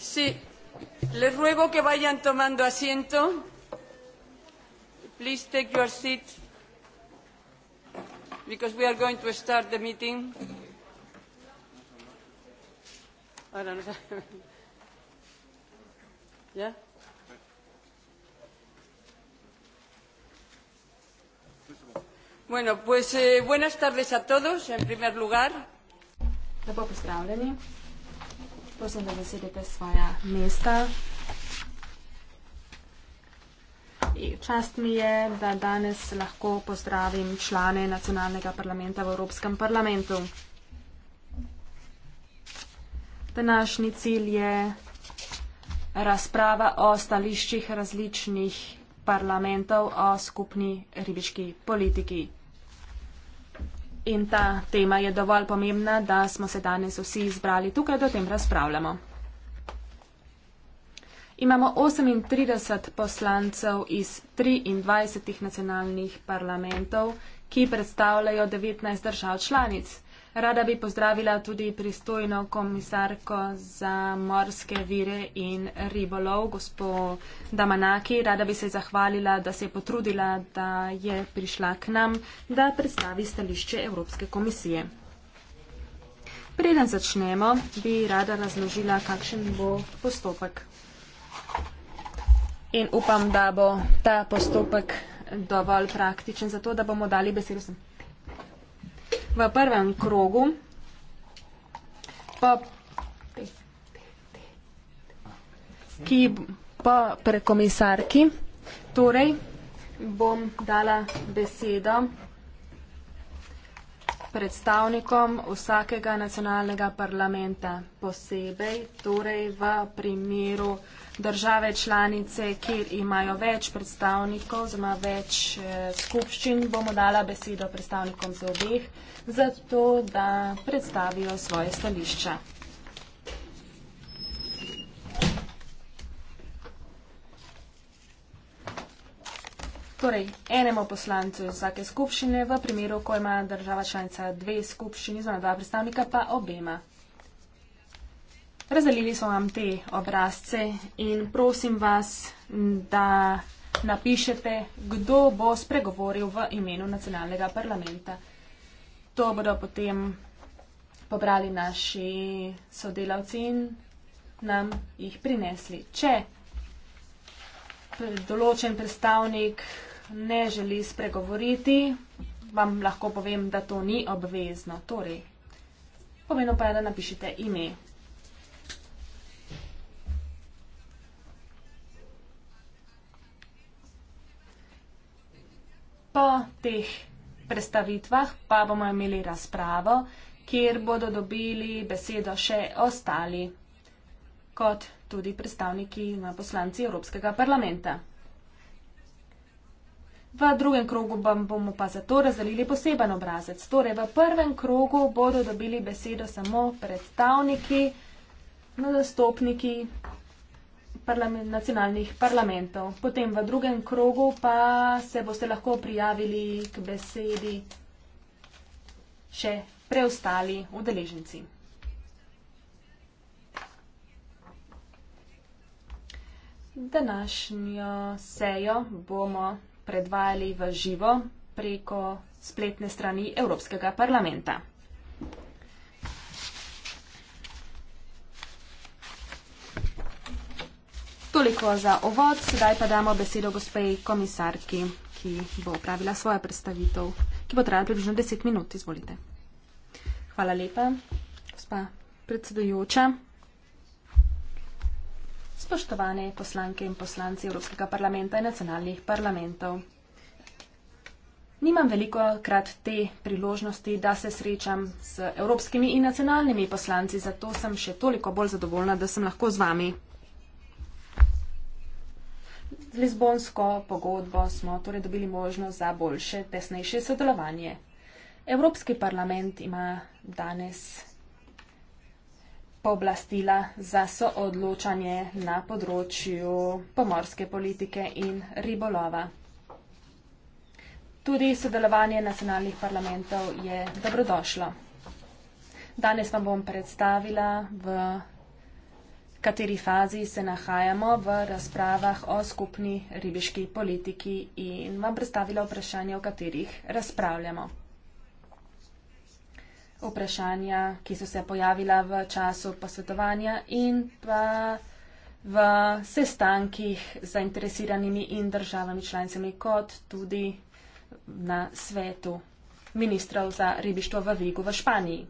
Sí, les ruego que vayan tomando asiento. Please take your seat, because we are going to start the meeting. Ahora no, no. ¿Ya? Bueno, pues eh, buenas tardes a todos, en primer lugar. The book is down, didn't you? Prosim, da zasedete svoja mesta. Čast mi je, da danes lahko pozdravim člane nacionalnega parlamenta v Evropskem parlamentu. Današnji cilj je razprava o stališčih različnih parlamentov o skupni ribiški politiki in ta tema je dovolj pomembna, da smo se danes vsi izbrali tukaj, da o tem razpravljamo. Imamo 38 poslancev iz 23 nacionalnih parlamentov, ki predstavljajo 19 držav članic. Rada bi pozdravila tudi pristojno komisarko za morske vire in ribolov, gospo Damanaki. Rada bi se zahvalila, da se je potrudila, da je prišla k nam, da predstavi stališče Evropske komisije. Preden začnemo, bi rada razložila, kakšen bo postopek. In upam, da bo ta postopek dovolj praktičen, zato da bomo dali besedo v prvem krogu, pa, ki pa pre komisarki. Torej, bom dala besedo predstavnikom vsakega nacionalnega parlamenta posebej, torej v primeru uh, države članice, kjer imajo več predstavnikov oziroma več eh, skupščin, bomo dala besedo predstavnikom z obeh, zato da predstavijo svoje stališča. Torej, enemu poslancu iz vsake skupščine, v primeru, ko ima država članica dve skupščini, zna dva predstavnika, pa obema. Razdelili so vam te obrazce in prosim vas, da napišete, kdo bo spregovoril v imenu nacionalnega parlamenta. To bodo potem pobrali naši sodelavci in nam jih prinesli. Če določen predstavnik ne želi spregovoriti, vam lahko povem, da to ni obvezno. Torej, pomeno pa je, da napišete ime. po teh predstavitvah pa bomo imeli razpravo, kjer bodo dobili besedo še ostali, kot tudi predstavniki in poslanci Evropskega parlamenta. V drugem krogu bomo pa zato razdelili poseben obrazec. Torej, v prvem krogu bodo dobili besedo samo predstavniki, nastopniki parlament, nacionalnih parlamentov. Potem v drugem krogu pa se boste lahko prijavili k besedi še preostali udeleženci. Današnjo sejo bomo predvajali v živo preko spletne strani Evropskega parlamenta. Toliko za ovod, sedaj pa damo besedo gospej komisarki, ki bo upravila svojo predstavitev, ki bo trajala približno 10 minut. Izvolite. Hvala lepa, gospa predsedujoča. Spoštovane poslanke in poslanci Evropskega parlamenta in nacionalnih parlamentov. Nimam veliko krat te priložnosti, da se srečam z evropskimi in nacionalnimi poslanci, zato sem še toliko bolj zadovoljna, da sem lahko z vami Lizbonsko pogodbo smo torej dobili možnost za boljše, tesnejše sodelovanje. Evropski parlament ima danes pooblastila za soodločanje na področju pomorske politike in ribolova. Tudi sodelovanje nacionalnih parlamentov je dobrodošlo. Danes vam bom predstavila v kateri fazi se nahajamo v razpravah o skupni ribiški politiki in vam predstavila vprašanja, o katerih razpravljamo. Vprašanja, ki so se pojavila v času posvetovanja in pa v sestankih z zainteresiranimi in državami članicami, kot tudi na svetu ministrov za ribištvo v Vigu v Španiji.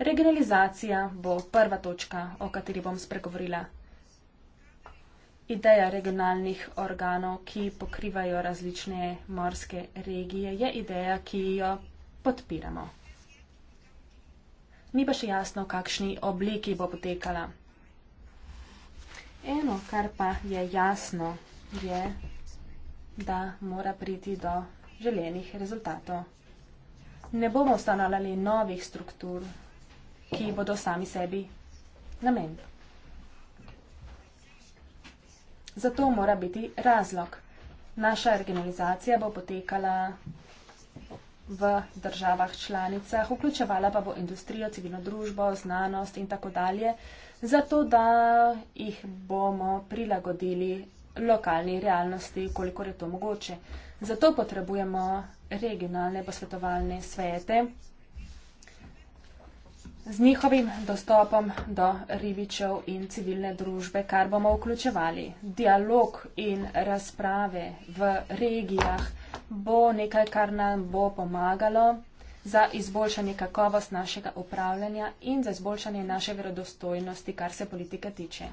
Regionalizacija bo prva točka, o kateri bom spregovorila. Ideja regionalnih organov, ki pokrivajo različne morske regije, je ideja, ki jo podpiramo. Ni pa še jasno, v kakšni obliki bo potekala. Eno, kar pa je jasno, je, da mora priti do želenih rezultatov. Ne bomo ustanavljali novih struktur, ki bodo sami sebi namen. Zato mora biti razlog. Naša organizacija bo potekala v državah članicah, vključevala pa bo industrijo, civilno družbo, znanost in tako dalje, zato da jih bomo prilagodili lokalni realnosti, kolikor je to mogoče. Zato potrebujemo regionalne posvetovalne svete, z njihovim dostopom do ribičev in civilne družbe, kar bomo vključevali. Dialog in razprave v regijah bo nekaj, kar nam bo pomagalo za izboljšanje kakovost našega upravljanja in za izboljšanje naše verodostojnosti, kar se politike tiče.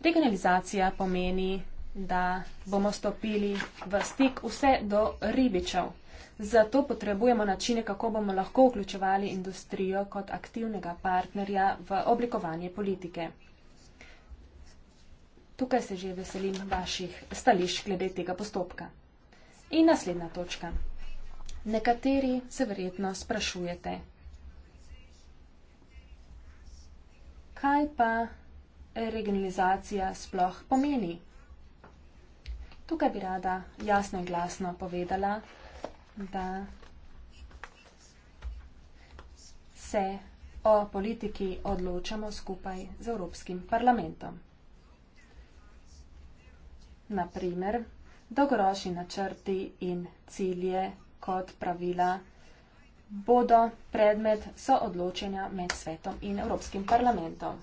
Regionalizacija pomeni, da bomo stopili v stik vse do ribičev. Zato potrebujemo načine, kako bomo lahko vključevali industrijo kot aktivnega partnerja v oblikovanje politike. Tukaj se že veselim vaših stališč glede tega postopka. In naslednja točka. Nekateri se verjetno sprašujete, kaj pa regionalizacija sploh pomeni. Tukaj bi rada jasno in glasno povedala, da se o politiki odločamo skupaj z Evropskim parlamentom. Naprimer, dolgoročni načrti in cilje kot pravila bodo predmet soodločenja med svetom in Evropskim parlamentom.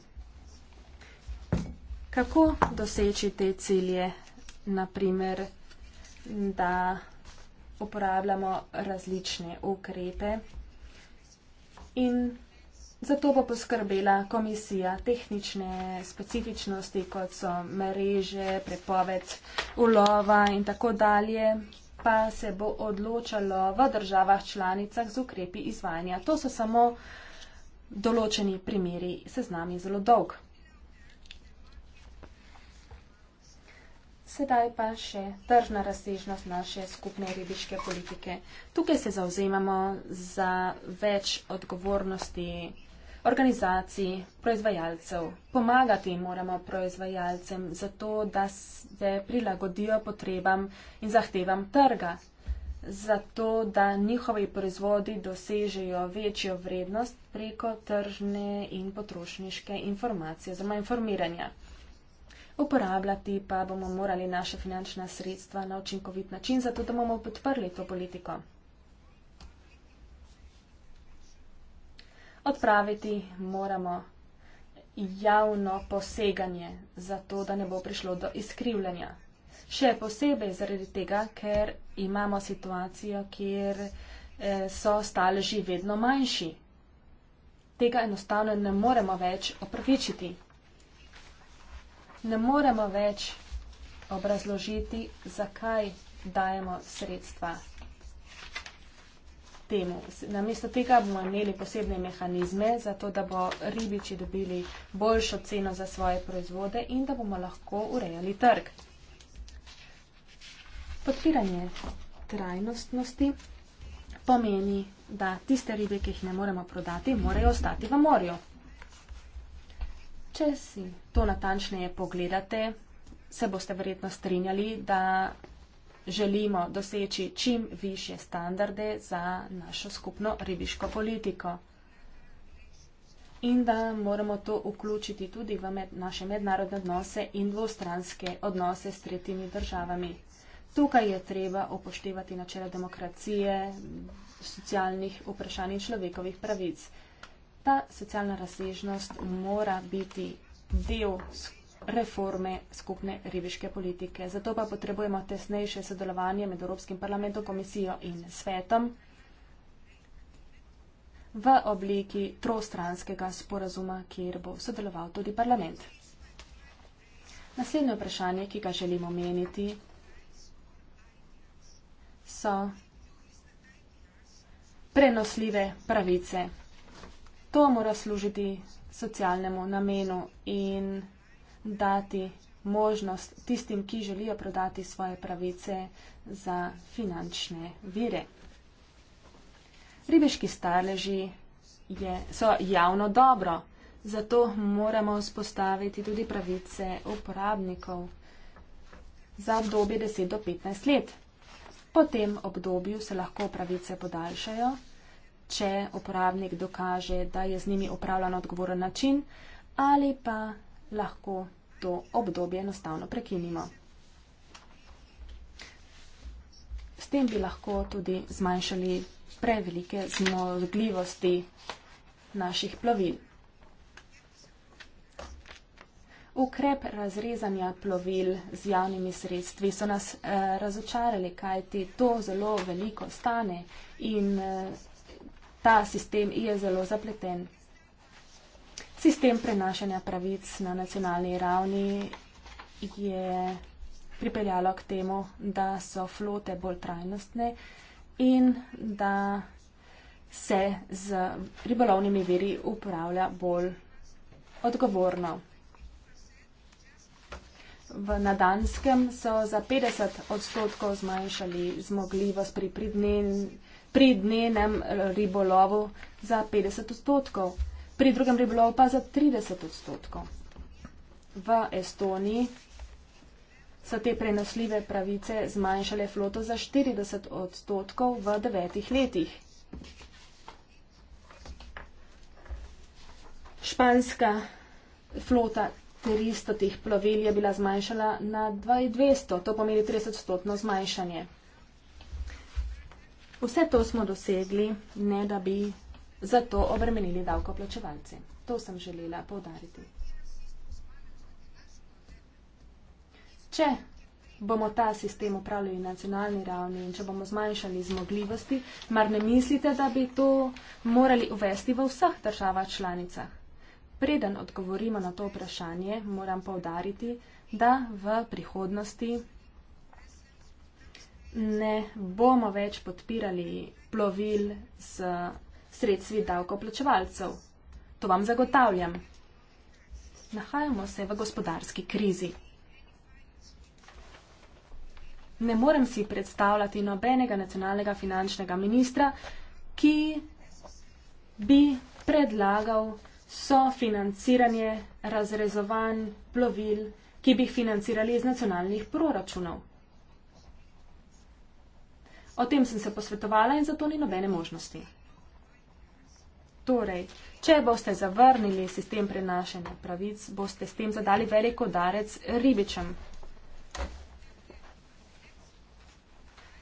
Kako doseči te cilje, naprimer, da uporabljamo različne ukrepe in za to bo poskrbela komisija tehnične specifičnosti, kot so mreže, prepoved ulova in tako dalje, pa se bo odločalo v državah članicah z ukrepi izvajanja. To so samo določeni primeri, seznam je zelo dolg. Sedaj pa še tržna razsežnost naše skupne ribiške politike. Tukaj se zauzemamo za več odgovornosti organizacij, proizvajalcev. Pomagati moramo proizvajalcem zato, da se prilagodijo potrebam in zahtevam trga. Zato, da njihovi proizvodi dosežejo večjo vrednost preko tržne in potrošniške informacije oziroma informiranja uporabljati, pa bomo morali naše finančna sredstva na učinkovit način, zato da bomo podprli to politiko. Odpraviti moramo javno poseganje, zato da ne bo prišlo do izkrivljanja. Še posebej zaradi tega, ker imamo situacijo, kjer eh, so staleži vedno manjši. Tega enostavno ne moremo več opravičiti ne moremo več obrazložiti, zakaj dajemo sredstva temu. Namesto tega bomo imeli posebne mehanizme, zato da bo ribiči dobili boljšo ceno za svoje proizvode in da bomo lahko urejali trg. Podpiranje trajnostnosti pomeni, da tiste ribe, ki jih ne moremo prodati, morajo ostati v morju. Če si to natančneje pogledate, se boste verjetno strinjali, da želimo doseči čim više standarde za našo skupno ribiško politiko in da moramo to vključiti tudi v med, naše mednarodne odnose in dvostranske odnose s tretjimi državami. Tukaj je treba upoštevati načela demokracije, socialnih vprašanj in človekovih pravic. Ta socialna razsežnost mora biti del reforme skupne ribiške politike. Zato pa potrebujemo tesnejše sodelovanje med Evropskim parlamentom, komisijo in svetom v obliki trostranskega sporazuma, kjer bo sodeloval tudi parlament. Naslednje vprašanje, ki ga želimo meniti, so prenosljive pravice to mora služiti socialnemu namenu in dati možnost tistim, ki želijo prodati svoje pravice za finančne vire. Ribeški staleži je, so javno dobro, zato moramo vzpostaviti tudi pravice uporabnikov za obdobje 10 do 15 let. Po tem obdobju se lahko pravice podaljšajo če uporabnik dokaže, da je z njimi upravljan odgovoren način ali pa lahko to obdobje enostavno prekinimo. S tem bi lahko tudi zmanjšali prevelike zmogljivosti naših plovil. Ukrep razrezanja plovil z javnimi sredstvi so nas eh, razočarali, kajti to zelo veliko stane in eh, ta sistem je zelo zapleten. Sistem prenašanja pravic na nacionalni ravni je pripeljalo k temu, da so flote bolj trajnostne in da se z ribolovnimi viri upravlja bolj odgovorno. V Nadanskem so za 50 odstotkov zmanjšali zmogljivost pri pridnenju pri dnevnem eh, ribolovu za 50 odstotkov, pri drugem ribolovu pa za 30 odstotkov. V Estoniji so te prenosljive pravice zmanjšale floto za 40 odstotkov v devetih letih. Španska flota 300 plovil je bila zmanjšala na 2200, to pomeni 30 odstotno zmanjšanje. Vse to smo dosegli, ne da bi zato obremenili davkoplačevalce. To sem želela povdariti. Če bomo ta sistem upravljali na nacionalni ravni in če bomo zmanjšali zmogljivosti, mar ne mislite, da bi to morali uvesti v vseh državah članicah? Preden odgovorimo na to vprašanje, moram povdariti, da v prihodnosti ne bomo več podpirali plovil z sredstvi davkoplačevalcev. To vam zagotavljam. Nahajamo se v gospodarski krizi. Ne morem si predstavljati nobenega nacionalnega finančnega ministra, ki bi predlagal sofinanciranje razrezovanj plovil, ki bi jih financirali iz nacionalnih proračunov. O tem sem se posvetovala in zato ni nobene možnosti. Torej, če boste zavrnili sistem prenašanja pravic, boste s tem zadali velik udarec ribičem.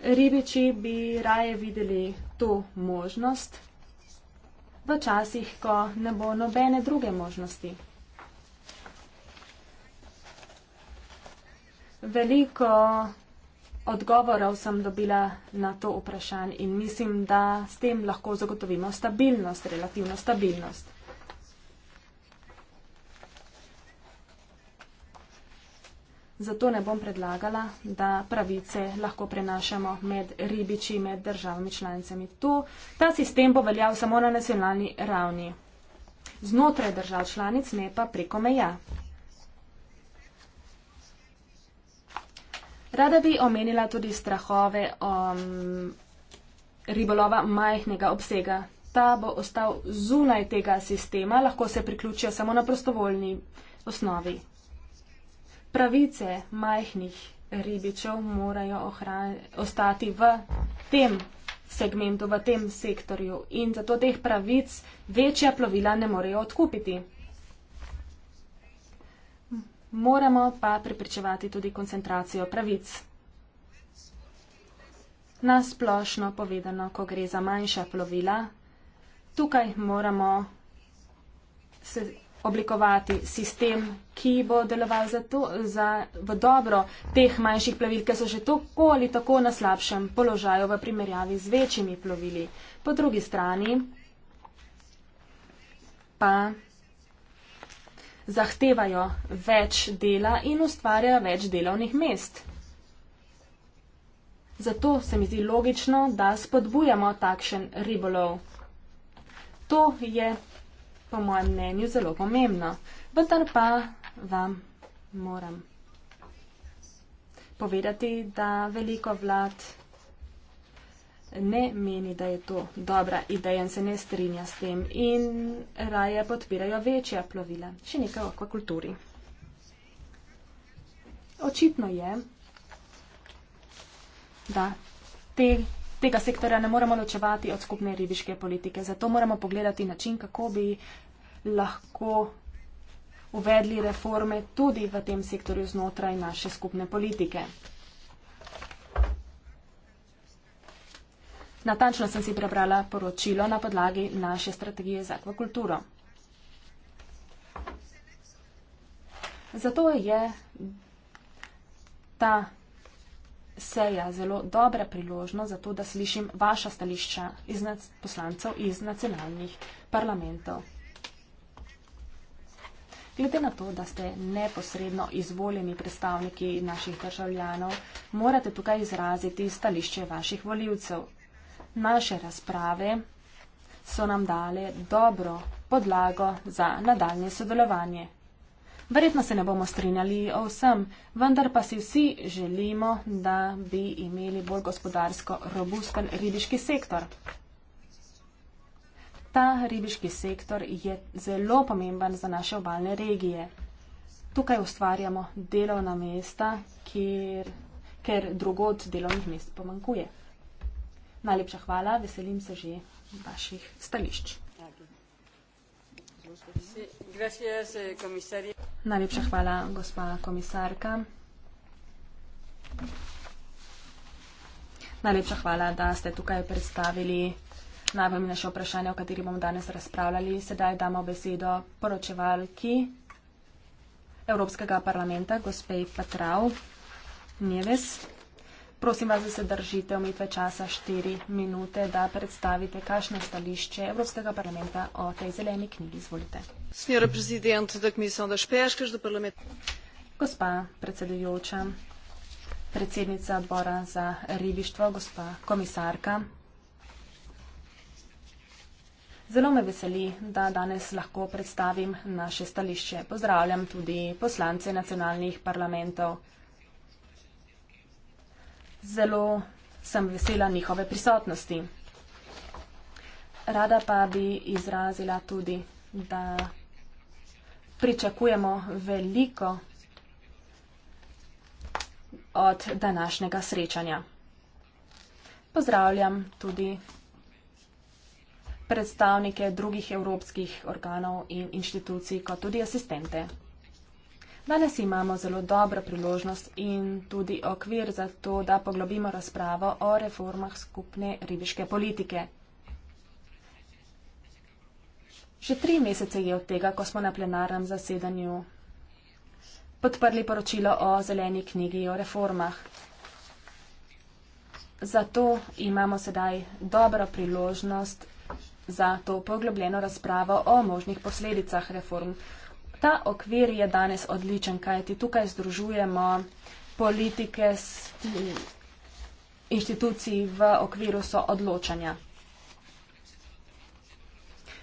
Ribiči bi raje videli to možnost v časih, ko ne bo nobene druge možnosti. Veliko odgovorov sem dobila na to vprašanje in mislim, da s tem lahko zagotovimo stabilnost, relativno stabilnost. Zato ne bom predlagala, da pravice lahko prenašamo med ribiči, med državami članicami. Tu ta sistem bo veljal samo na nacionalni ravni, znotraj držav članic, ne pa preko meja. Rada bi omenila tudi strahove um, ribolova majhnega obsega. Ta bo ostal zunaj tega sistema, lahko se priključijo samo na prostovoljni osnovi. Pravice majhnih ribičev morajo ostati v tem segmentu, v tem sektorju in zato teh pravic večja plovila ne morejo odkupiti moramo pa preprečevati tudi koncentracijo pravic. Na splošno povedano, ko gre za manjša plovila, tukaj moramo se oblikovati sistem, ki bo deloval za to, za, v dobro teh manjših plovil, ki so že tako ali tako na slabšem položaju v primerjavi z večjimi plovili. Po drugi strani pa zahtevajo več dela in ustvarjajo več delovnih mest. Zato se mi zdi logično, da spodbujamo takšen ribolov. To je po mojem mnenju zelo pomembno. Vendar pa vam moram povedati, da veliko vlad ne meni, da je to dobra ideja in se ne strinja s tem in raje podpirajo večja plovila. Še nekaj o akvakulturi. Očitno je, da te, tega sektora ne moremo ločevati od skupne ribiške politike, zato moramo pogledati način, kako bi lahko uvedli reforme tudi v tem sektorju znotraj naše skupne politike. Natančno sem si prebrala poročilo na podlagi naše strategije za akvakulturo. Zato je ta seja zelo dobra priložnost za to, da slišim vaša stališča iz poslancev iz nacionalnih parlamentov. Glede na to, da ste neposredno izvoljeni predstavniki naših državljanov, morate tukaj izraziti stališče vaših voljivcev naše razprave so nam dale dobro podlago za nadaljne sodelovanje. Verjetno se ne bomo strinjali o vsem, vendar pa si vsi želimo, da bi imeli bolj gospodarsko robusten ribiški sektor. Ta ribiški sektor je zelo pomemben za naše obalne regije. Tukaj ustvarjamo delovna mesta, kjer, ker drugod delovnih mest pomankuje. Najlepša hvala, veselim se že vaših stališč. Najlepša hvala, gospa komisarka. Najlepša hvala, da ste tukaj predstavili najpomembnejše vprašanje, o kateri bomo danes razpravljali. Sedaj damo besedo poročevalki Evropskega parlamenta, gospej Patrav Neves. Prosim vas, da se držite omejitve časa 4 minute, da predstavite, kakšno je stališče Evropskega parlamenta o tej zeleni knjigi. Izvolite. Gospa predsedujoča, predsednica odbora za ribištvo, gospa komisarka, zelo me veseli, da danes lahko predstavim naše stališče. Pozdravljam tudi poslance nacionalnih parlamentov zelo sem vesela njihove prisotnosti. Rada pa bi izrazila tudi, da pričakujemo veliko od današnjega srečanja. Pozdravljam tudi predstavnike drugih evropskih organov in inštitucij, kot tudi asistente. Danes imamo zelo dobro priložnost in tudi okvir za to, da poglobimo razpravo o reformah skupne ribiške politike. Še tri mesece je od tega, ko smo na plenarnem zasedanju podprli poročilo o zeleni knjigi o reformah. Zato imamo sedaj dobro priložnost za to poglobljeno razpravo o možnih posledicah reform. Ta okvir je danes odličen, kajti tukaj združujemo politike s inštituciji v okviru so odločanja.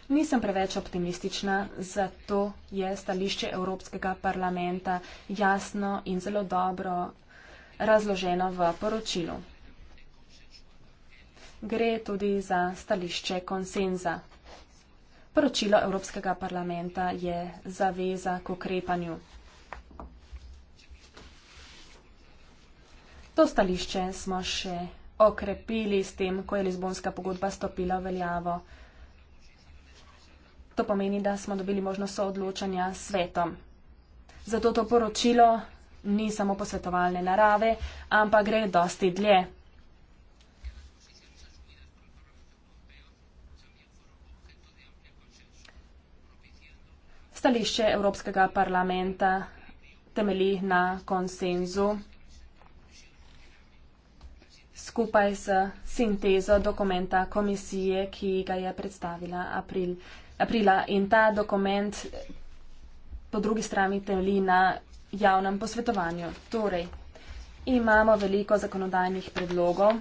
Nisem preveč optimistična, zato je stališče Evropskega parlamenta jasno in zelo dobro razloženo v poročilu. Gre tudi za stališče konsenza. Poročilo Evropskega parlamenta je zaveza k ukrepanju. To stališče smo še okrepili s tem, ko je Lizbonska pogodba stopila v veljavo. To pomeni, da smo dobili možnost soodločanja s svetom. Zato to poročilo ni samo posvetovalne narave, ampak gre dosti dlje. stališče Evropskega parlamenta temelji na konsenzu skupaj s sintezo dokumenta komisije, ki ga je predstavila april, aprila. In ta dokument po drugi strani temelji na javnem posvetovanju. Torej, imamo veliko zakonodajnih predlogov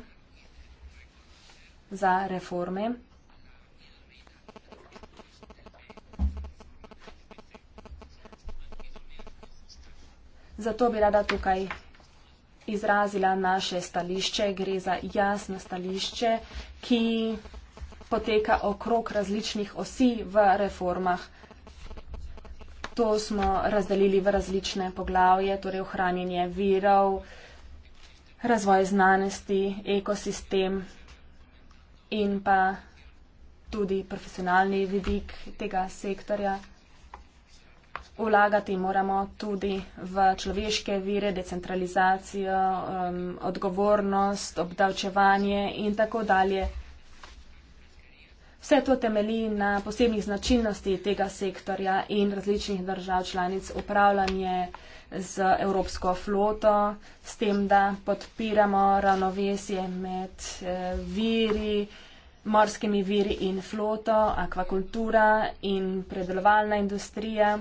za reforme. Zato bi rada tukaj izrazila naše stališče. Gre za jasno stališče, ki poteka okrog različnih osi v reformah. To smo razdelili v različne poglavje, torej ohranjanje virov, razvoj znanosti, ekosistem in pa tudi profesionalni vidik tega sektorja. Vlagati moramo tudi v človeške vire, decentralizacijo, um, odgovornost, obdavčevanje in tako dalje. Vse to temeli na posebnih značilnosti tega sektorja in različnih držav članic upravljanje z evropsko floto, s tem, da podpiramo ravnovesje med eh, viri, morskimi viri in floto, akvakultura in predelovalna industrija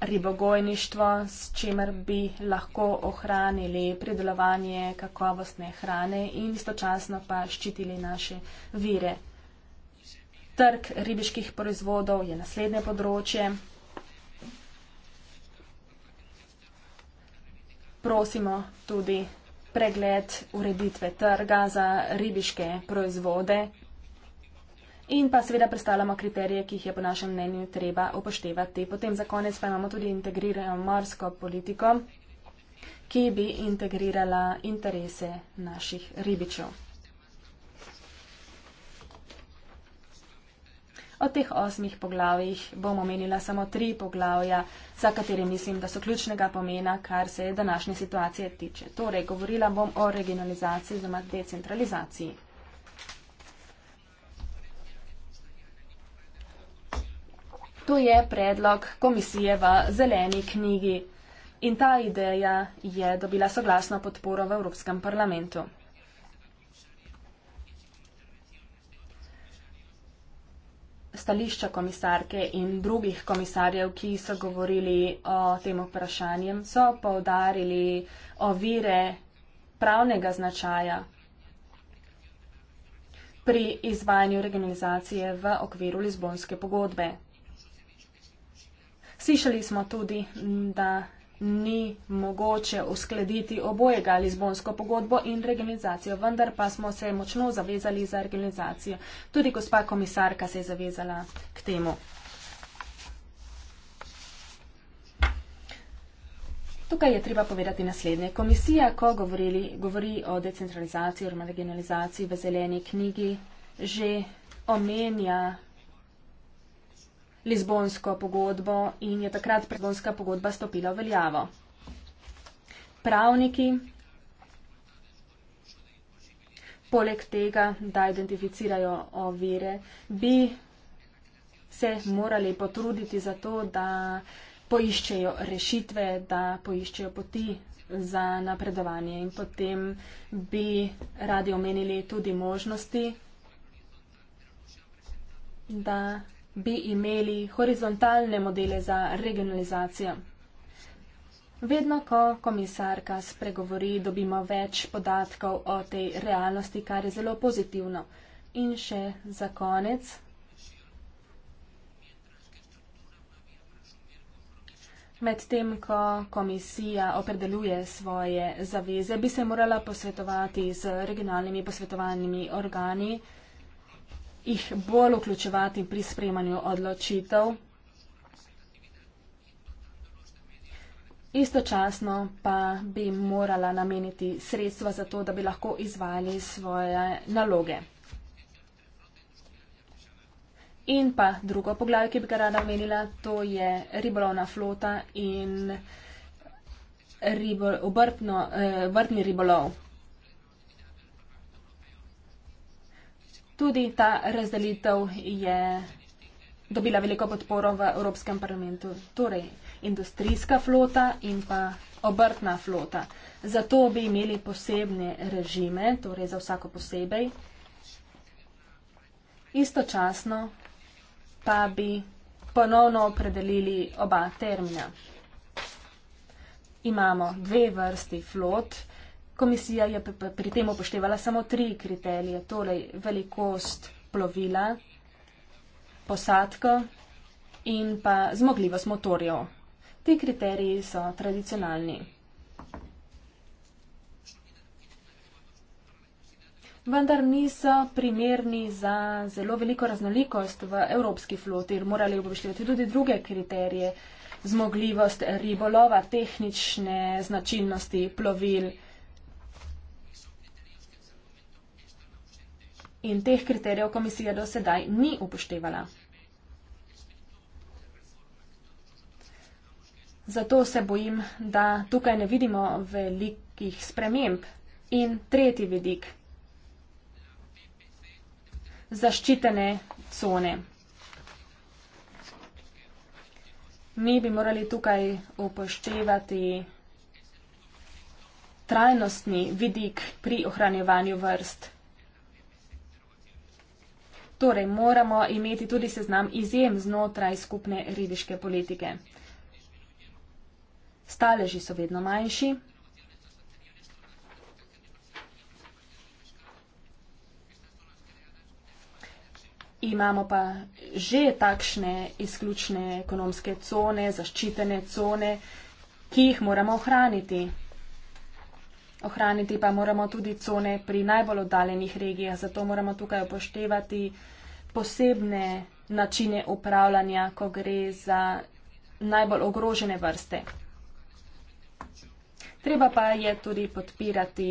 ribogojništvo, s čimer bi lahko ohranili pridelovanje kakovostne hrane in istočasno pa ščitili naše vire. Trg ribiških proizvodov je naslednje področje. Prosimo tudi pregled ureditve trga za ribiške proizvode, in pa seveda predstavljamo kriterije, ki jih je po našem mnenju treba upoštevati. Potem za konec pa imamo tudi integrirano morsko politiko, ki bi integrirala interese naših ribičev. Od teh osmih poglavjih bom omenila samo tri poglavja, za katere mislim, da so ključnega pomena, kar se današnje situacije tiče. Torej, govorila bom o regionalizaciji oziroma decentralizaciji. To je predlog komisije v zeleni knjigi. In ta ideja je dobila soglasno podporo v Evropskem parlamentu. Stališča komisarke in drugih komisarjev, ki so govorili o tem vprašanju, so povdarili ovire pravnega značaja pri izvajanju regionalizacije v okviru Lizbonske pogodbe. Slišali smo tudi, da ni mogoče uskladiti obojega Lizbonsko pogodbo in regionalizacijo, vendar pa smo se močno zavezali za regionalizacijo. Tudi gospa komisarka se je zavezala k temu. Tukaj je treba povedati naslednje. Komisija, ko govorili, govori o decentralizaciji oziroma regionalizaciji v zeleni knjigi, že omenja Lizbonsko pogodbo in je takrat predbonska pogodba stopila v veljavo. Pravniki, poleg tega, da identificirajo ovire, bi se morali potruditi za to, da poiščejo rešitve, da poiščejo poti za napredovanje in potem bi radi omenili tudi možnosti, da bi imeli horizontalne modele za regionalizacijo. Vedno, ko komisarka spregovori, dobimo več podatkov o tej realnosti, kar je zelo pozitivno. In še za konec. Medtem, ko komisija opredeluje svoje zaveze, bi se morala posvetovati z regionalnimi posvetovalnimi organi jih bolj vključevati pri sprejemanju odločitev. Istočasno pa bi morala nameniti sredstva za to, da bi lahko izvali svoje naloge. In pa drugo poglavje, ki bi ga rada omenila, to je ribolovna flota in ribol, obrtno, eh, vrtni ribolov. Tudi ta razdelitev je dobila veliko podporo v Evropskem parlamentu. Torej, industrijska flota in pa obrtna flota. Zato bi imeli posebne režime, torej za vsako posebej. Istočasno pa bi ponovno opredelili oba termina. Imamo dve vrsti flot. Komisija je pri tem upoštevala samo tri kriterije, torej velikost plovila, posadko in pa zmogljivost motorjev. Ti kriteriji so tradicionalni. Vendar niso primerni za zelo veliko raznolikost v evropski floti, ker morali upoštevati tudi druge kriterije, zmogljivost ribolova, tehnične značilnosti plovil. in teh kriterijev komisija do sedaj ni upoštevala. Zato se bojim, da tukaj ne vidimo velikih sprememb. In tretji vidik. Zaščitene cone. Mi bi morali tukaj upoštevati trajnostni vidik pri ohranjevanju vrst. Torej moramo imeti tudi seznam izjem znotraj skupne ribiške politike. Staleži so vedno manjši. Imamo pa že takšne izključne ekonomske cone, zaščitene cone, ki jih moramo ohraniti. Ohraniti pa moramo tudi cone pri najbolj oddaljenih regijah, zato moramo tukaj upoštevati posebne načine upravljanja, ko gre za najbolj ogrožene vrste. Treba pa je tudi podpirati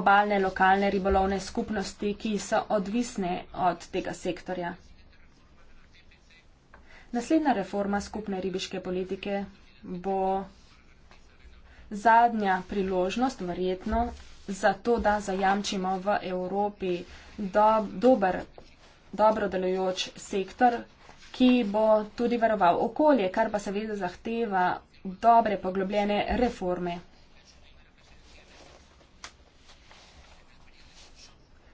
obalne lokalne ribolovne skupnosti, ki so odvisne od tega sektorja. Naslednja reforma skupne ribiške politike bo zadnja priložnost, verjetno, za to, da zajamčimo v Evropi dob, dober, dobro delujoč sektor, ki bo tudi varoval okolje, kar pa seveda zahteva dobre poglobljene reforme.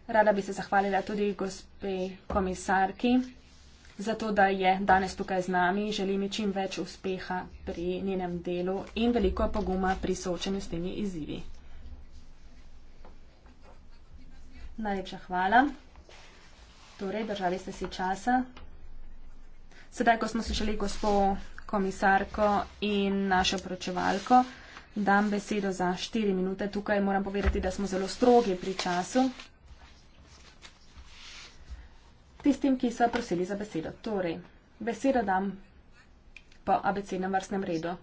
Rada bi se zahvalila tudi gospe komisarki za to, da je danes tukaj z nami. Želim ji čim več uspeha pri njenem delu in veliko poguma pri soočanju s temi izzivi. Najlepša hvala. Torej, držali ste si časa. Sedaj, ko smo slišali gospo komisarko in našo pročevalko, dam besedo za štiri minute. Tukaj moram povedati, da smo zelo strogi pri času tistim, ki so prosili za besedo. Torej, besedo dam po abecednem vrstnem redu.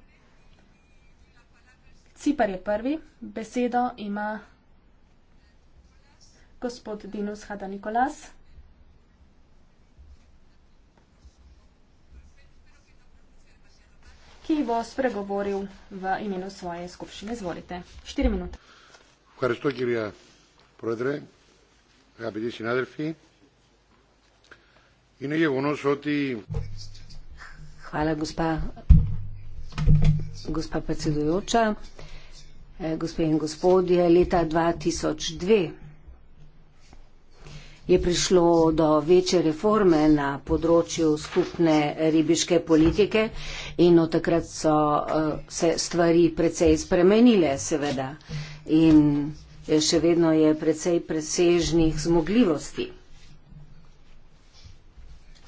Cipar je prvi, besedo ima gospod Dinus Hada Nikolas. ki bo spregovoril v imenu svoje skupščine. Izvolite. Štiri minute. Hvala, gospod Gibija. Prodre, ja, bi si nadrfi. Είναι γεγονό ότι. Χαλά, Γκουσπά. Γκουσπά Πετσιδουλούτσα. Γκουσπέ Γκουσπόδια, Λίτα 2002. Je prišlo do večje reforme na področju skupne ribiške politike in od takrat so eh, se stvari precej spremenile, seveda. In eh, še vedno je precej presežnih zmogljivosti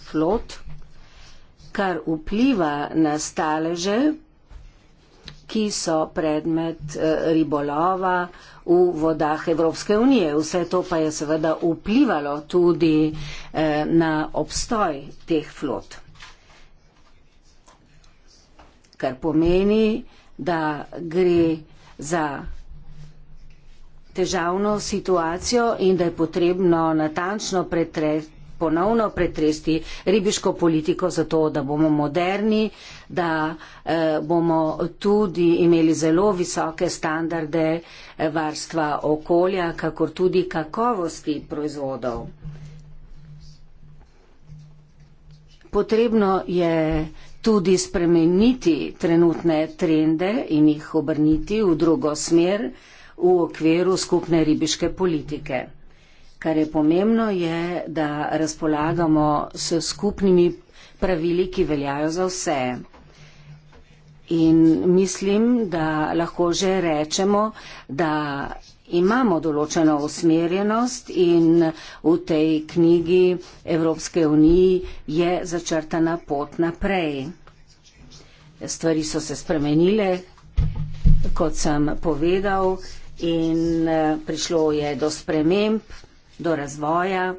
flot, kar vpliva na staleže, ki so predmet eh, ribolova v vodah Evropske unije. Vse to pa je seveda vplivalo tudi eh, na obstoj teh flot. Kar pomeni, da gre za težavno situacijo in da je potrebno natančno pretreti ponovno pretresti ribiško politiko za to, da bomo moderni, da eh, bomo tudi imeli zelo visoke standarde eh, varstva okolja, kakor tudi kakovosti proizvodov. Potrebno je tudi spremeniti trenutne trende in jih obrniti v drugo smer v okviru skupne ribiške politike. Kar je pomembno, je, da razpolagamo s skupnimi pravili, ki veljajo za vse. In mislim, da lahko že rečemo, da imamo določeno usmerjenost in v tej knjigi Evropske unije je začrtana pot naprej. Stvari so se spremenile, kot sem povedal, in eh, prišlo je do sprememb do razvoja.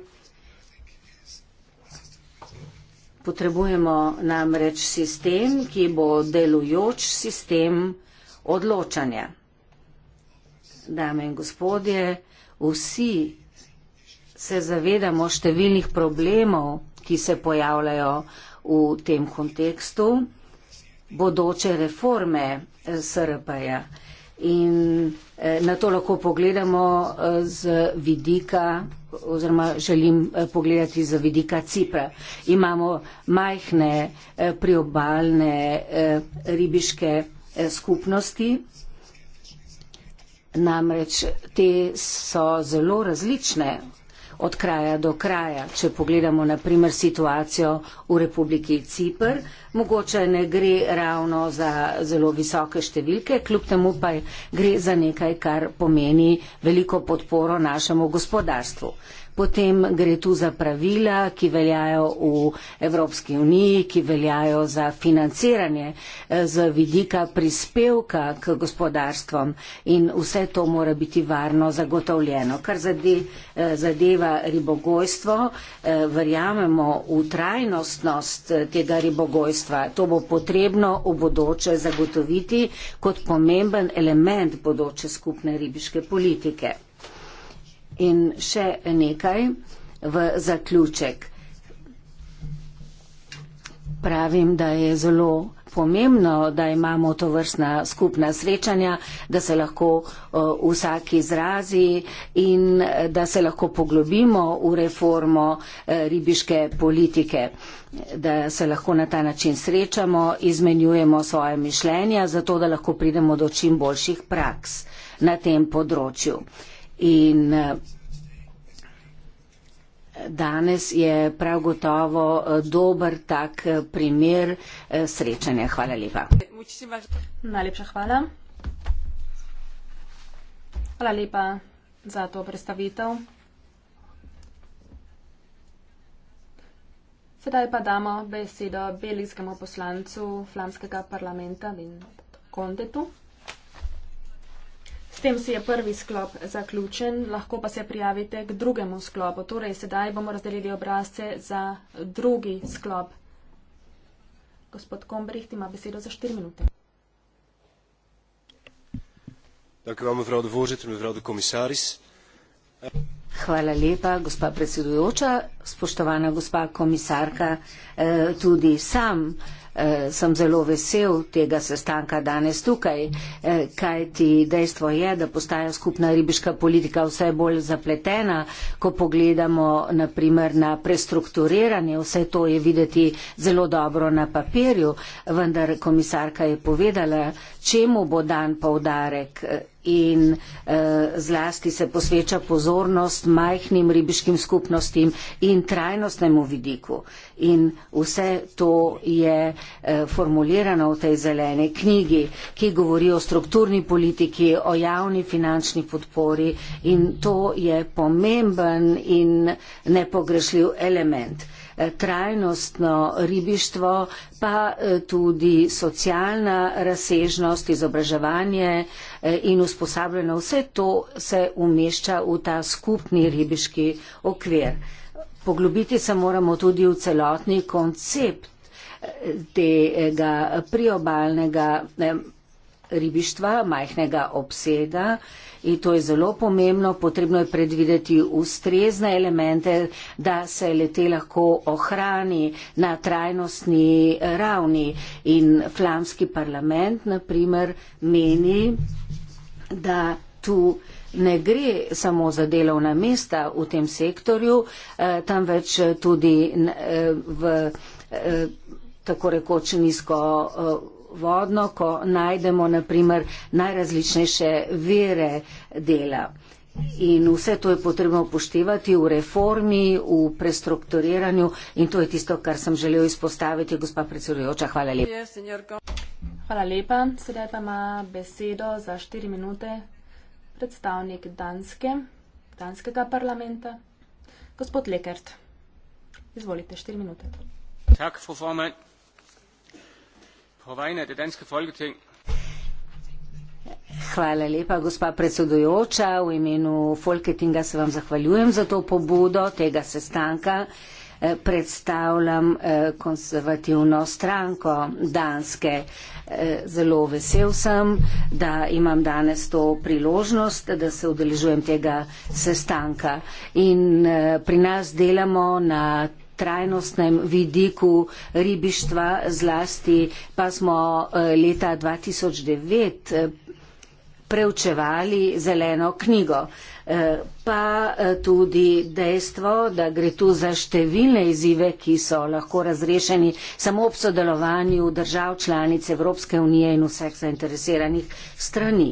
Potrebujemo namreč sistem, ki bo delujoč sistem odločanja. Dame in gospodje, vsi se zavedamo številnih problemov, ki se pojavljajo v tem kontekstu bodoče reforme SRP-ja. -ja in eh, na to lahko pogledamo eh, z vidika oziroma želim eh, pogledati z vidika Cipra. Imamo majhne priobalne ribiške skupnosti, namreč te so zelo različne od kraja do kraja. Če pogledamo na primer situacijo v Republiki Cipr, mogoče ne gre ravno za zelo visoke številke, kljub temu pa gre za nekaj, kar pomeni veliko podporo našemu gospodarstvu potem gre tu za pravila, ki veljajo v Evropski uniji, ki veljajo za financiranje eh, z vidika prispevka k gospodarstvom in vse to mora biti varno zagotovljeno. Kar eh, zadeva ribogojstvo, eh, verjamemo v trajnostnost tega ribogojstva. To bo potrebno v bodoče zagotoviti kot pomemben element bodoče skupne ribiške politike. In še nekaj v zaključek. Pravim, da je zelo pomembno, da imamo to vrstna skupna srečanja, da se lahko uh, vsak izrazi in da se lahko poglobimo v reformo uh, ribiške politike, da se lahko na ta način srečamo, izmenjujemo svoje mišljenja, zato da lahko pridemo do čim boljših praks na tem področju. Uh, In eh, danes je prav gotovo eh, dober tak eh, primer srečanja. Hvala lepa. Najlepša hvala. Hvala lepa za to predstavitev. Sedaj pa damo besedo belgijskemu poslancu flamskega parlamenta Vincentu Kontetu. S tem si je prvi sklop zaključen, lahko pa se prijavite k drugemu sklopu. Torej, sedaj bomo razdelili obrazce za drugi sklop. Gospod Kombricht ima besedo za 4 minute. Hvala lepa, gospa predsedujoča, spoštovana gospa komisarka, eh, tudi sam. Eh, sem zelo vesel tega sestanka danes tukaj, eh, kajti dejstvo je, da postaja skupna ribiška politika vse bolj zapletena, ko pogledamo naprimer na prestrukturiranje, vse to je videti zelo dobro na papirju, vendar komisarka je povedala, čemu bo dan poudarek eh, in eh, zlasti se posveča pozornost majhnim ribiškim skupnostim in trajnostnemu vidiku. In vse to je eh, formulirano v tej zelene knjigi, ki govori o strukturni politiki, o javni finančni podpori in to je pomemben in nepogrešljiv element. Eh, trajnostno ribištvo, pa eh, tudi socialna razsežnost, izobraževanje eh, in usposabljeno. Vse to se umešča v ta skupni ribiški okvir. Poglobiti se moramo tudi v celotni koncept eh, tega priobalnega ribištva, majhnega obsega in to je zelo pomembno. Potrebno je predvideti ustrezne elemente, da se lete lahko ohrani na trajnostni ravni in flamski parlament naprimer meni, da tu ne gre samo za delovna mesta v tem sektorju, eh, tamveč tudi eh, v eh, tako rekoč nizko vodno, ko najdemo naprimer najrazličnejše vere dela. In vse to je potrebno upoštevati v reformi, v prestrukturiranju in to je tisto, kar sem želel izpostaviti, gospa predsedujoča. Hvala lepa. Hvala lepa. Sedaj pa ima besedo za štiri minute predstavnik Danske, Danskega parlamenta, gospod Lekert. Izvolite, štiri minute. Tak, Hvala lepa, gospa predsedujoča. V imenu Folketinga se vam zahvaljujem za to pobudo tega sestanka. Eh, predstavljam eh, konservativno stranko Danske. Eh, zelo vesel sem, da imam danes to priložnost, da se udeležujem tega sestanka. In pri nas delamo na trajnostnem vidiku ribištva zlasti, pa smo eh, leta 2009 preučevali zeleno knjigo. Eh, pa eh, tudi dejstvo, da gre tu za številne izzive, ki so lahko razrešeni samo ob sodelovanju držav članic Evropske unije in vseh zainteresiranih strani.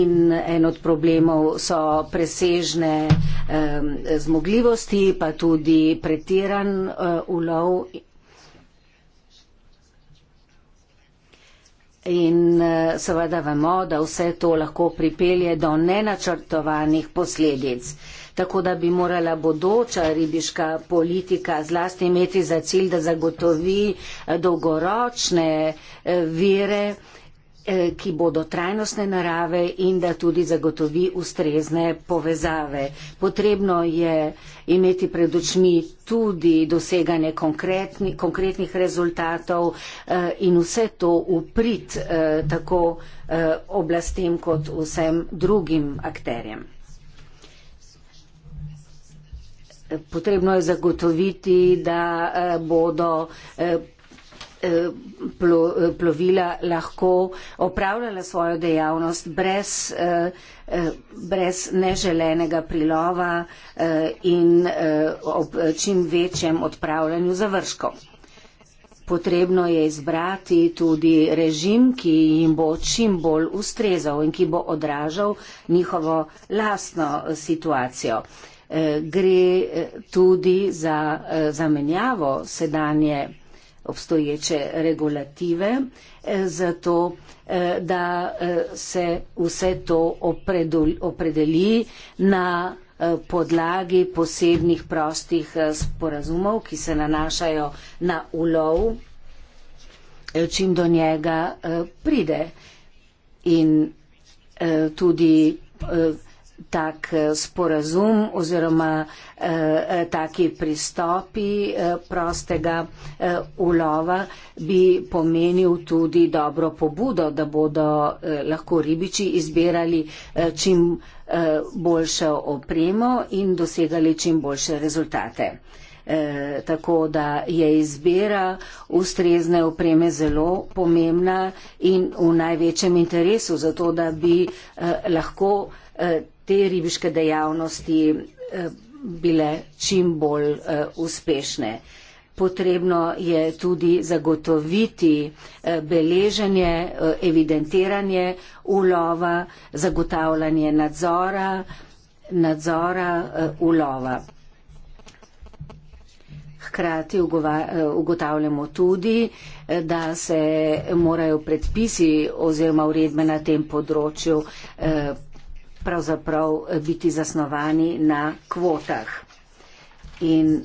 In en od problemov so presežne eh, zmogljivosti, pa tudi pretiran eh, ulov In eh, seveda vemo, da vse to lahko pripelje do nenačrtovanih posledic. Tako da bi morala bodoča ribiška politika zlasti imeti za cilj, da zagotovi eh, dolgoročne eh, vire Eh, ki bodo trajnostne narave in da tudi zagotovi ustrezne povezave. Potrebno je imeti pred očmi tudi doseganje konkretni, konkretnih rezultatov eh, in vse to uprit eh, tako oblastem kot vsem drugim akterjem. Potrebno je zagotoviti, da bodo Eh, eh, plovila lahko opravljala svojo dejavnost brez, eh, brez neželenega prilova in ob čim večjem odpravljanju završkov. Potrebno je izbrati tudi režim, ki jim bo čim bolj ustrezal in ki bo odražal njihovo lastno situacijo. Gre tudi za zamenjavo sedanje obstoječe regulative, eh, zato eh, da eh, se vse to opredeli na podlagi posebnih prostih sporazumov, ki se nanašajo na ulov, čim do njega pride. In tudi tak eh, sporazum oziroma eh, eh, taki pristopi eh, prostega eh, ulova bi pomenil tudi dobro pobudo, da bodo eh, lahko ribiči izbirali eh, čim eh, boljšo opremo in dosegali čim boljše rezultate. Eh, tako da je izbira ustrezne opreme zelo pomembna in v največjem interesu, zato da bi eh, lahko eh, te ribiške dejavnosti eh, bile čim bolj eh, uspešne. Potrebno je tudi zagotoviti eh, beleženje, evidentiranje ulova, zagotavljanje nadzora, nadzora ulova. Hkrati ugotavljamo tudi, da se morajo predpisi oziroma uredbe na tem področju pravzaprav biti zasnovani na kvotah in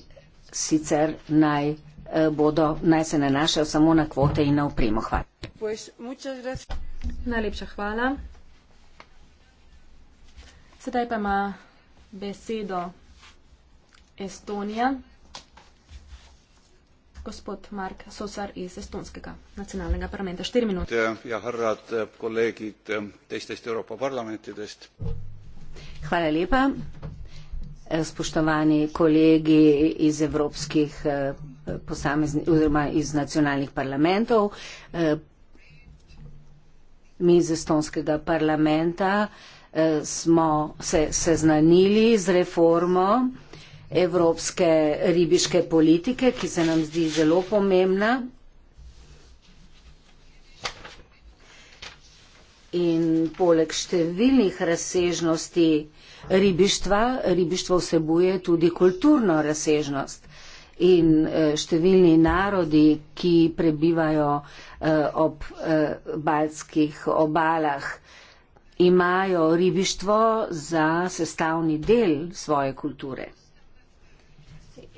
sicer naj, eh, bodo, naj se nanašajo samo na kvote in na upremo. Hvala. Najlepša hvala. Sedaj pa ima besedo Estonija gospod Mark Sosar iz Estonskega nacionalnega parlamenta. Štiri minute. Ja, hrrat eh, kolegit teistest Evropa parlamentidest. Hvala lepa. Eh, spoštovani kolegi iz evropskih eh, posameznih oziroma iz nacionalnih parlamentov, mi iz Estonskega parlamenta smo se seznanili z reformo evropske ribiške politike, ki se nam zdi zelo pomembna. In poleg številnih razsežnosti ribištva, ribištvo vsebuje tudi kulturno razsežnost. In eh, številni narodi, ki prebivajo eh, ob eh, baltskih obalah, imajo ribištvo za sestavni del svoje kulture.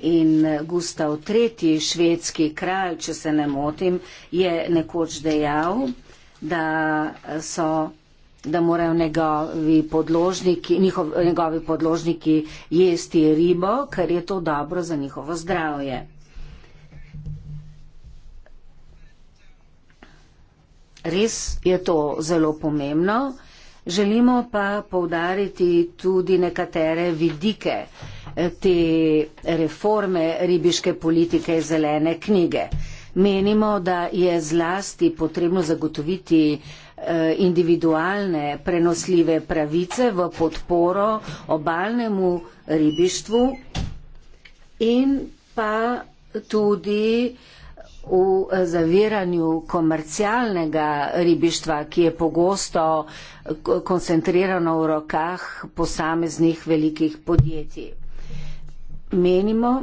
In Gustav III., švedski kralj, če se ne motim, je nekoč dejal, da, so, da morajo njegovi podložniki, njihov, njegovi podložniki jesti ribo, ker je to dobro za njihovo zdravje. Res je to zelo pomembno, želimo pa povdariti tudi nekatere vidike. Uh, te reforme ribiške politike zelene knjige. Menimo, da je zlasti potrebno zagotoviti eh, individualne prenosljive pravice v podporo obalnemu ribištvu in pa tudi v zaviranju komercialnega ribištva, ki je pogosto eh, koncentrirano v rokah posameznih velikih podjetij menimo,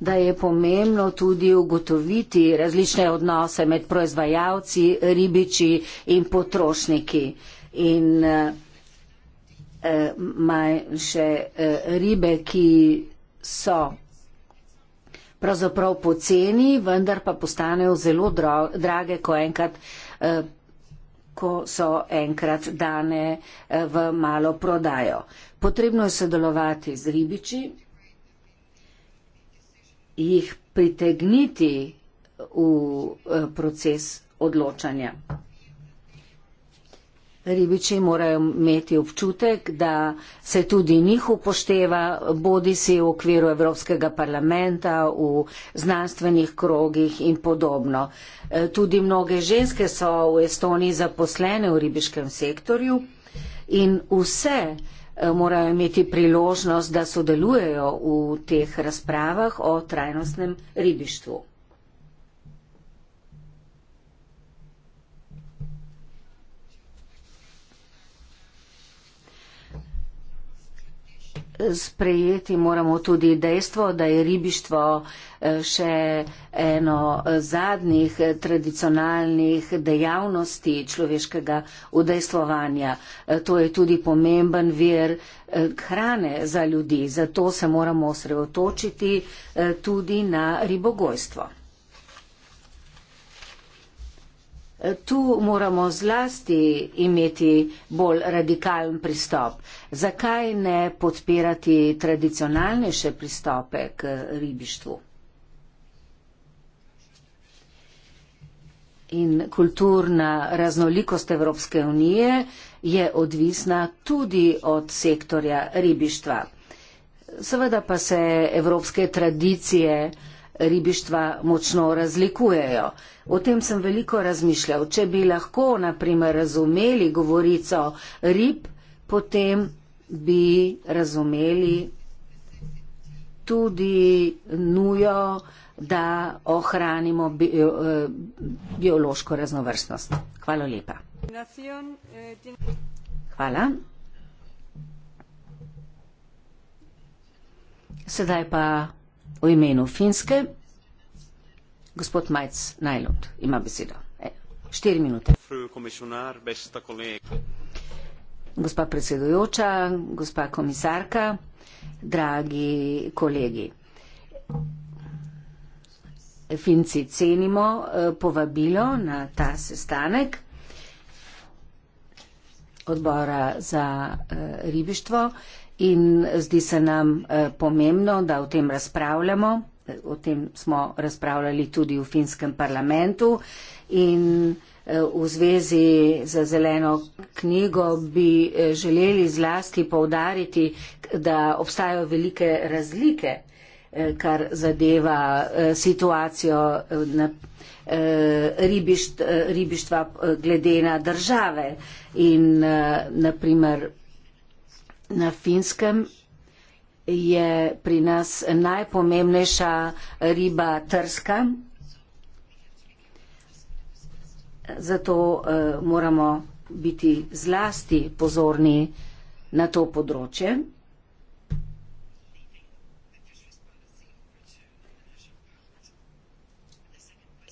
da je pomembno tudi ugotoviti različne odnose med proizvajalci, ribiči in potrošniki. In eh, manjše eh, ribe, ki so pravzaprav poceni, vendar pa postanejo zelo drage, ko enkrat eh, ko so enkrat dane eh, v malo prodajo. Potrebno je sodelovati z ribiči, jih pritegniti v eh, proces odločanja. Ribiči morajo imeti občutek, da se tudi njih upošteva, bodi si v okviru Evropskega parlamenta, v znanstvenih krogih in podobno. E, tudi mnoge ženske so v Estoniji zaposlene v ribiškem sektorju in vse e, morajo imeti priložnost, da sodelujejo v teh razpravah o trajnostnem ribištvu. sprejeti moramo tudi dejstvo, da je ribištvo e, še eno e, zadnjih e, tradicionalnih dejavnosti človeškega udejstvovanja. To je tudi pomemben vir hrane za ljudi, zato se moramo osredotočiti tudi na ribogojstvo. Tu moramo zlasti imeti bolj radikalen pristop. Zakaj ne podpirati tradicionalnejše pristope k ribištvu? In kulturna raznolikost Evropske unije je odvisna tudi od sektorja ribištva. Seveda pa se evropske tradicije ribištva močno razlikujejo. O tem sem veliko razmišljal. Če bi lahko, naprimer, razumeli govorico rib, potem bi razumeli tudi nujo, da ohranimo eh, biološko raznovrstnost. Hvala lepa. Hvala. Sedaj pa V imenu Finske, gospod Majc Najlund ima besedo. E, štiri minute. Gospa predsedujoča, gospa komisarka, dragi kolegi. Finci cenimo e, povabilo na ta sestanek odbora za e, ribištvo in zdi se nam eh, pomembno, da o tem razpravljamo. O tem smo razpravljali tudi v finskem parlamentu in eh, v zvezi za zeleno knjigo bi eh, želeli zlasti povdariti, da obstajajo velike razlike, kar zadeva situacijo na ribištva glede na države in naprimer na finskem je pri nas najpomembnejša riba trska. Zato uh, moramo biti zlasti pozorni na to področje.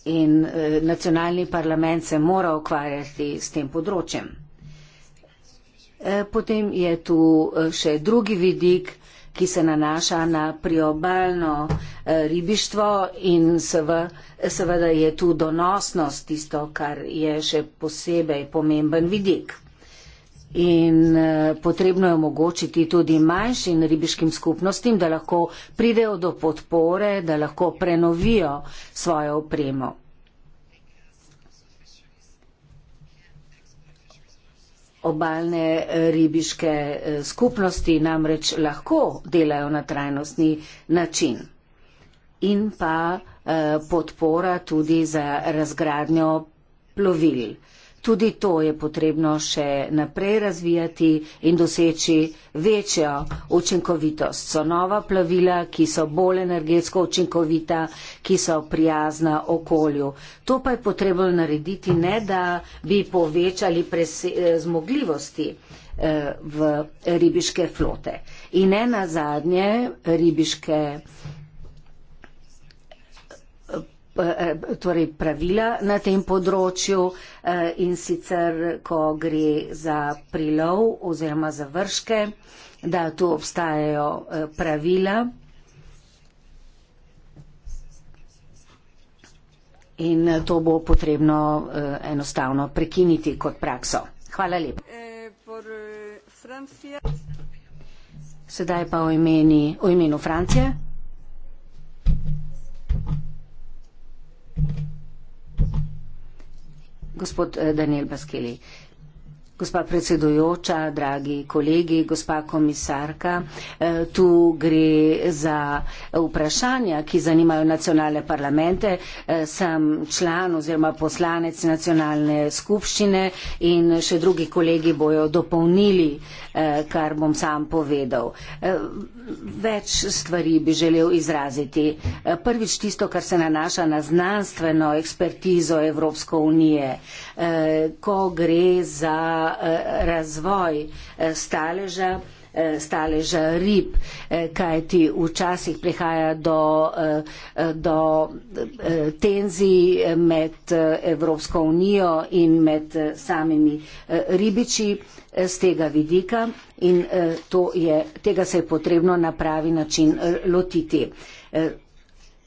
In uh, nacionalni parlament se mora ukvarjati s tem področjem. Eh, potem je tu eh, še drugi vidik, ki se nanaša na priobalno eh, ribištvo in seveda je tu donosnost tisto, kar je še posebej pomemben vidik. In potrebno je omogočiti tudi manjšim ribiškim skupnostim, da lahko pridejo do podpore, da lahko prenovijo svojo opremo. obalne eh, ribiške eh, skupnosti namreč lahko delajo na trajnostni način. In pa eh, podpora tudi za razgradnjo plovil. Tudi to je potrebno še naprej razvijati in doseči večjo učinkovitost. So nova plavila, ki so bolj energetsko učinkovita, ki so prijazna okolju. To pa je potrebno narediti ne, da bi povečali eh, zmogljivosti eh, v ribiške flote. In ne nazadnje ribiške. Eh, Eh, torej pravila na tem področju eh, in sicer, ko gre za prilov oziroma za vrške, da tu obstajajo eh, pravila. In to bo potrebno eh, enostavno prekiniti kot prakso. Hvala lepa. Sedaj pa v imenu, v imenu Francije. gospod eh, Daniel Baskeli. Gospa predsedujoča, dragi kolegi, gospa komisarka, eh, tu gre za vprašanja, ki zanimajo nacionalne parlamente. Eh, sem član oziroma poslanec nacionalne skupščine in še drugi kolegi bojo dopolnili Eh, kar bom sam povedal. Eh, več stvari bi želel izraziti. Eh, prvič tisto, kar se nanaša na znanstveno ekspertizo Evropske unije, ko gre za razvoj staleža. Eh, staleža rib, eh, kaj ti včasih prihaja do, eh, do tenzij med Evropsko unijo in med samimi ribiči z tega vidika in je, tega se je potrebno na pravi način lotiti.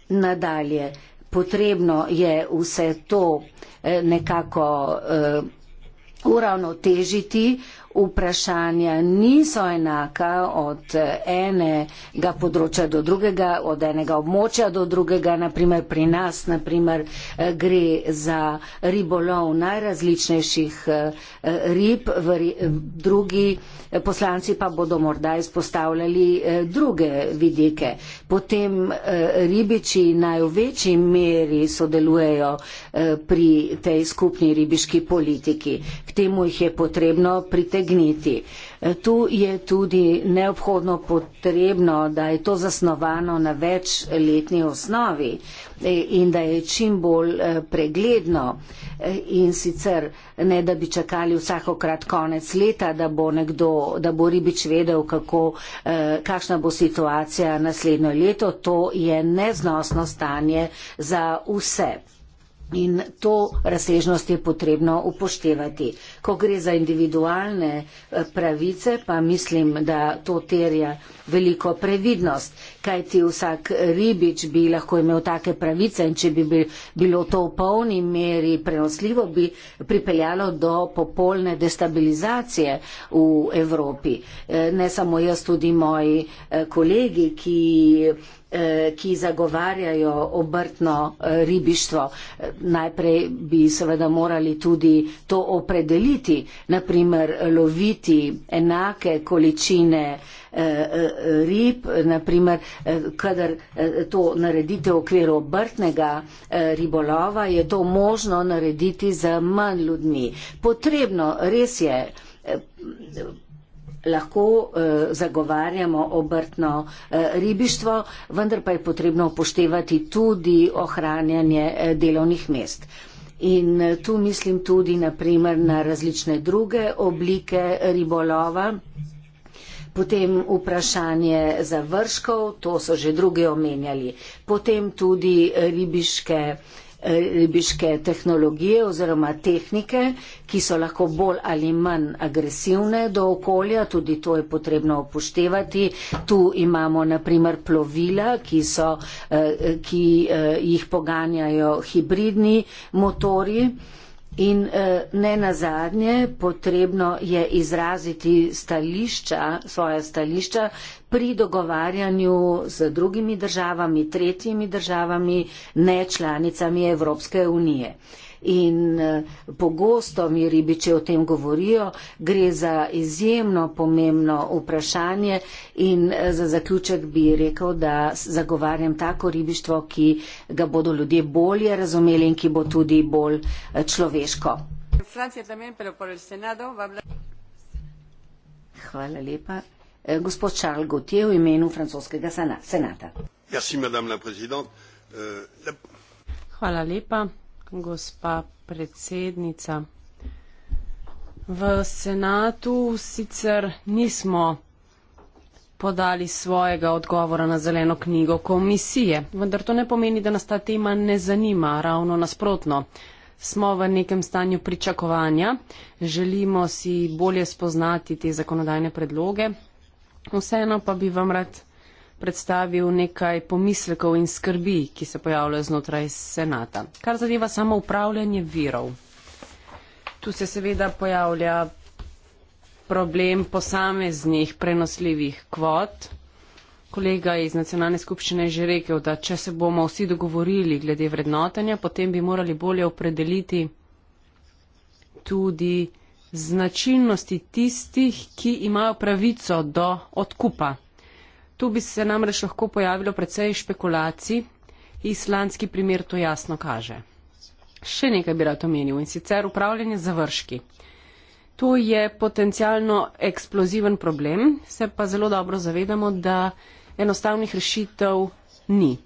Nadalje, potrebno je vse to nekako uravnotežiti, vprašanja niso enaka od enega področja do drugega, od enega območja do drugega. Naprimer, pri nas naprimer, eh, gre za ribolov najrazličnejših eh, rib, eh, drugi poslanci pa bodo morda izpostavljali druge vidike. Potem ribiči naj v večji meri sodelujejo pri tej skupni ribiški politiki. K temu jih je potrebno pritegniti pritegniti. E, tu je tudi neobhodno potrebno, da je to zasnovano na večletni osnovi e, in da je čim bolj e, pregledno in sicer ne, da bi čakali vsakokrat konec leta, da bo, nekdo, da bo ribič vedel, kako, kakšna bo situacija naslednjo leto. To je neznosno stanje za vse. In to razsežnost je potrebno upoštevati. Ko gre za individualne eh, pravice, pa mislim, da to terja veliko previdnost kajti vsak ribič bi lahko imel take pravice in če bi bilo to v polni meri prenosljivo, bi pripeljalo do popolne destabilizacije v Evropi. E, ne samo jaz, tudi moji e, kolegi, ki e, ki zagovarjajo obrtno ribištvo. Najprej bi seveda morali tudi to opredeliti, naprimer loviti enake količine eh, Eh, eh, rib, naprimer, eh, kadar to naredite v okviru obrtnega ribolova, je to možno narediti z manj ljudmi. Potrebno res je, lahko zagovarjamo obrtno ribištvo, vendar pa je potrebno upoštevati tudi ohranjanje delovnih mest. In tu mislim tudi naprimer na različne druge oblike ribolova potem vprašanje završkov, to so že drugi omenjali, potem tudi eh, ribiške eh, ribiške tehnologije oziroma tehnike, ki so lahko bolj ali manj agresivne do okolja, tudi to je potrebno upoštevati. Tu imamo naprimer plovila, ki, so, eh, ki jih poganjajo hibridni motori. In eh, ne na zadnje, potrebno je izraziti stališča, svoje stališča pri dogovarjanju z drugimi državami, tretjimi državami, ne članicami Evropske unije in eh, pogosto mi ribiče o tem govorijo, gre za izjemno pomembno vprašanje in eh, za zaključek bi rekel, da zagovarjam tako ribištvo, ki ga bodo ljudje bolje razumeli in ki bo tudi bolj eh, človeško. Hvala lepa. Gospod Charles Gauthier v imenu francoskega senata. Euh, Hvala lepa gospa predsednica. V senatu sicer nismo podali svojega odgovora na zeleno knjigo komisije, vendar to ne pomeni, da nas ta tema ne zanima, ravno nasprotno. Smo v nekem stanju pričakovanja, želimo si bolje spoznati te zakonodajne predloge, vseeno pa bi vam rad predstavil nekaj pomislekov in skrbi, ki se pojavljajo znotraj senata. Kar zadeva samo upravljanje virov. Tu se seveda pojavlja problem posameznih prenosljivih kvot. Kolega iz nacionalne skupščine je že rekel, da če se bomo vsi dogovorili glede vrednotenja, potem bi morali bolje opredeliti tudi značilnosti tistih, ki imajo pravico do odkupa. Tu bi se namreč lahko pojavilo precej špekulacij, islandski primer to jasno kaže. Še nekaj bi rad omenil in sicer upravljanje završki. To je potencialno eksploziven problem, se pa zelo dobro zavedamo, da enostavnih rešitev ni.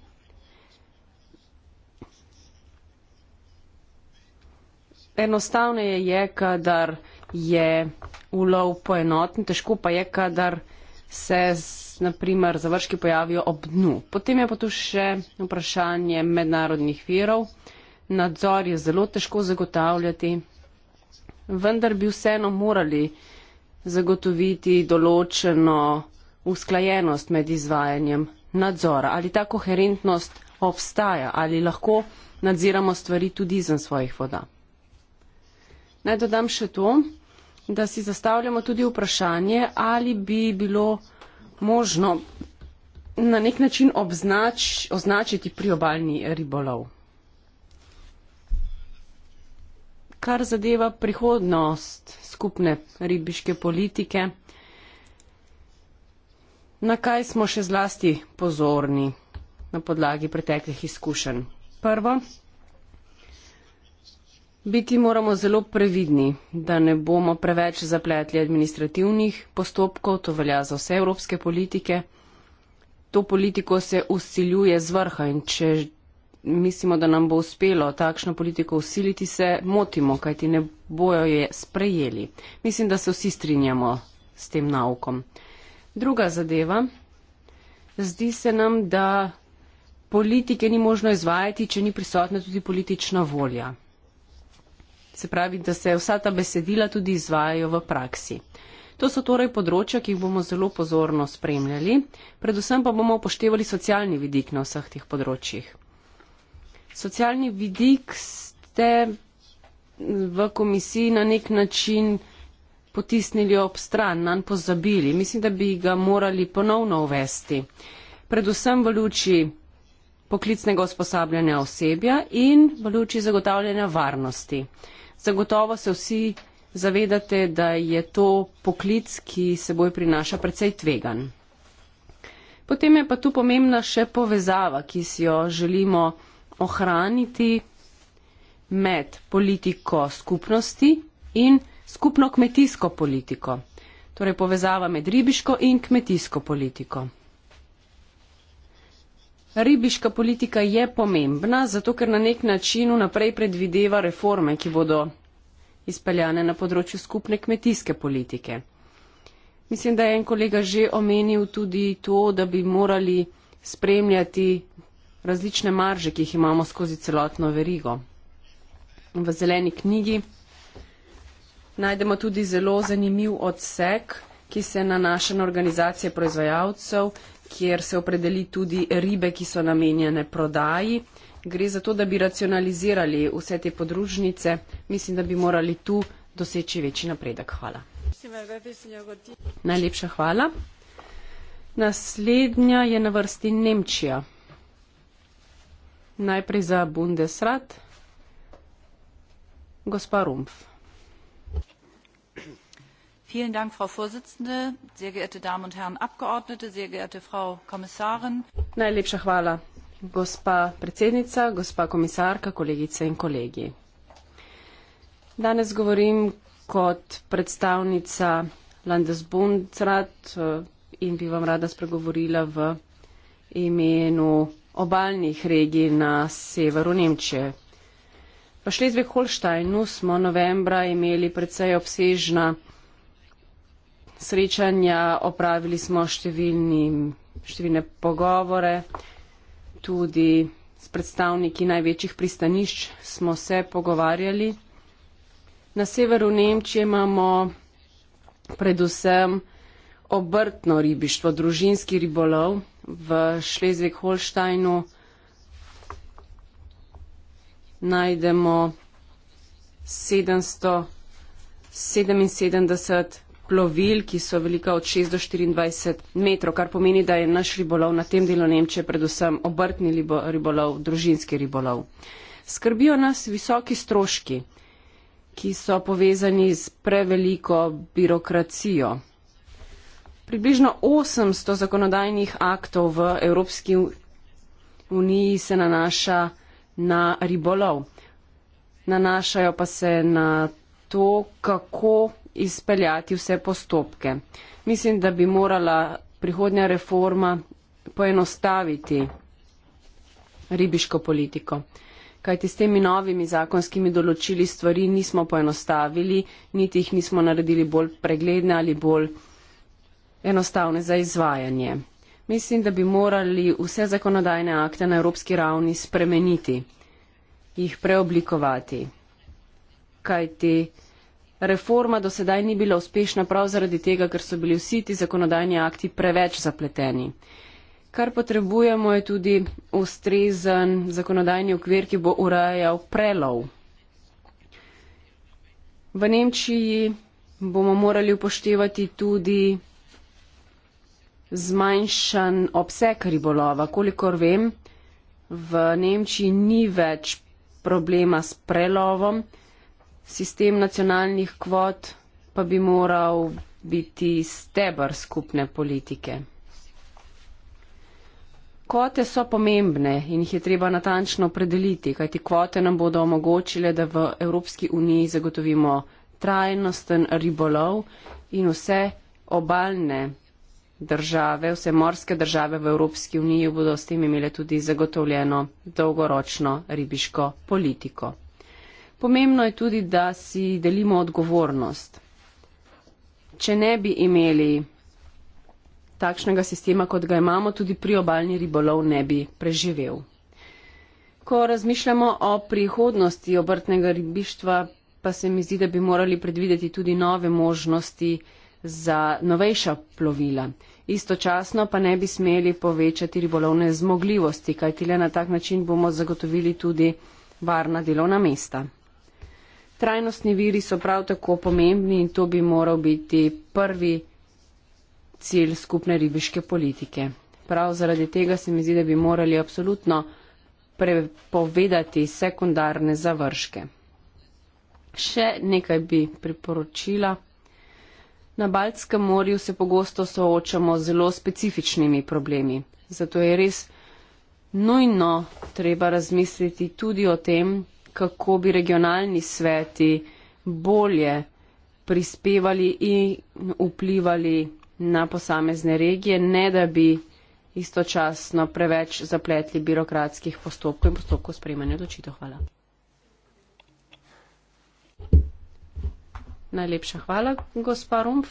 Enostavneje je, kadar je ulov poenoten, težko pa je, kadar se z naprimer završki pojavijo ob dnu. Potem je pa tu še vprašanje mednarodnih virov. Nadzor je zelo težko zagotavljati, vendar bi vseeno morali zagotoviti določeno usklajenost med izvajanjem nadzora. Ali ta koherentnost obstaja, ali lahko nadziramo stvari tudi izven svojih voda. Naj dodam še to, da si zastavljamo tudi vprašanje, ali bi bilo možno na nek način obznač, označiti priobalni ribolov. Kar zadeva prihodnost skupne ribiške politike, na kaj smo še zlasti pozorni na podlagi preteklih izkušenj. Prvo, Biti moramo zelo previdni, da ne bomo preveč zapletli administrativnih postopkov, to velja za vse evropske politike. To politiko se usiljuje z vrha in če mislimo, da nam bo uspelo takšno politiko usiliti, se motimo, kajti ne bojo je sprejeli. Mislim, da se vsi strinjamo s tem naukom. Druga zadeva. Zdi se nam, da politike ni možno izvajati, če ni prisotna tudi politična volja se pravi, da se vsa ta besedila tudi izvajajo v praksi. To so torej področja, ki jih bomo zelo pozorno spremljali, predvsem pa bomo upoštevali socialni vidik na vseh teh področjih. Socialni vidik ste v komisiji na nek način potisnili ob stran, nanj pozabili. Mislim, da bi ga morali ponovno uvesti, predvsem v luči poklicnega usposabljanja osebja in v luči zagotavljanja varnosti. Zagotovo se vsi zavedate, da je to poklic, ki seboj prinaša precej tvegan. Potem je pa tu pomembna še povezava, ki si jo želimo ohraniti med politiko skupnosti in skupno kmetijsko politiko. Torej povezava med ribiško in kmetijsko politiko. Ribiška politika je pomembna, zato ker na nek način vnaprej predvideva reforme, ki bodo izpeljane na področju skupne kmetijske politike. Mislim, da je en kolega že omenil tudi to, da bi morali spremljati različne marže, ki jih imamo skozi celotno verigo. V zeleni knjigi najdemo tudi zelo zanimiv odsek, ki se nanaša na organizacije proizvajalcev, kjer se opredeli tudi ribe, ki so namenjene prodaji. Gre za to, da bi racionalizirali vse te podružnice. Mislim, da bi morali tu doseči večji napredek. Hvala. Najlepša hvala. Naslednja je na vrsti Nemčija. Najprej za Bundesrat. Gospa Rumpf. Vielen Dank, Frau Vorsitzende, sehr geehrte Damen und Herren Abgeordnete, sehr geehrte Frau Kommissarin. Najlepša hvala, gospa predsednica, gospa komisarka, kolegice in kolegi. Danes govorim kot predstavnica Landesbundrat eh, in bi vam rada spregovorila v imenu obaljnih regij na severu Nemčije. V Šlezvek Holštajnu smo novembra imeli predvsej obsežna srečanja, opravili smo številni, številne pogovore, tudi s predstavniki največjih pristanišč smo se pogovarjali. Na severu Nemčije imamo predvsem obrtno ribištvo, družinski ribolov v Šlezvik-Holštajnu. Najdemo 777 plovil, ki so velika od 6 do 24 metrov, kar pomeni, da je naš ribolov na tem delu Nemčije predvsem obrtni ribolov, družinski ribolov. Skrbijo nas visoki stroški, ki so povezani z preveliko birokracijo. Približno 800 zakonodajnih aktov v Evropski uniji se nanaša na ribolov. Nanašajo pa se na to, kako izpeljati vse postopke. Mislim, da bi morala prihodnja reforma poenostaviti ribiško politiko. Kajti s temi novimi zakonskimi določili stvari nismo poenostavili, niti jih nismo naredili bolj pregledne ali bolj enostavne za izvajanje. Mislim, da bi morali vse zakonodajne akte na evropski ravni spremeniti, jih preoblikovati. Kajti reforma do sedaj ni bila uspešna prav zaradi tega, ker so bili vsi ti zakonodajni akti preveč zapleteni. Kar potrebujemo je tudi ustrezen zakonodajni okvir, ki bo urajal prelov. V Nemčiji bomo morali upoštevati tudi zmanjšan obseg ribolova. Kolikor vem, v Nemčiji ni več problema s prelovom sistem nacionalnih kvot pa bi moral biti stebr skupne politike. Kvote so pomembne in jih je treba natančno predeliti, kajti kvote nam bodo omogočile, da v Evropski uniji zagotovimo trajnosten ribolov in vse obaljne države, vse morske države v Evropski uniji bodo s tem imele tudi zagotovljeno dolgoročno ribiško politiko. Pomembno je tudi, da si delimo odgovornost. Če ne bi imeli takšnega sistema, kot ga imamo, tudi priobalni ribolov ne bi preživel. Ko razmišljamo o prihodnosti obrtnega ribištva, pa se mi zdi, da bi morali predvideti tudi nove možnosti za novejša plovila. Istočasno pa ne bi smeli povečati ribolovne zmogljivosti, kajti le na tak način bomo zagotovili tudi varna delovna mesta. Trajnostni viri so prav tako pomembni in to bi moral biti prvi cilj skupne ribiške politike. Prav zaradi tega se mi zdi, da bi morali absolutno prepovedati sekundarne završke. Še nekaj bi priporočila. Na Baltskem morju se pogosto soočamo z zelo specifičnimi problemi. Zato je res nujno treba razmisliti tudi o tem, kako bi regionalni sveti bolje prispevali in vplivali na posamezne regije, ne da bi istočasno preveč zapletli birokratskih postopkov in postopkov sprejmanja odločitev. Hvala. Najlepša hvala, gospa Rumpf.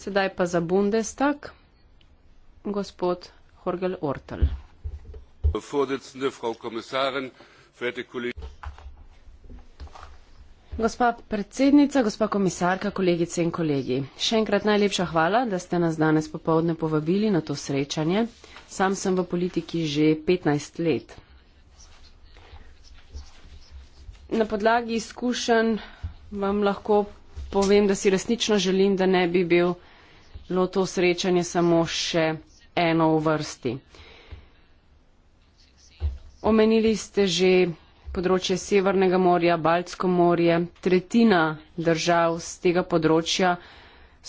Sedaj pa za Bundestag, gospod Horgel Ortel vorsitzende frau kommissarin verehrte kolleginnen und kollegen! gospa predsednica gospa komisarka kolegice in kolegi še enkrat najlepša hvala da ste nas danes popoldne povabili na to srečanje sam sem v politiki že petnajst let na podlagi izkušenj vam lahko povem da si resnično želim da ne bi bilo to srečanje samo še eno v vrsti. Omenili ste že področje Severnega morja, Baltsko morje. Tretjina držav z tega področja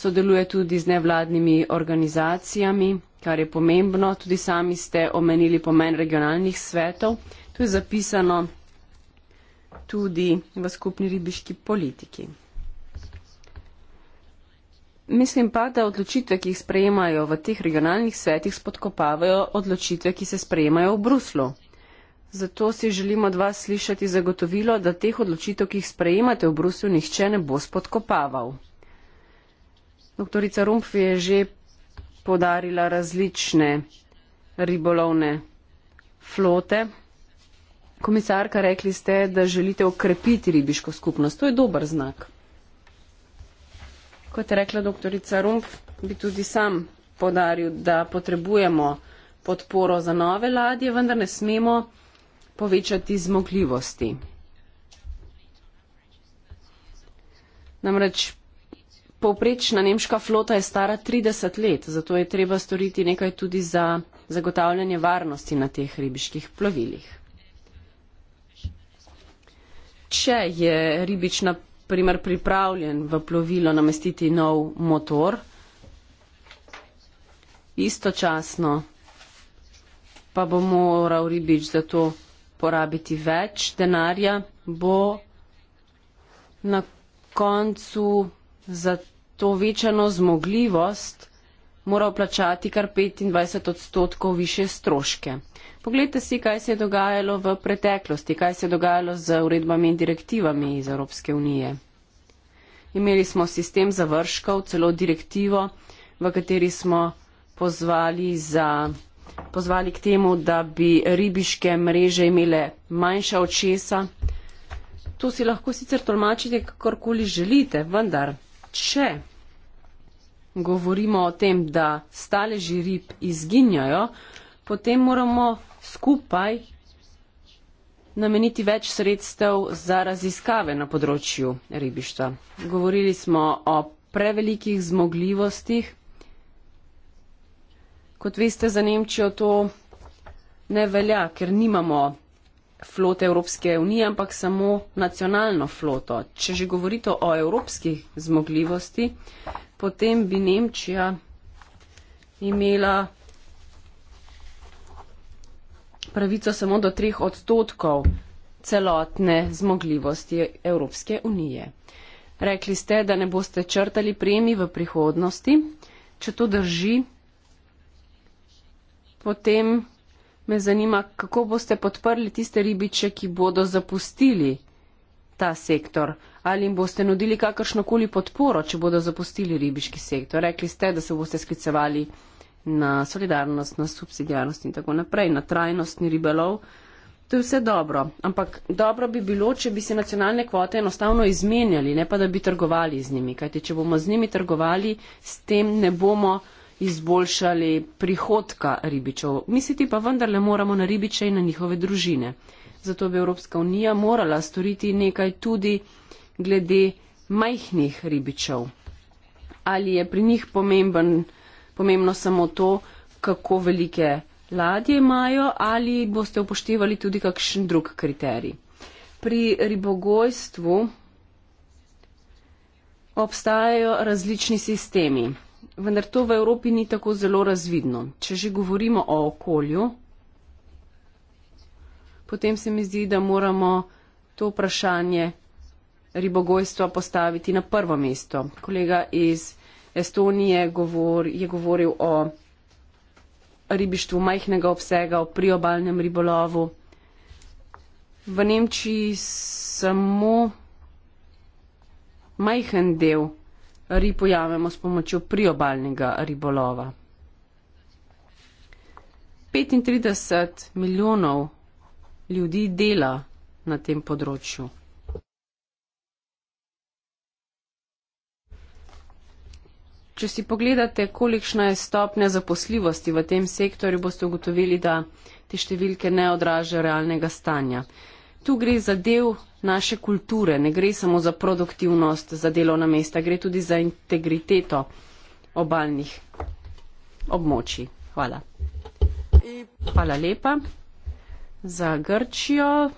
sodeluje tudi z nevladnimi organizacijami, kar je pomembno. Tudi sami ste omenili pomen regionalnih svetov. To je zapisano tudi v skupni ribiški politiki. Mislim pa, da odločitve, ki jih sprejemajo v teh regionalnih svetih, spodkopavajo odločitve, ki se sprejemajo v Bruslu. Zato si želimo od vas slišati zagotovilo, da teh odločitev, ki jih sprejemate v Bruslju, nihče ne bo spodkopaval. Doktorica Rumpf je že podarila različne ribolovne flote. Komisarka, rekli ste, da želite okrepiti ribiško skupnost. To je dober znak. Kot je rekla doktorica Rumpf, bi tudi sam podaril, da potrebujemo podporo za nove ladje, vendar ne smemo povečati zmogljivosti. Namreč povprečna nemška flota je stara 30 let, zato je treba storiti nekaj tudi za zagotavljanje varnosti na teh ribiških plovilih. Če je ribič na primer pripravljen v plovilo namestiti nov motor, istočasno pa bo moral ribič za to porabiti več denarja, bo na koncu za to večano zmogljivost moral plačati kar 25 odstotkov više stroške. Poglejte si, kaj se je dogajalo v preteklosti, kaj se je dogajalo z uredbami in direktivami iz Evropske unije. Imeli smo sistem završkov, celo direktivo, v kateri smo pozvali za pozvali k temu, da bi ribiške mreže imele manjša očesa. To si lahko sicer tolmačite, kakorkoli želite, vendar, če govorimo o tem, da staleži rib izginjajo, potem moramo skupaj nameniti več sredstev za raziskave na področju ribištva. Govorili smo o prevelikih zmogljivostih, Kot veste, za Nemčijo to ne velja, ker nimamo flote Evropske unije, ampak samo nacionalno floto. Če že govorite o evropskih zmogljivosti, potem bi Nemčija imela pravico samo do 3 odstotkov celotne zmogljivosti Evropske unije. Rekli ste, da ne boste črtali premi v prihodnosti. Če to drži, potem me zanima, kako boste podprli tiste ribiče, ki bodo zapustili ta sektor. Ali jim boste nudili kakršnokoli podporo, če bodo zapustili ribiški sektor? Rekli ste, da se boste sklicevali na solidarnost, na subsidijarnost in tako naprej, na trajnostni ribelov. To je vse dobro, ampak dobro bi bilo, če bi se nacionalne kvote enostavno izmenjali, ne pa da bi trgovali z njimi. Kajti, če bomo z njimi trgovali, s tem ne bomo izboljšali prihodka ribičev. Misliti pa vendarle moramo na ribiče in na njihove družine. Zato bi Evropska unija morala storiti nekaj tudi glede majhnih ribičev. Ali je pri njih pomemben, pomembno samo to, kako velike ladje imajo ali boste upoštevali tudi kakšen drug kriterij. Pri ribogojstvu obstajajo različni sistemi vendar to v Evropi ni tako zelo razvidno. Če že govorimo o okolju, potem se mi zdi, da moramo to vprašanje ribogojstva postaviti na prvo mesto. Kolega iz Estonije govor, je govoril o ribištvu majhnega obsega, o priobalnem ribolovu. V Nemčiji samo majhen del rib ujamemo s pomočjo priobalnega ribolova. 35 milijonov ljudi dela na tem področju. Če si pogledate, kolikšna je stopnja zaposljivosti v tem sektorju, boste ugotovili, da te številke ne odražajo realnega stanja. Tu gre za del naše kulture, ne gre samo za produktivnost, za delovna mesta, gre tudi za integriteto obaljnih območij. Hvala. Hvala lepa. Za Grčijo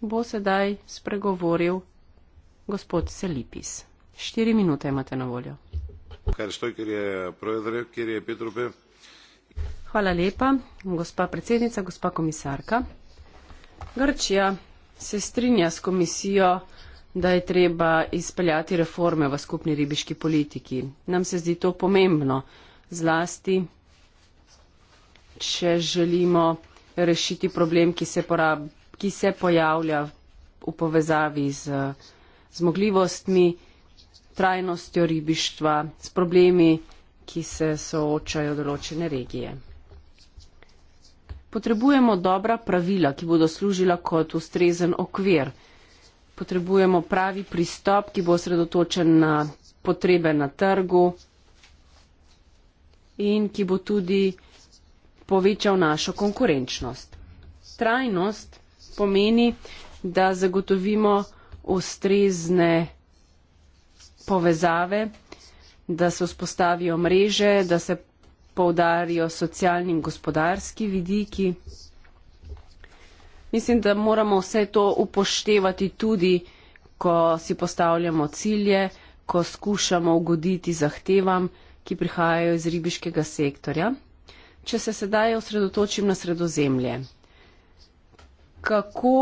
bo sedaj spregovoril gospod Selipis. Štiri minute imate na voljo. Hvala lepa, gospa predsednica, gospa komisarka. Grčija se strinja s komisijo, da je treba izpeljati reforme v skupni ribiški politiki. Nam se zdi to pomembno, zlasti, če želimo rešiti problem, ki se, porab, ki se pojavlja v povezavi z zmogljivostmi, trajnostjo ribištva, s problemi, ki se soočajo določene regije. Potrebujemo dobra pravila, ki bodo služila kot ustrezen okvir. Potrebujemo pravi pristop, ki bo sredotočen na potrebe na trgu in ki bo tudi povečal našo konkurenčnost. Trajnost pomeni, da zagotovimo ustrezne povezave, da se vzpostavijo mreže, da se poudarijo socialni in gospodarski vidiki. Mislim, da moramo vse to upoštevati tudi, ko si postavljamo cilje, ko skušamo ugoditi zahtevam, ki prihajajo iz ribiškega sektorja. Če se sedaj osredotočim na sredozemlje, kako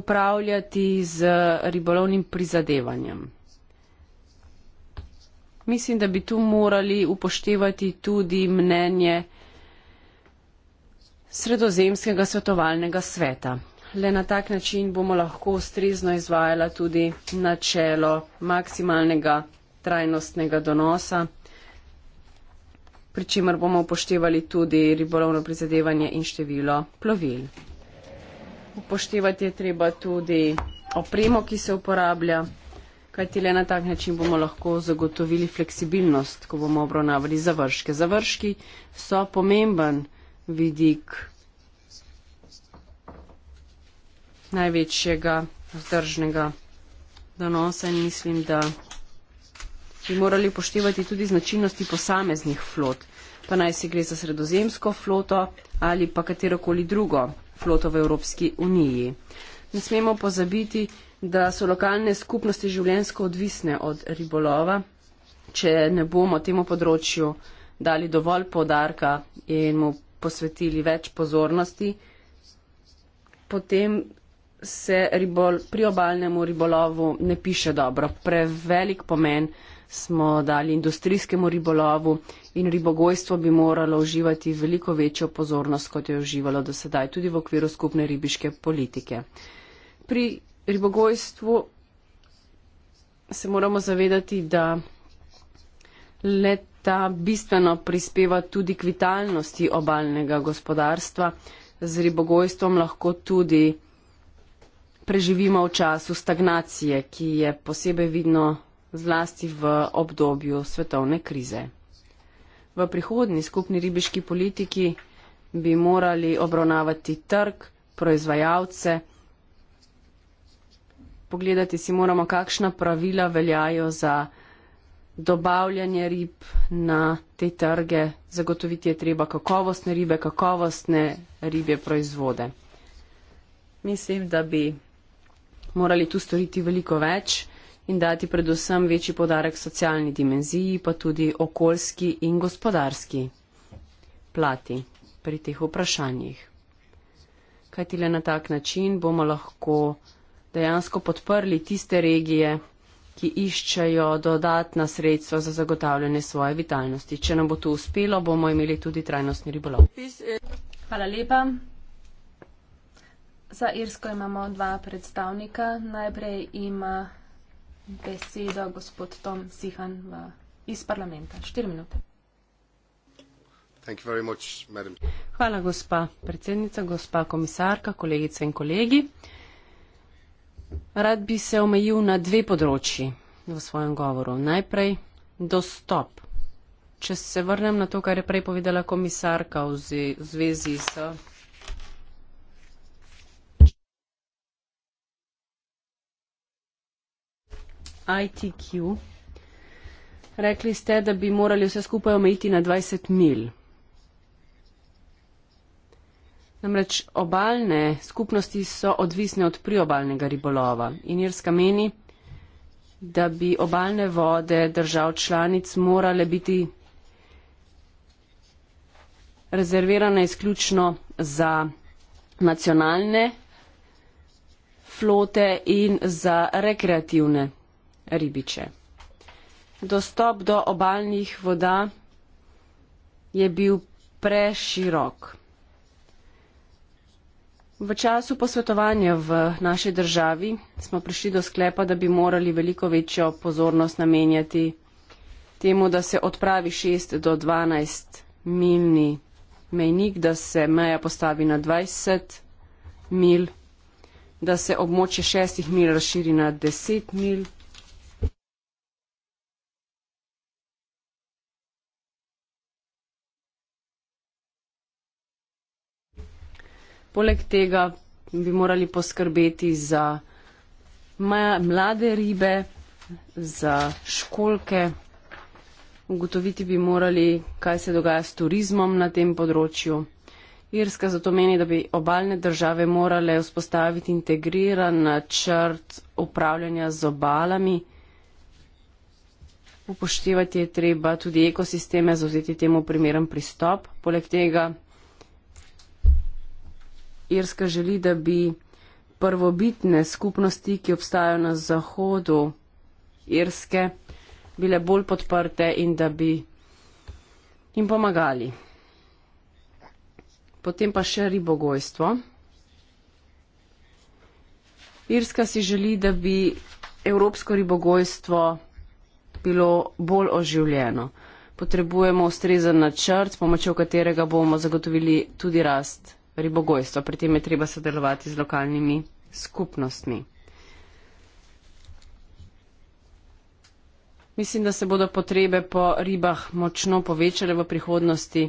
upravljati z ribolovnim prizadevanjem? mislim, da bi tu morali upoštevati tudi mnenje sredozemskega svetovalnega sveta. Le na tak način bomo lahko ustrezno izvajala tudi načelo maksimalnega trajnostnega donosa, pri čemer bomo upoštevali tudi ribolovno prizadevanje in število plovil. Upoštevati je treba tudi opremo, ki se uporablja. Kajti le na tak način bomo lahko zagotovili fleksibilnost, ko bomo obravnavali završke. Završki so pomemben vidik največjega vzdržnega donosa in mislim, da bi morali poštevati tudi značilnosti posameznih flot, pa naj se gre za sredozemsko floto ali pa katerokoli drugo floto v Evropski uniji. Ne smemo pozabiti, da so lokalne skupnosti življensko odvisne od ribolova, če ne bomo temu področju dali dovolj podarka in mu posvetili več pozornosti, potem se ribol, pri obalnemu ribolovu ne piše dobro. Prevelik pomen smo dali industrijskemu ribolovu in ribogojstvo bi moralo uživati veliko večjo pozornost, kot je uživalo do sedaj tudi v okviru skupne ribiške politike. Pri ribogojstvu se moramo zavedati, da le ta bistveno prispeva tudi k vitalnosti obalnega gospodarstva. Z ribogojstvom lahko tudi preživimo v času stagnacije, ki je posebej vidno zlasti v obdobju svetovne krize. V prihodni skupni ribiški politiki bi morali obravnavati trg, proizvajalce, pogledati si moramo, kakšna pravila veljajo za dobavljanje rib na te trge, zagotoviti je treba kakovostne ribe, kakovostne ribje proizvode. Mislim, da bi morali tu storiti veliko več in dati predvsem večji podarek socialni dimenziji, pa tudi okoljski in gospodarski plati pri teh vprašanjih. Kajti le na tak način bomo lahko dejansko podprli tiste regije, ki iščejo dodatna sredstva za zagotavljanje svoje vitalnosti. Če nam bo to uspelo, bomo imeli tudi trajnostni ribolov. Hvala lepa. Za Irsko imamo dva predstavnika. Najprej ima besedo gospod Tom Sihan v, iz parlamenta. Štiri minute. Much, Hvala, gospa predsednica, gospa komisarka, kolegice in kolegi. Rad bi se omejil na dve področji v svojem govoru. Najprej dostop. Če se vrnem na to, kar je prej povedala komisarka v zvezi s. ITQ. Rekli ste, da bi morali vse skupaj omejiti na 20 mil. Namreč obaljne skupnosti so odvisne od priobalnega ribolova in Irska meni, da bi obaljne vode držav članic morale biti rezervirane izključno za nacionalne flote in za rekreativne ribiče. Dostop do obaljnih voda je bil preširok. V času posvetovanja v naši državi smo prišli do sklepa, da bi morali veliko večjo pozornost namenjati temu, da se odpravi 6 do 12 milni mejnik, da se meja postavi na 20 mil, da se območje 6 mil razširi na 10 mil. poleg tega bi morali poskrbeti za mlade ribe, za školke, ugotoviti bi morali, kaj se dogaja s turizmom na tem področju. Irska zato meni, da bi obaljne države morale vzpostaviti integriran načrt upravljanja z obalami. Upoštevati je treba tudi ekosisteme, zauzeti temu primeren pristop. Poleg tega Irska želi, da bi prvobitne skupnosti, ki obstajajo na zahodu Irske, bile bolj podprte in da bi jim pomagali. Potem pa še ribogojstvo. Irska si želi, da bi evropsko ribogojstvo bilo bolj oživljeno. Potrebujemo ustrezen načrt, s pomočjo katerega bomo zagotovili tudi rast ribogojstvo. Pri tem je treba sodelovati z lokalnimi skupnostmi. Mislim, da se bodo potrebe po ribah močno povečale v prihodnosti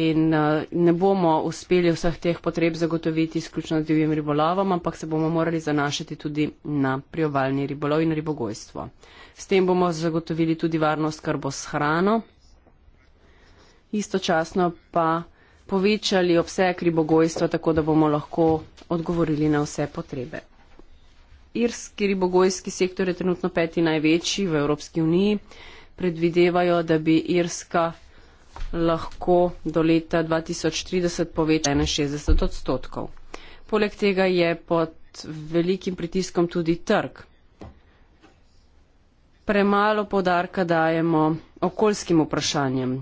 in eh, ne bomo uspeli vseh teh potreb zagotoviti izključno z divjim ribolovom, ampak se bomo morali zanašati tudi na priovalni ribolov in ribogojstvo. S tem bomo zagotovili tudi varnost, kar bo s hrano. Istočasno pa povečali obseg ribogojstva, tako da bomo lahko odgovorili na vse potrebe. Irski ribogojski sektor je trenutno peti največji v Evropski uniji. Predvidevajo, da bi Irska lahko do leta 2030 povečala 61 odstotkov. Poleg tega je pod velikim pritiskom tudi trg. Premalo podarka dajemo okoljskim vprašanjem.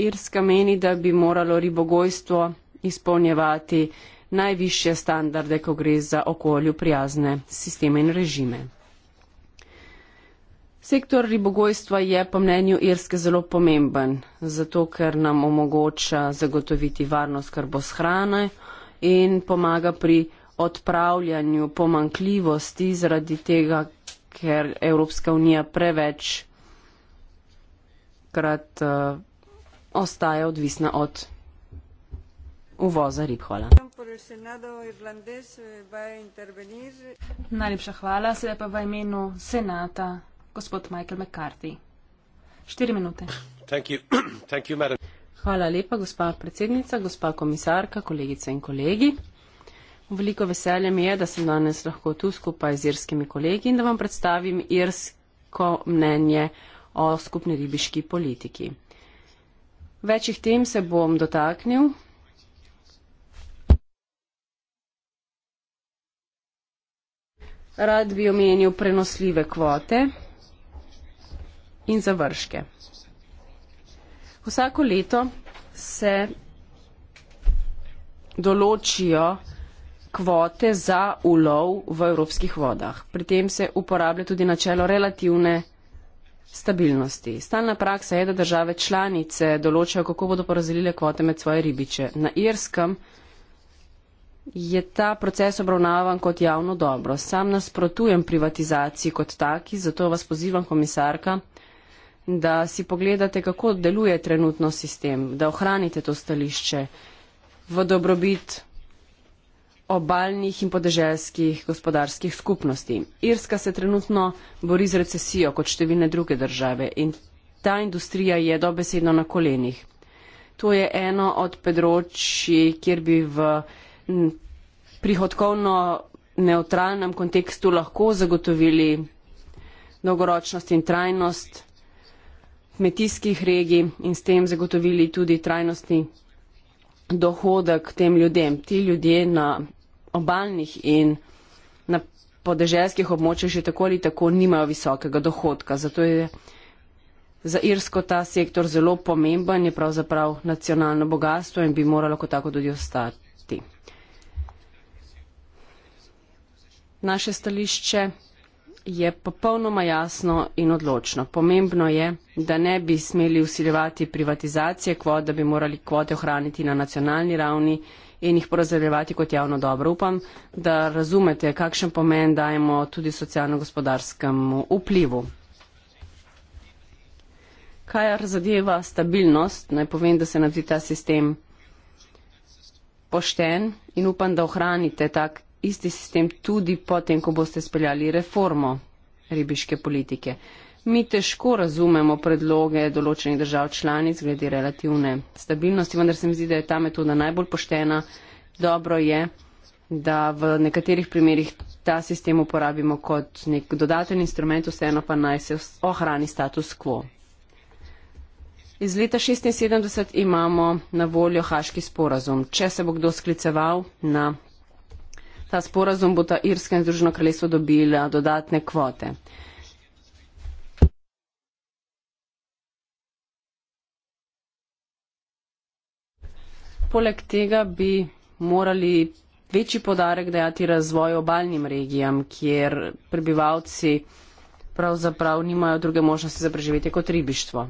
Irska meni, da bi moralo ribogojstvo izpolnjevati najvišje standarde, ko gre za okolju prijazne sisteme in režime. Sektor ribogojstva je po mnenju Irske zelo pomemben, zato ker nam omogoča zagotoviti varnost skrbo s hrane in pomaga pri odpravljanju pomankljivosti zaradi tega, ker Evropska unija preveč krat uh, ostaja odvisna od uvoza rib. Hvala. Najlepša hvala, sedaj pa v imenu senata, gospod Michael McCarthy. Štiri minute. Thank you. Thank you, hvala lepa, gospa predsednica, gospa komisarka, kolegice in kolegi. Veliko veselje mi je, da sem danes lahko tu skupaj z irskimi kolegi in da vam predstavim irsko mnenje o skupni ribiški politiki. Večjih tem se bom dotaknil. Rad bi omenil prenosljive kvote in završke. Vsako leto se določijo kvote za ulov v evropskih vodah. Pri tem se uporablja tudi načelo relativne stabilnosti. Stalna praksa je, da države članice določajo, kako bodo porazdelile kvote med svoje ribiče. Na Irskem je ta proces obravnavan kot javno dobro. Sam nasprotujem privatizaciji kot taki, zato vas pozivam, komisarka, da si pogledate, kako deluje trenutno sistem, da ohranite to stališče v dobrobit obaljnih in podeželskih gospodarskih skupnosti. Irska se trenutno bori z recesijo kot številne druge države in ta industrija je dobesedno na kolenih. To je eno od področji, kjer bi v prihodkovno neutralnem kontekstu lahko zagotovili dolgoročnost in trajnost kmetijskih regij in s tem zagotovili tudi trajnostni dohodek tem ljudem. Ti ljudje na obalnih in na podeželskih območjih že tako ali tako nimajo visokega dohodka. Zato je za Irsko ta sektor zelo pomemben, je pravzaprav nacionalno bogatstvo in bi moralo kot tako tudi ostati. Naše stališče je popolnoma jasno in odločno. Pomembno je, da ne bi smeli usiljevati privatizacije kvot, da bi morali kvote ohraniti na nacionalni ravni in jih porazdeljevati kot javno dobro. Upam, da razumete, kakšen pomen dajemo tudi socialno-gospodarskemu vplivu. Kar zadeva stabilnost, naj povem, da se nam zdi ta sistem pošten in upam, da ohranite tak isti sistem tudi potem, ko boste speljali reformo ribiške politike. Mi težko razumemo predloge določenih držav članic glede relativne stabilnosti, vendar se mi zdi, da je ta metoda najbolj poštena. Dobro je, da v nekaterih primerjih ta sistem uporabimo kot nek dodaten instrument, vseeno pa naj se ohrani status quo. Iz leta 1976 imamo na voljo haški sporazum. Če se bo kdo skliceval na ta sporazum, bo ta Irska in Združeno kraljestvo dobila dodatne kvote. poleg tega bi morali večji podarek dajati razvoju obaljnim regijam, kjer prebivalci pravzaprav nimajo druge možnosti za preživetje kot ribištvo.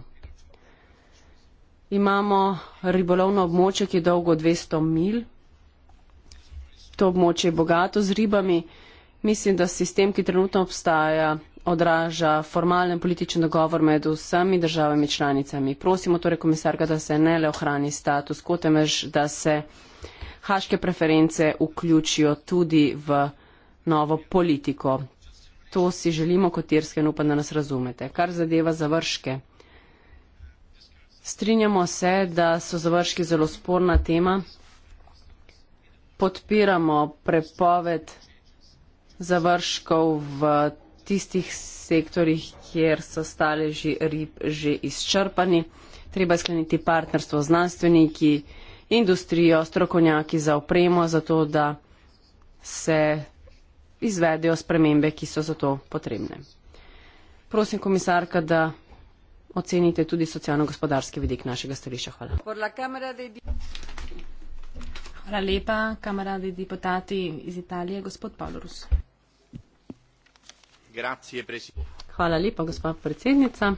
Imamo ribolovno območje, ki je dolgo 200 mil. To območje je bogato z ribami. Mislim, da sistem, ki trenutno obstaja, odraža formalen političen dogovor med vsemi državami članicami. Prosimo torej komisarka, da se ne le ohrani status, kot temež, da se haške preference vključijo tudi v novo politiko. To si želimo kot irske in upam, da nas razumete. Kar zadeva završke. Strinjamo se, da so završki zelo sporna tema. Podpiramo prepoved završkov v tistih sektorjih, kjer so staleži rib že izčrpani. Treba je skleniti partnerstvo z znanstveniki, industrijo, strokovnjaki za opremo, zato da se izvedejo spremembe, ki so za to potrebne. Prosim, komisarka, da ocenite tudi socialno-gospodarski vidik našega stališča. Hvala. Hvala lepa, kamaradi deputati iz Italije, gospod Paulus. Hvala lepa, gospa predsednica.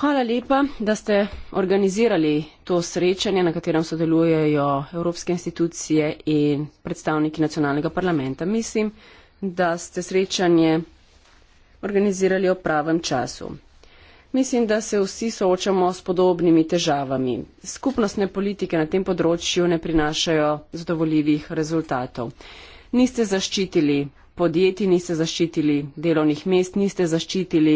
Hvala lepa, da ste organizirali to srečanje, na katerem sodelujejo evropske institucije in predstavniki nacionalnega parlamenta. Mislim, da ste srečanje organizirali o pravem času. Mislim, da se vsi soočamo s podobnimi težavami. Skupnostne politike na tem področju ne prinašajo zadovoljivih rezultatov. Niste zaščitili podjetij niste zaščitili, delovnih mest niste zaščitili,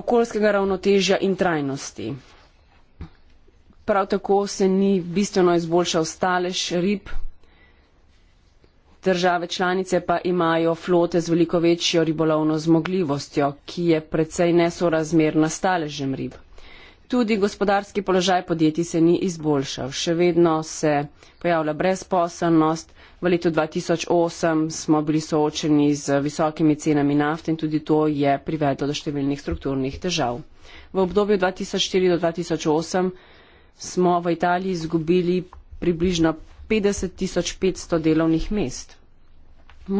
okoljskega ravnotežja in trajnosti. Prav tako se ni bistveno izboljšal stalež rib, države članice pa imajo flote z veliko večjo ribolovno zmogljivostjo, ki je precej nesorazmerna staležem rib. Tudi gospodarski položaj podjetij se ni izboljšal, še vedno se pojavlja brezposelnost, V letu 2008 smo bili soočeni z visokimi cenami nafte in tudi to je privedlo do številnih strukturnih težav. V obdobju 2004 do 2008 smo v Italiji izgubili približno 50 tisoč 500 delovnih mest.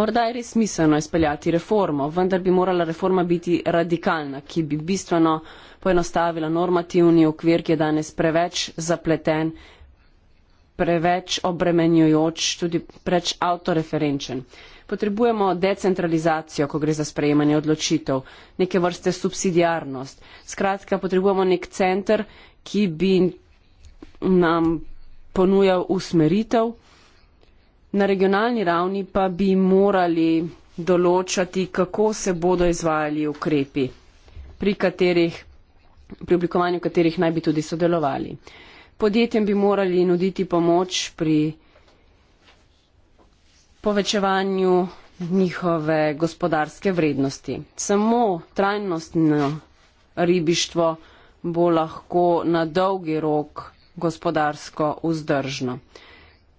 Morda je res smiselno izpeljati reformo, vendar bi morala reforma biti radikalna, ki bi bistveno poenostavila normativni okvir, ki je danes preveč zapleten preveč obremenjujoč, tudi preveč autoreferenčen. Potrebujemo decentralizacijo, ko gre za sprejemanje odločitev, neke vrste subsidijarnost. Skratka, potrebujemo nek center, ki bi nam ponujal usmeritev. Na regionalni ravni pa bi morali določati, kako se bodo izvajali ukrepi, pri, katerih, pri oblikovanju katerih naj bi tudi sodelovali podjetjem bi morali nuditi pomoč pri povečevanju njihove gospodarske vrednosti. Samo trajnostno ribištvo bo lahko na dolgi rok gospodarsko vzdržno.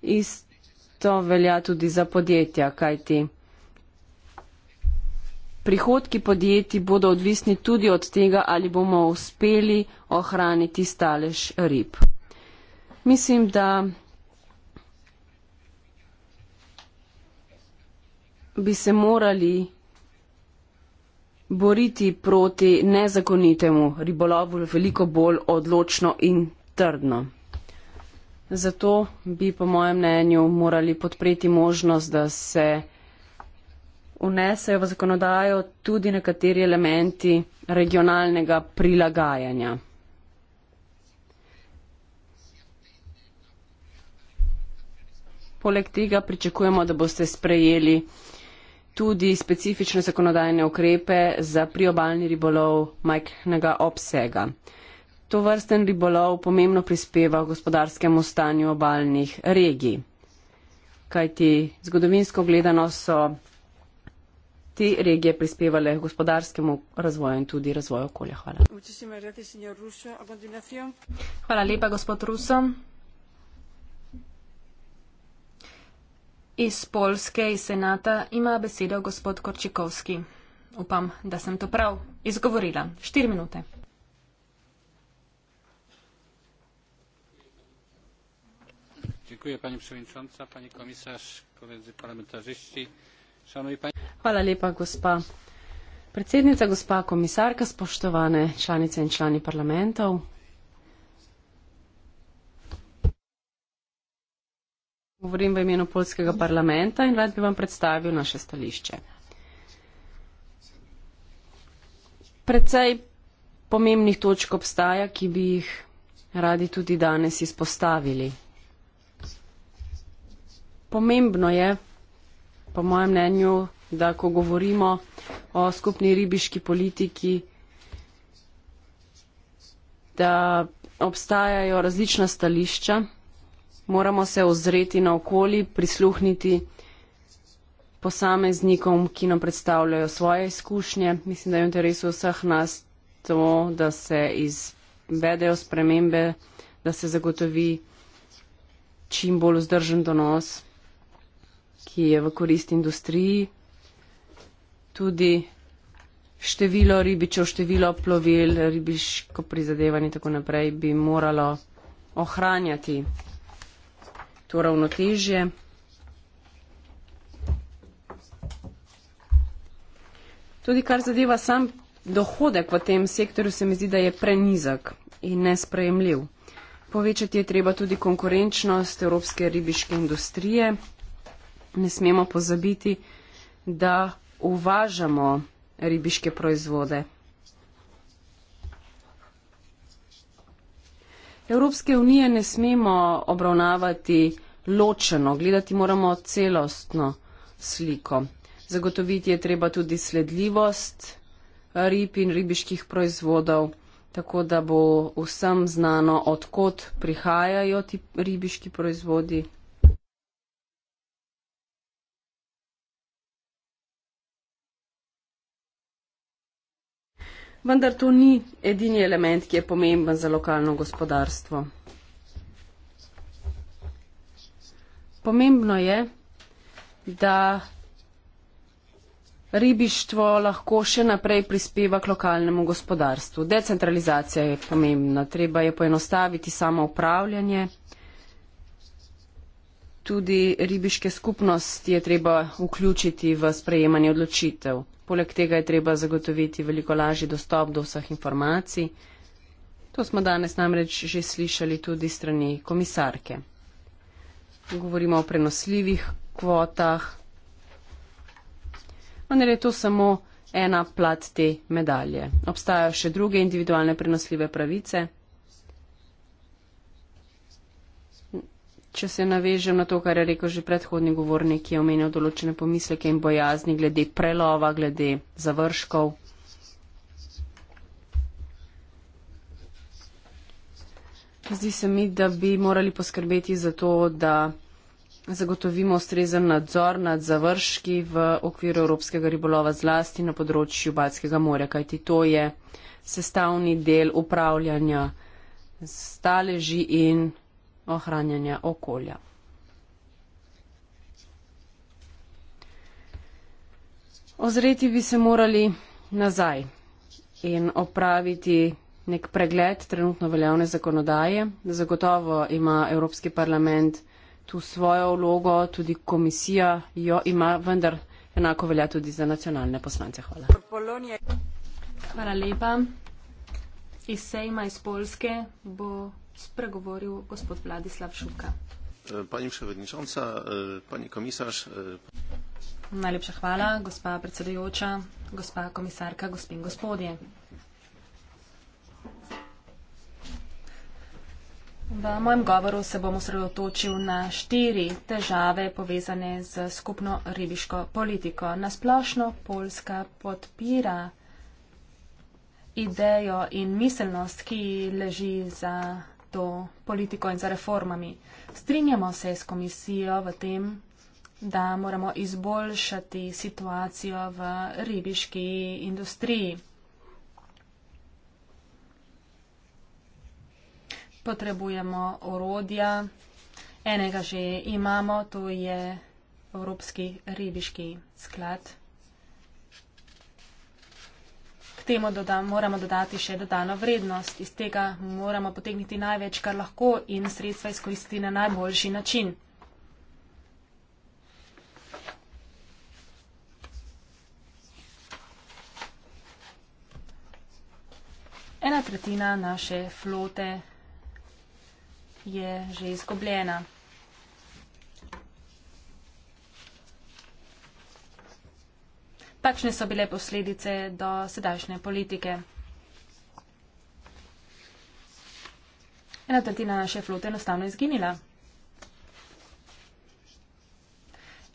Isto velja tudi za podjetja, kajti prihodki podjetij bodo odvisni tudi od tega, ali bomo uspeli ohraniti stalež rib. Mislim, da bi se morali boriti proti nezakonitemu ribolovu veliko bolj odločno in trdno. Zato bi, po mojem mnenju, morali podpreti možnost, da se unesejo v zakonodajo tudi nekateri elementi regionalnega prilagajanja. Poleg tega pričakujemo, da boste sprejeli tudi specifične zakonodajne ukrepe za priobalni ribolov majhnega obsega. To vrsten ribolov pomembno prispeva v gospodarskem stanju obalnih regij. Kajti zgodovinsko gledano so te regije prispevale gospodarskemu razvoju in tudi razvoju okolja. Hvala. Hvala lepa, gospod Rusom. Iz Polske, iz Senata ima besedo gospod Korčikovski. Upam, da sem to prav izgovorila. Štiri minute. Hvala lepa, gospa predsednica, gospa komisarka, spoštovane članice in člani parlamentov, Govorim v imenu polskega parlamenta in rad bi vam predstavil naše stališče. Precej pomembnih točk obstaja, ki bi jih radi tudi danes izpostavili. Pomembno je, po mojem mnenju, da ko govorimo o skupni ribiški politiki, da obstajajo različna stališča, moramo se ozreti naokoli, prisluhniti posameznikom, ki nam predstavljajo svoje izkušnje. Mislim, da je v interesu vseh nas to, da se izvedejo spremembe, da se zagotovi čim bolj vzdržen donos, ki je v korist industriji. Tudi število ribičev, število plovil, ribiško prizadevanje in tako naprej bi moralo ohranjati to ravnotežje. Tudi kar zadeva sam dohodek v tem sektorju, se mi zdi, da je prenizak in nesprejemljiv. Povečati je treba tudi konkurenčnost evropske ribiške industrije. Ne smemo pozabiti, da uvažamo ribiške proizvode. Evropske unije ne smemo obravnavati ločeno, gledati moramo celostno sliko. Zagotoviti je treba tudi sledljivost rib in ribiških proizvodov, tako da bo vsem znano, odkot prihajajo ti ribiški proizvodi. vendar to ni edini element, ki je pomemben za lokalno gospodarstvo. Pomembno je, da ribištvo lahko še naprej prispeva k lokalnemu gospodarstvu. Decentralizacija je pomembna, treba je poenostaviti samo upravljanje. Tudi ribiške skupnosti je treba vključiti v sprejemanje odločitev. Poleg tega je treba zagotoviti veliko lažji dostop do vseh informacij. To smo danes namreč že slišali tudi strani komisarke. Govorimo o prenosljivih kvotah. Vendar no, je to samo ena plat te medalje. Obstajajo še druge individualne prenosljive pravice. Če se navežem na to, kar je rekel že predhodni govornik, ki je omenil določene pomisleke in bojazni glede prelova, glede završkov. Zdi se mi, da bi morali poskrbeti za to, da zagotovimo ustrezen nadzor nad završki v okviru Evropskega ribolova zlasti na področju Balskega morja, kajti to je sestavni del upravljanja staleži in ohranjanja okolja. Ozreti bi se morali nazaj in opraviti nek pregled trenutno veljavne zakonodaje. Zagotovo ima Evropski parlament tu svojo vlogo, tudi komisija jo ima, vendar enako velja tudi za nacionalne poslance. Hvala. Hvala lepa. Iz sejma iz Polske bo spregovoril gospod Vladislav Šuka. Pani predsednica, pani komisar. Najlepša hvala, gospa predsedujoča, gospa komisarka, gospod in gospodje. V mojem govoru se bom osredotočil na štiri težave povezane z skupno ribiško politiko. Nasplošno Poljska podpira idejo in miselnost, ki leži za to politiko in za reformami. Strinjamo se s komisijo v tem, da moramo izboljšati situacijo v ribiški industriji. Potrebujemo orodja, enega že imamo, to je Evropski ribiški sklad. temu doda, moramo dodati še dodano vrednost. Iz tega moramo potegniti največ, kar lahko in sredstva izkoristiti na najboljši način. Ena tretjina naše flote je že izgubljena. Takšne so bile posledice do sedajšnje politike. Ena tretjina naše flote enostavno je zginila.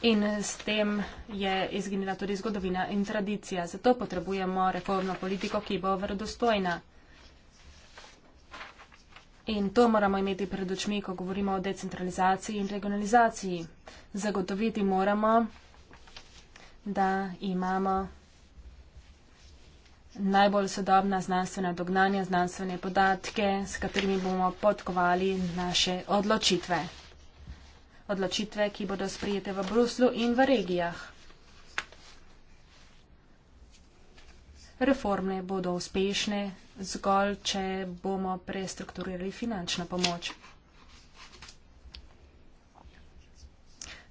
In s tem je izginila tudi zgodovina in tradicija. Zato potrebujemo reformno politiko, ki bo verodostojna. In to moramo imeti pred očmi, ko govorimo o decentralizaciji in regionalizaciji. Zagotoviti moramo da imamo najbolj sodobna znanstvena dognanja, znanstvene podatke, s katerimi bomo podkovali naše odločitve. Odločitve, ki bodo sprijete v Bruslu in v regijah. Reforme bodo uspešne zgolj, če bomo prestrukturirali finančno pomoč.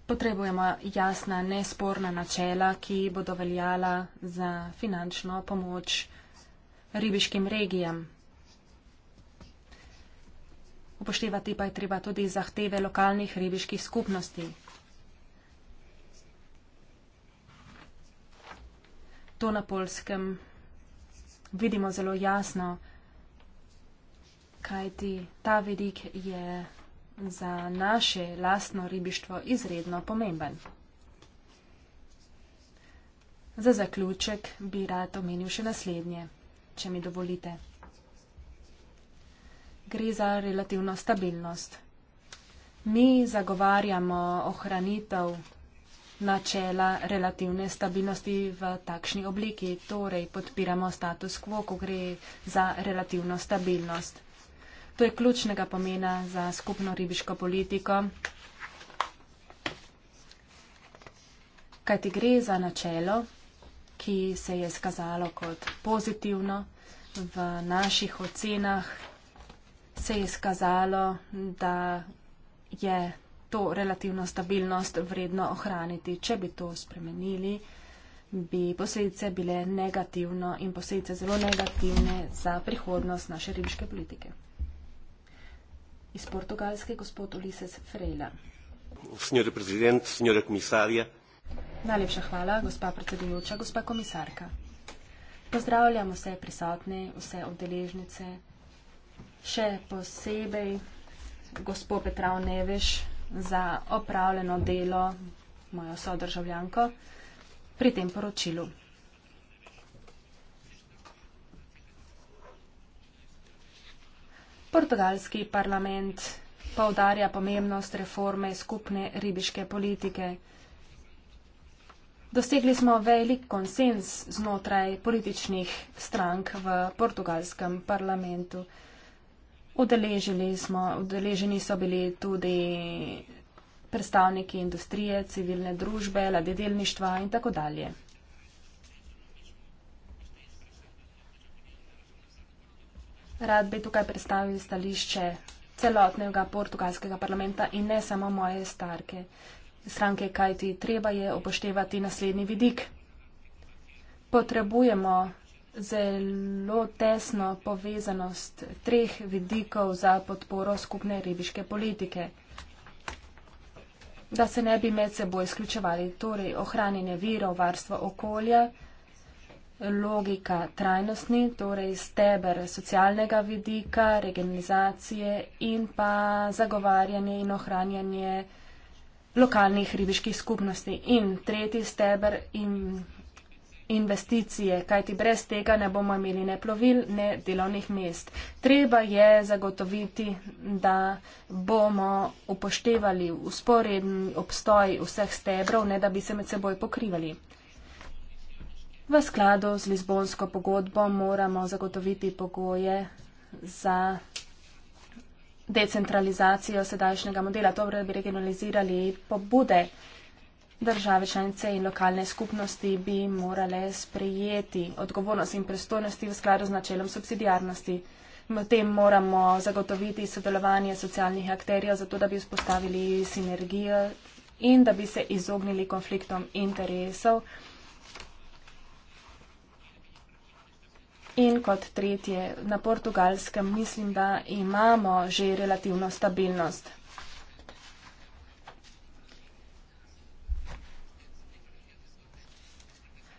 Potrebujemo jasna, nesporna načela, ki bodo veljala za finančno pomoč ribiškim regijam. Upoštevati pa je treba tudi zahteve lokalnih ribiških skupnosti. To na polskem vidimo zelo jasno, kajti ta vidik je za naše lastno ribištvo izredno pomemben. Za zaključek bi rad omenil še naslednje, če mi dovolite. Gre za relativno stabilnost. Mi zagovarjamo ohranitev načela relativne stabilnosti v takšni obliki, torej podpiramo status quo, ko gre za relativno stabilnost. To je ključnega pomena za skupno ribiško politiko. Kaj ti gre za načelo, ki se je skazalo kot pozitivno v naših ocenah, se je skazalo, da je to relativno stabilnost vredno ohraniti. Če bi to spremenili, bi posledice bile negativno in posledice zelo negativne za prihodnost naše ribiške politike iz Portugalske gospod Ulises Freila. Senjora prezident, senjora komisarja. Najlepša hvala, gospa predsedujoča, gospa komisarka. Pozdravljam vse prisotne, vse obdeležnice, še posebej gospod Petrav Neveš za opravljeno delo, mojo sodržavljanko, pri tem poročilu. Portugalski parlament pa udarja pomembnost reforme skupne ribiške politike. Dosegli smo velik konsens znotraj političnih strank v portugalskem parlamentu. Smo, udeleženi so bili tudi predstavniki industrije, civilne družbe, ladedelništva in tako dalje. Rad bi tukaj predstavil stališče celotnega portugalskega parlamenta in ne samo moje starke stranke, kajti treba je upoštevati naslednji vidik. Potrebujemo zelo tesno povezanost treh vidikov za podporo skupne ribiške politike. Da se ne bi med seboj izključevali, torej ohranjanje virov, varstvo okolja, logika trajnostni, torej steber socialnega vidika, regionalizacije in pa zagovarjanje in ohranjanje lokalnih ribiških skupnosti. In tretji steber in investicije, kajti brez tega ne bomo imeli ne plovil, ne delovnih mest. Treba je zagotoviti, da bomo upoštevali usporedni obstoj vseh stebrov, ne da bi se med seboj pokrivali. V skladu z Lizbonsko pogodbo moramo zagotoviti pogoje za decentralizacijo sedajšnjega modela. Dobro, torej da bi regionalizirali pobude države članice in lokalne skupnosti, bi morale sprejeti odgovornost in prestojnosti v skladu z načelom subsidijarnosti. V tem moramo zagotoviti sodelovanje socialnih akterjev, zato da bi vzpostavili sinergijo in da bi se izognili konfliktom interesov In kot tretje, na portugalskem mislim, da imamo že relativno stabilnost.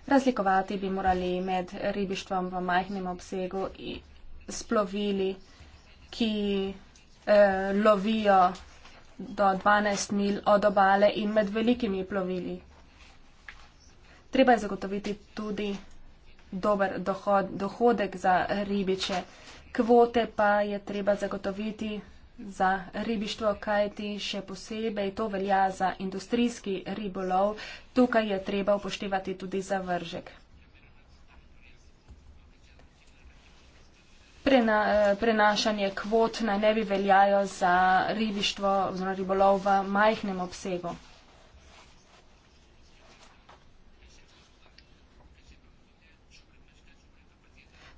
Razlikovati bi morali med ribištvom v majhnem obsegu in splovili, ki eh, lovijo do 12 mil od obale in med velikimi plovili. Treba je zagotoviti tudi dober dohod, dohodek za ribiče. Kvote pa je treba zagotoviti za ribištvo, kajti še posebej to velja za industrijski ribolov. Tukaj je treba upoštevati tudi zavržek. Prena, eh, prenašanje kvot naj ne bi veljajo za ribištvo oziroma ribolov v majhnem obsegu.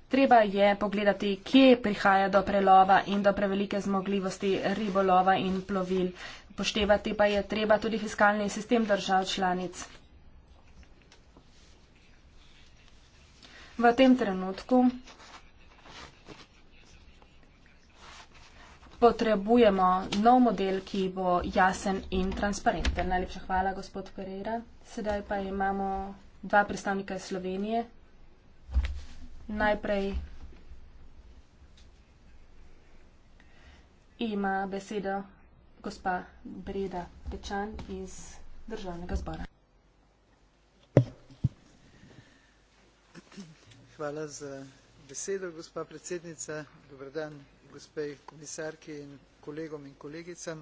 Treba je pogledati, kje prihaja do prelova in do prevelike zmogljivosti ribolova in plovil. Poštevati pa je treba tudi fiskalni sistem držav članic. V tem trenutku potrebujemo nov model, ki bo jasen in transparenten. Najlepša hvala, gospod Pereira. Sedaj pa imamo dva predstavnika Slovenije. Najprej ima besedo gospa Breda Pečan iz državnega zbora. Hvala za besedo, gospa predsednica. Dobar dan, gospe komisarki in kolegom in kolegicam.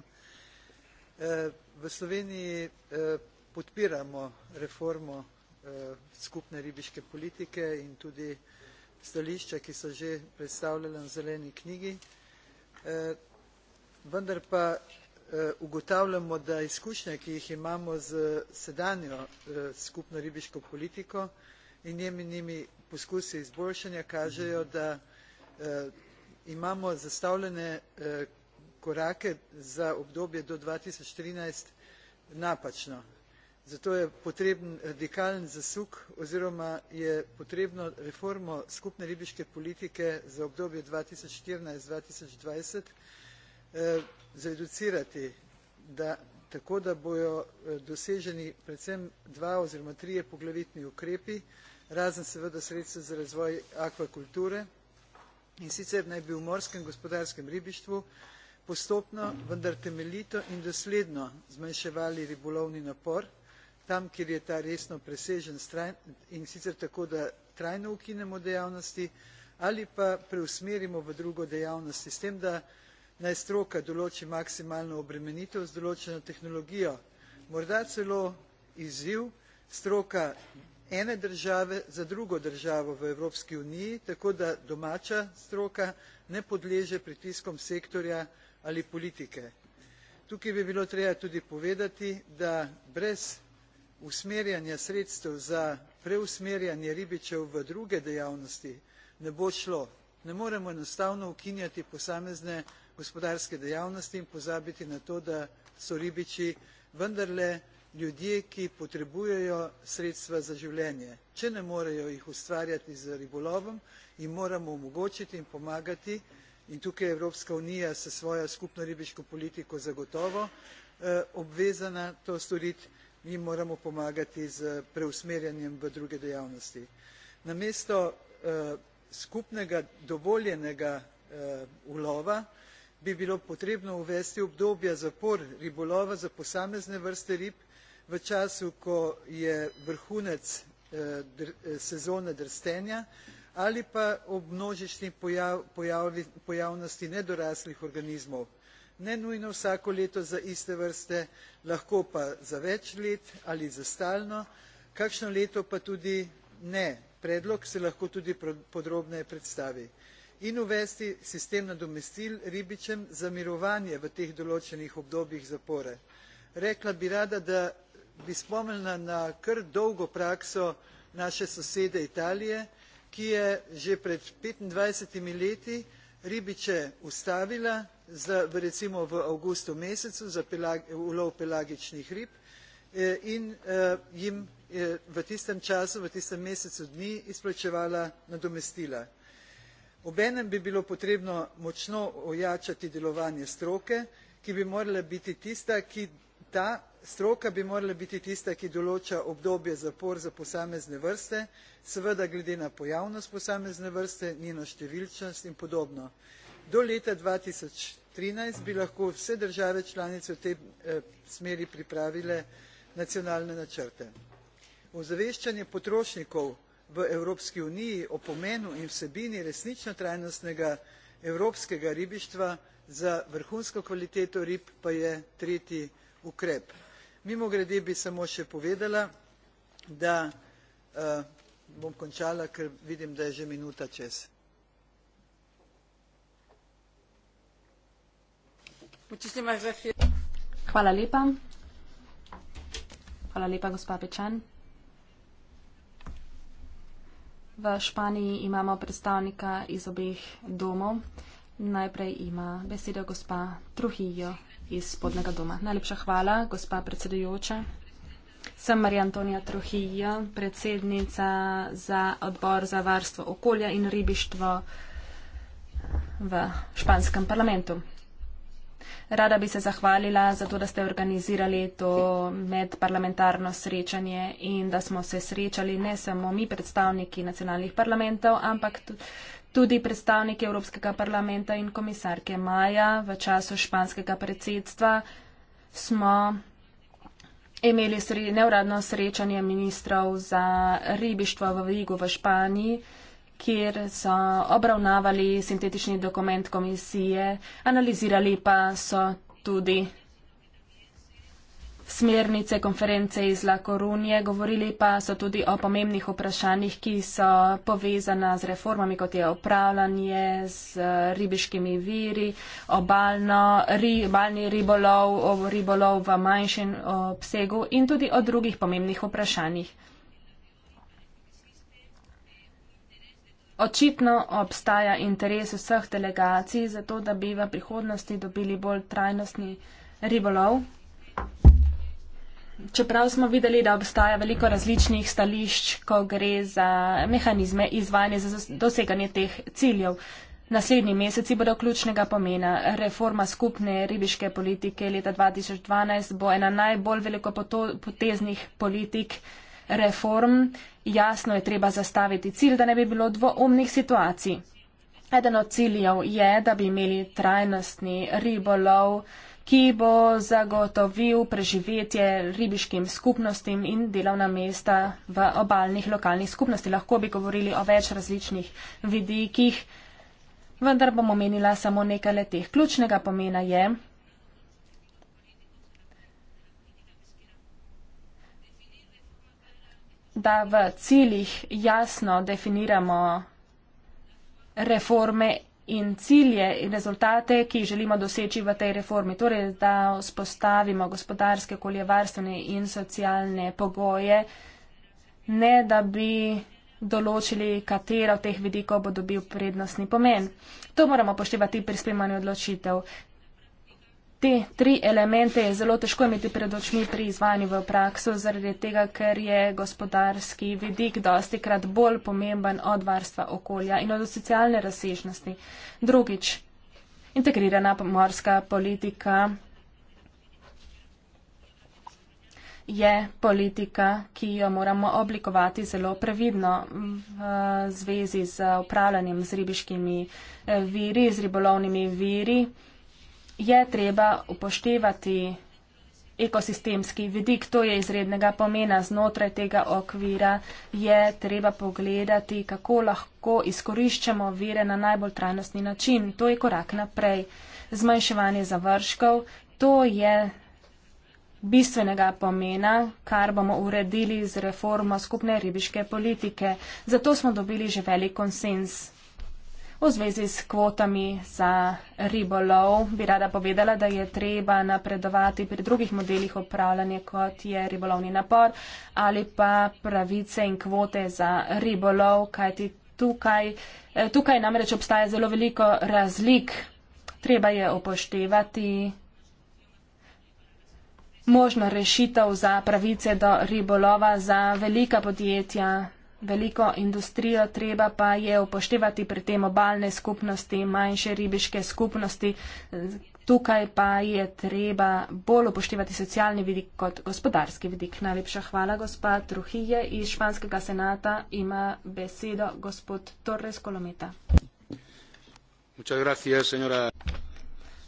Eh, v Sloveniji eh, podpiramo reformo eh, skupne ribiške politike in tudi reformo stališča, ki so že predstavljala na zeleni knjigi. Eh, vendar pa eh, ugotavljamo, da izkušnje, ki jih imamo z sedanjo eh, skupno ribiško politiko in njemi njimi poskusi izboljšanja kažejo, da imamo zastavljene korake za obdobje do 2013 napačno zato je potreben radikalen zasuk oziroma je potrebno reformo skupne ribiške politike za obdobje 2014-2020 eh, zreducirati da, tako, da bojo eh, doseženi predvsem dva oziroma trije poglavitni ukrepi, razen seveda sredstva za razvoj akvakulture in sicer naj bi v morskem gospodarskem ribištvu postopno, vendar temeljito in dosledno zmanjševali ribolovni napor, tam, kjer je ta resno presežen in sicer tako, da trajno ukinemo dejavnosti ali pa preusmerimo v drugo dejavnosti s tem, da naj stroka določi maksimalno obremenitev z določeno tehnologijo. Morda celo izziv stroka ene države za drugo državo v Evropski uniji, tako da domača stroka ne podleže pritiskom sektorja ali politike. Tukaj bi bilo treba tudi povedati, da brez usmerjanja sredstev za preusmerjanje ribičev v druge dejavnosti ne bo šlo. Ne moremo enostavno ukinjati posamezne gospodarske dejavnosti in pozabiti na to, da so ribiči vendarle ljudje, ki potrebujejo sredstva za življenje. Če ne morejo jih ustvarjati z ribolovom, jim moramo omogočiti in pomagati in tukaj je Evropska unija s svojo skupno ribiško politiko zagotovo eh, obvezana to storiti, jim moramo pomagati z preusmerjanjem v druge dejavnosti. Namesto eh, skupnega dovoljenega eh, ulova bi bilo potrebno uvesti obdobja zapor ribolova za posamezne vrste rib v času, ko je vrhunec eh, dr, eh, sezone drstenja ali pa ob množični pojav, pojav, pojavnosti nedoraslih organizmov ne nujno vsako leto za iste vrste lahko pa za več let ali za stalno kakšno leto pa tudi ne predlog se lahko tudi podrobneje predstavi in uvesti sistem nadomestil ribičem za mirovanje v teh določenih obdobjih zapore. Rekla bi rada, da bi spomnila na kar dolgo prakso naše sosede Italije, ki je že pred petindvajsetimi leti ribiče ustavila, za, v recimo v avgustu mesecu za pelag, ulov pelagičnih rib eh, in eh, jim eh, v tistem času, v tistem mesecu dni izplačevala nadomestila. Obenem bi bilo potrebno močno ojačati delovanje stroke, ki bi morala biti tista, ki ta stroka bi morala biti tista, ki določa obdobje zapor za posamezne vrste, seveda glede na pojavnost posamezne vrste, njeno številčnost in podobno. Do leta 2013 bi lahko vse države članice v tej eh, smeri pripravile nacionalne načrte. Ozaveščanje potrošnikov v Evropski uniji o pomenu in vsebini resnično trajnostnega evropskega ribištva za vrhunsko kvaliteto rib pa je tretji ukrep. Mimo grede bi samo še povedala, da eh, bom končala, ker vidim, da je že minuta čez. Hvala lepa. Hvala lepa, gospa Pečan. V Španiji imamo predstavnika iz obeh domov. Najprej ima besedo gospa Truhijo iz spodnega doma. Najlepša hvala, gospa predsedujoča. Sem Marija Antonija Truhijo, predsednica za odbor za varstvo okolja in ribištvo v španskem parlamentu. Rada bi se zahvalila za to, da ste organizirali to medparlamentarno srečanje in da smo se srečali ne samo mi predstavniki nacionalnih parlamentov, ampak tudi predstavniki Evropskega parlamenta in komisarke Maja v času španskega predsedstva smo imeli sre neuradno srečanje ministrov za ribištvo v Vigu v Španiji kjer so obravnavali sintetični dokument komisije, analizirali pa so tudi smernice konference iz La Corunje, govorili pa so tudi o pomembnih vprašanjih, ki so povezana z reformami, kot je upravljanje z ribiškimi viri, obalno, ribalni ribolov, ribolov v manjšem obsegu in tudi o drugih pomembnih vprašanjih. Očitno obstaja interes vseh delegacij za to, da bi v prihodnosti dobili bolj trajnostni ribolov. Čeprav smo videli, da obstaja veliko različnih stališč, ko gre za mehanizme izvajanja za doseganje teh ciljev. Naslednji meseci bodo ključnega pomena. Reforma skupne ribiške politike leta 2012 bo ena najbolj velikopoteznih politik reform Jasno je treba zastaviti cilj, da ne bi bilo dvoumnih situacij. Eden od ciljev je, da bi imeli trajnostni ribolov, ki bo zagotovil preživetje ribiškim skupnostim in delovna mesta v obaljnih lokalnih skupnosti. Lahko bi govorili o več različnih vidikih, vendar bom omenila samo nekaj teh. Ključnega pomena je, da v ciljih jasno definiramo reforme in cilje in rezultate, ki želimo doseči v tej reformi. Torej, da vzpostavimo gospodarske, okoljevarstvene in socialne pogoje, ne da bi določili, katera od teh vidikov bo dobil prednostni pomen. To moramo poštevati pri spremanju odločitev te tri elemente je zelo težko imeti pred očmi pri izvajanju v prakso, zaradi tega, ker je gospodarski vidik dosti krat bolj pomemben od varstva okolja in od socialne razsežnosti. Drugič, integrirana pomorska politika je politika, ki jo moramo oblikovati zelo previdno v zvezi z upravljanjem z ribiškimi eh, viri, z ribolovnimi viri je treba upoštevati ekosistemski vidik. To je izrednega pomena. Znotraj tega okvira je treba pogledati, kako lahko izkoriščamo vire na najbolj trajnostni način. To je korak naprej. Zmanjševanje završkov, to je bistvenega pomena, kar bomo uredili z reformo skupne ribiške politike. Zato smo dobili že velik konsens. V zvezi s kvotami za ribolov bi rada povedala, da je treba napredovati pri drugih modelih upravljanja, kot je ribolovni napor ali pa pravice in kvote za ribolov, kajti tukaj, eh, tukaj namreč obstaja zelo veliko razlik. Treba je upoštevati možno rešitev za pravice do ribolova za velika podjetja, veliko industrijo, treba pa je upoštevati pri tem obalne skupnosti, manjše ribiške skupnosti. Tukaj pa je treba bolj upoštevati socialni vidik kot gospodarski vidik. Najlepša hvala, gospa Truhije iz Španskega senata. Ima besedo gospod Torres Kolometa.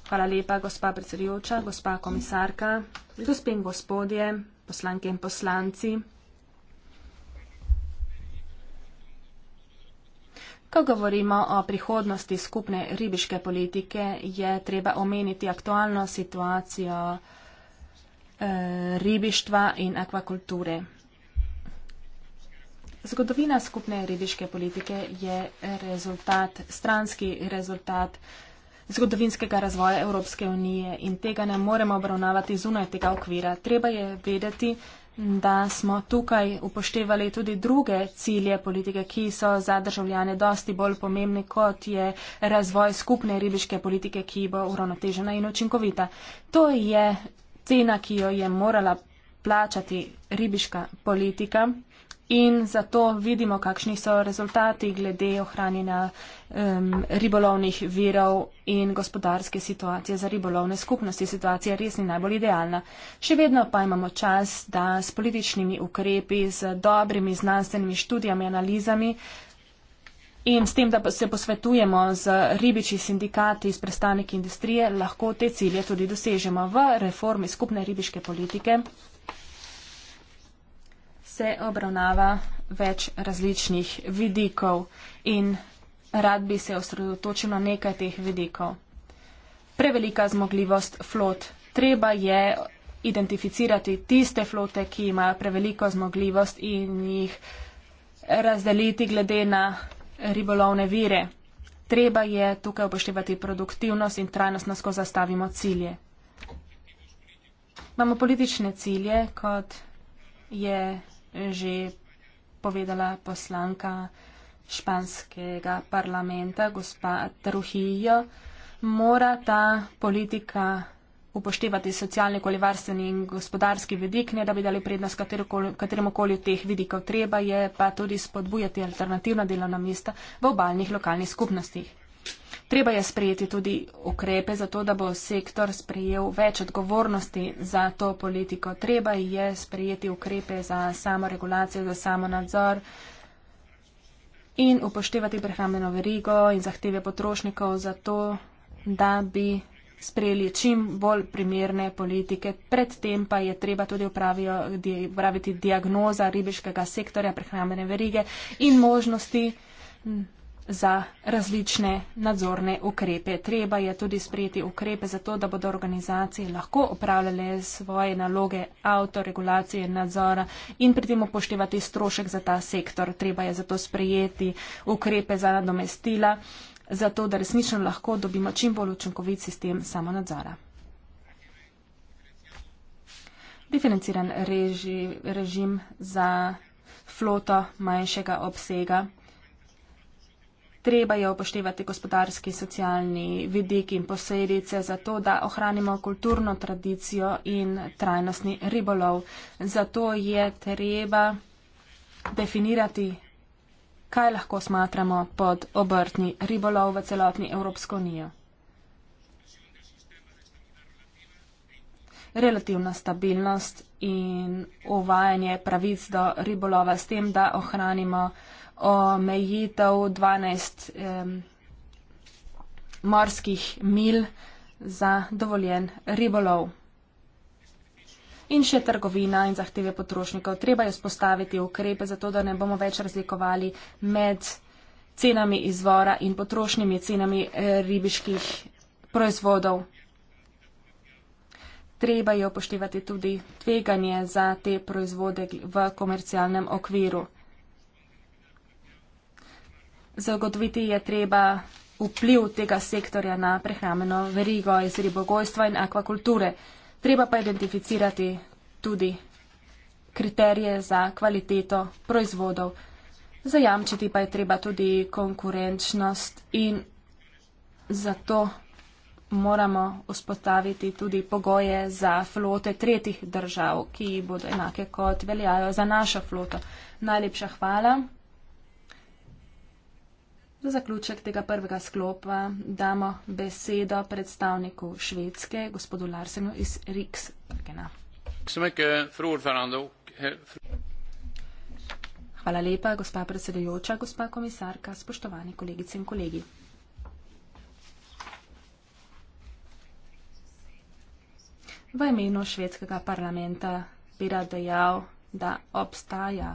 Hvala lepa, gospa predsedujoča, gospa komisarka, gospe in gospodje, poslanke in poslanci. Ko govorimo o prihodnosti skupne ribiške politike, je treba omeniti aktualno situacijo eh, ribištva in akvakulture. Zgodovina skupne ribiške politike je rezultat, stranski rezultat zgodovinskega razvoja Evropske unije in tega ne moremo obravnavati zunaj tega okvira. Treba je vedeti, da smo tukaj upoštevali tudi druge cilje politike, ki so za državljane dosti bolj pomembni, kot je razvoj skupne ribiške politike, ki bo uravnotežena in učinkovita. To je cena, ki jo je morala plačati ribiška politika in zato vidimo, kakšni so rezultati glede ohranjena um, ribolovnih virov in gospodarske situacije za ribolovne skupnosti. Situacija res ni najbolj idealna. Še vedno pa imamo čas, da s političnimi ukrepi, z dobrimi znanstvenimi študijami, analizami in s tem, da se posvetujemo z ribiči sindikati iz prestanek industrije, lahko te cilje tudi dosežemo v reformi skupne ribiške politike se obravnava več različnih vidikov in rad bi se osredotočil na nekaj teh vidikov. Prevelika zmogljivost flot. Treba je identificirati tiste flote, ki imajo preveliko zmogljivost in jih razdeliti glede na ribolovne vire. Treba je tukaj upoštevati produktivnost in trajnost, nasko zastavimo cilje. Imamo politične cilje, kot je že povedala poslanka španskega parlamenta, gospa Trujillo, mora ta politika upoštevati socialni, kolivarstveni in gospodarski vidik, ne da bi dali prednost kateremu koli od teh vidikov. Treba je pa tudi spodbujati alternativna delovna mesta v obaljnih lokalnih skupnostih. Treba je sprejeti tudi ukrepe za to, da bo sektor sprejel več odgovornosti za to politiko. Treba je sprejeti ukrepe za samoregulacijo, za samonadzor, nadzor in upoštevati prehrambeno verigo in zahteve potrošnikov za to, da bi sprejeli čim bolj primerne politike. Predtem pa je treba tudi upraviti diagnoza ribiškega sektorja prehrambene verige in možnosti za različne nadzorne ukrepe. Treba je tudi sprejeti ukrepe za to, da bodo organizacije lahko upravljale svoje naloge avtoregulacije in nadzora in pri tem upoštevati strošek za ta sektor. Treba je zato sprejeti ukrepe za nadomestila, zato da resnično lahko dobimo čim bolj učinkovit sistem samonadzora. Diferenciran reži, režim za floto manjšega obsega. Treba je upoštevati gospodarski in socialni vidik in posledice za to, da ohranimo kulturno tradicijo in trajnostni ribolov. Zato je treba definirati, kaj lahko smatramo pod obrtni ribolov v celotni Evropsko unijo. Relativna stabilnost in uvajanje pravic do ribolova s tem, da ohranimo omejitev 12 um, morskih mil za dovoljen ribolov. In še trgovina in zahteve potrošnikov. Treba je spostaviti ukrepe, zato da ne bomo več razlikovali med cenami izvora in potrošnimi cenami eh, ribiških proizvodov. Treba je upoštevati tudi tveganje za te proizvode v komercialnem okviru zagotoviti je treba vpliv tega sektorja na prehrameno verigo iz ribogojstva in akvakulture. Treba pa identificirati tudi kriterije za kvaliteto proizvodov. Zajamčiti pa je treba tudi konkurenčnost in zato moramo vzpostaviti tudi pogoje za flote tretjih držav, ki bodo enake kot veljajo za našo floto. Najlepša hvala. Za zaključek tega prvega sklopa damo besedo predstavniku Švedske, gospodu Larsenu iz Riksbergena. Hvala lepa, gospa predsedujoča, gospa komisarka, spoštovani kolegice in kolegi. V imenu švedskega parlamenta bi rad dejal, da obstaja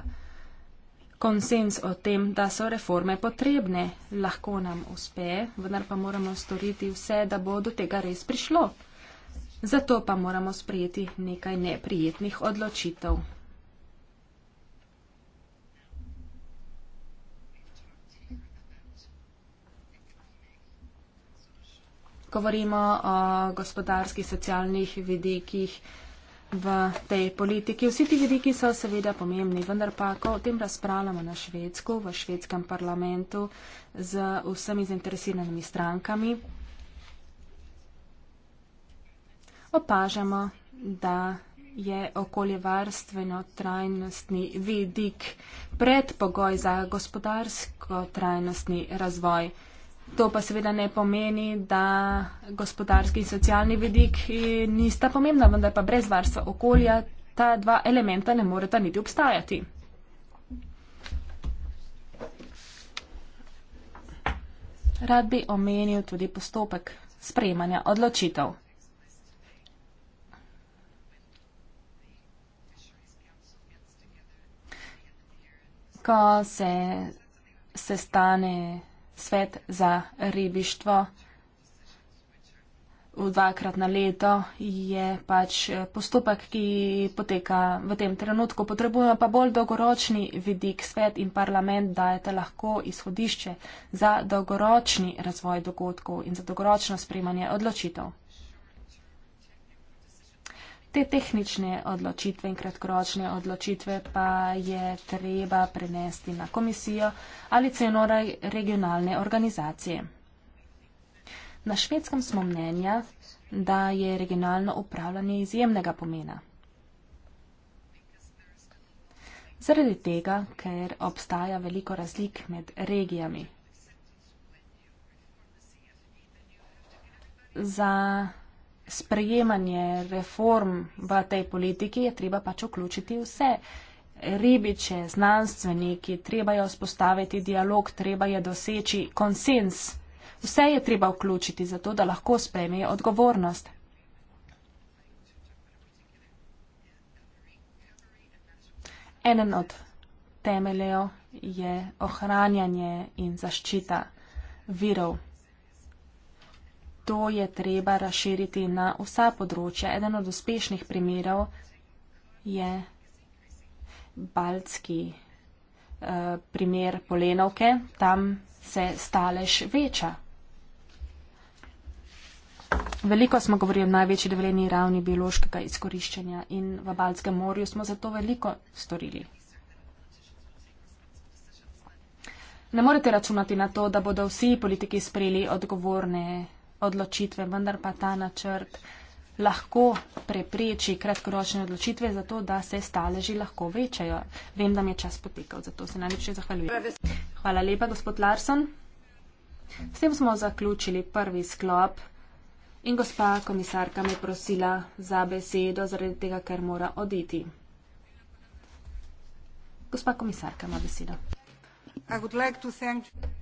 konsens o tem, da so reforme potrebne. Lahko nam uspe, vendar pa moramo storiti vse, da bo do tega res prišlo. Zato pa moramo sprejeti nekaj neprijetnih odločitev. Govorimo o gospodarskih, socialnih vidikih v tej politiki. Vsi ti vidiki so seveda pomembni, vendar pa, ko o tem razpravljamo na Švedsku, v švedskem parlamentu z vsemi zainteresiranimi strankami, opažamo, da je okoljevarstveno trajnostni vidik predpogoj za gospodarsko trajnostni razvoj. To pa seveda ne pomeni, da gospodarski in socialni vidik eh, nista pomembna, vendar pa brez varstva okolja ta dva elementa ne moreta niti obstajati. Rad bi omenil tudi postopek sprejemanja odločitev. Ko se sestane svet za ribištvo. V dvakrat na leto je pač eh, postopek, ki poteka v tem trenutku. Potrebujemo pa bolj dolgoročni vidik. Svet in parlament dajete lahko izhodišče za dolgoročni razvoj dogodkov in za dolgoročno spremanje odločitev te tehnične odločitve in kratkoročne odločitve pa je treba prenesti na komisijo ali celo regionalne organizacije. Na švedskem smo mnenja, da je regionalno upravljanje izjemnega pomena. Zaradi tega, ker obstaja veliko razlik med regijami. Za sprejemanje reform v tej politiki je treba pač vključiti vse. Ribiče, znanstveniki, treba je vzpostaviti dialog, treba je doseči konsens. Vse je treba vključiti, zato da lahko sprejmejo odgovornost. Enen od temeljev je ohranjanje in zaščita virov to je treba razširiti na vsa področja. Eden od uspešnih primerov je baltski eh, primer Polenovke, tam se stalež veča. Veliko smo govorili o največji dovoljeni ravni biološkega izkoriščanja in v Baltskem morju smo zato veliko storili. Ne morete računati na to, da bodo vsi politiki sprejeli odgovorne odločitve, vendar pa ta načrt lahko prepreči kratkoročne odločitve, zato da se staleži lahko večajo. Vem, da mi je čas potekal, zato se najlepše zahvaljujem. Hvala lepa, gospod Larson. S tem smo zaključili prvi sklop in gospa komisarka me prosila za besedo, zaradi tega, ker mora oditi. Gospa komisarka ima besedo. I would like to thank you.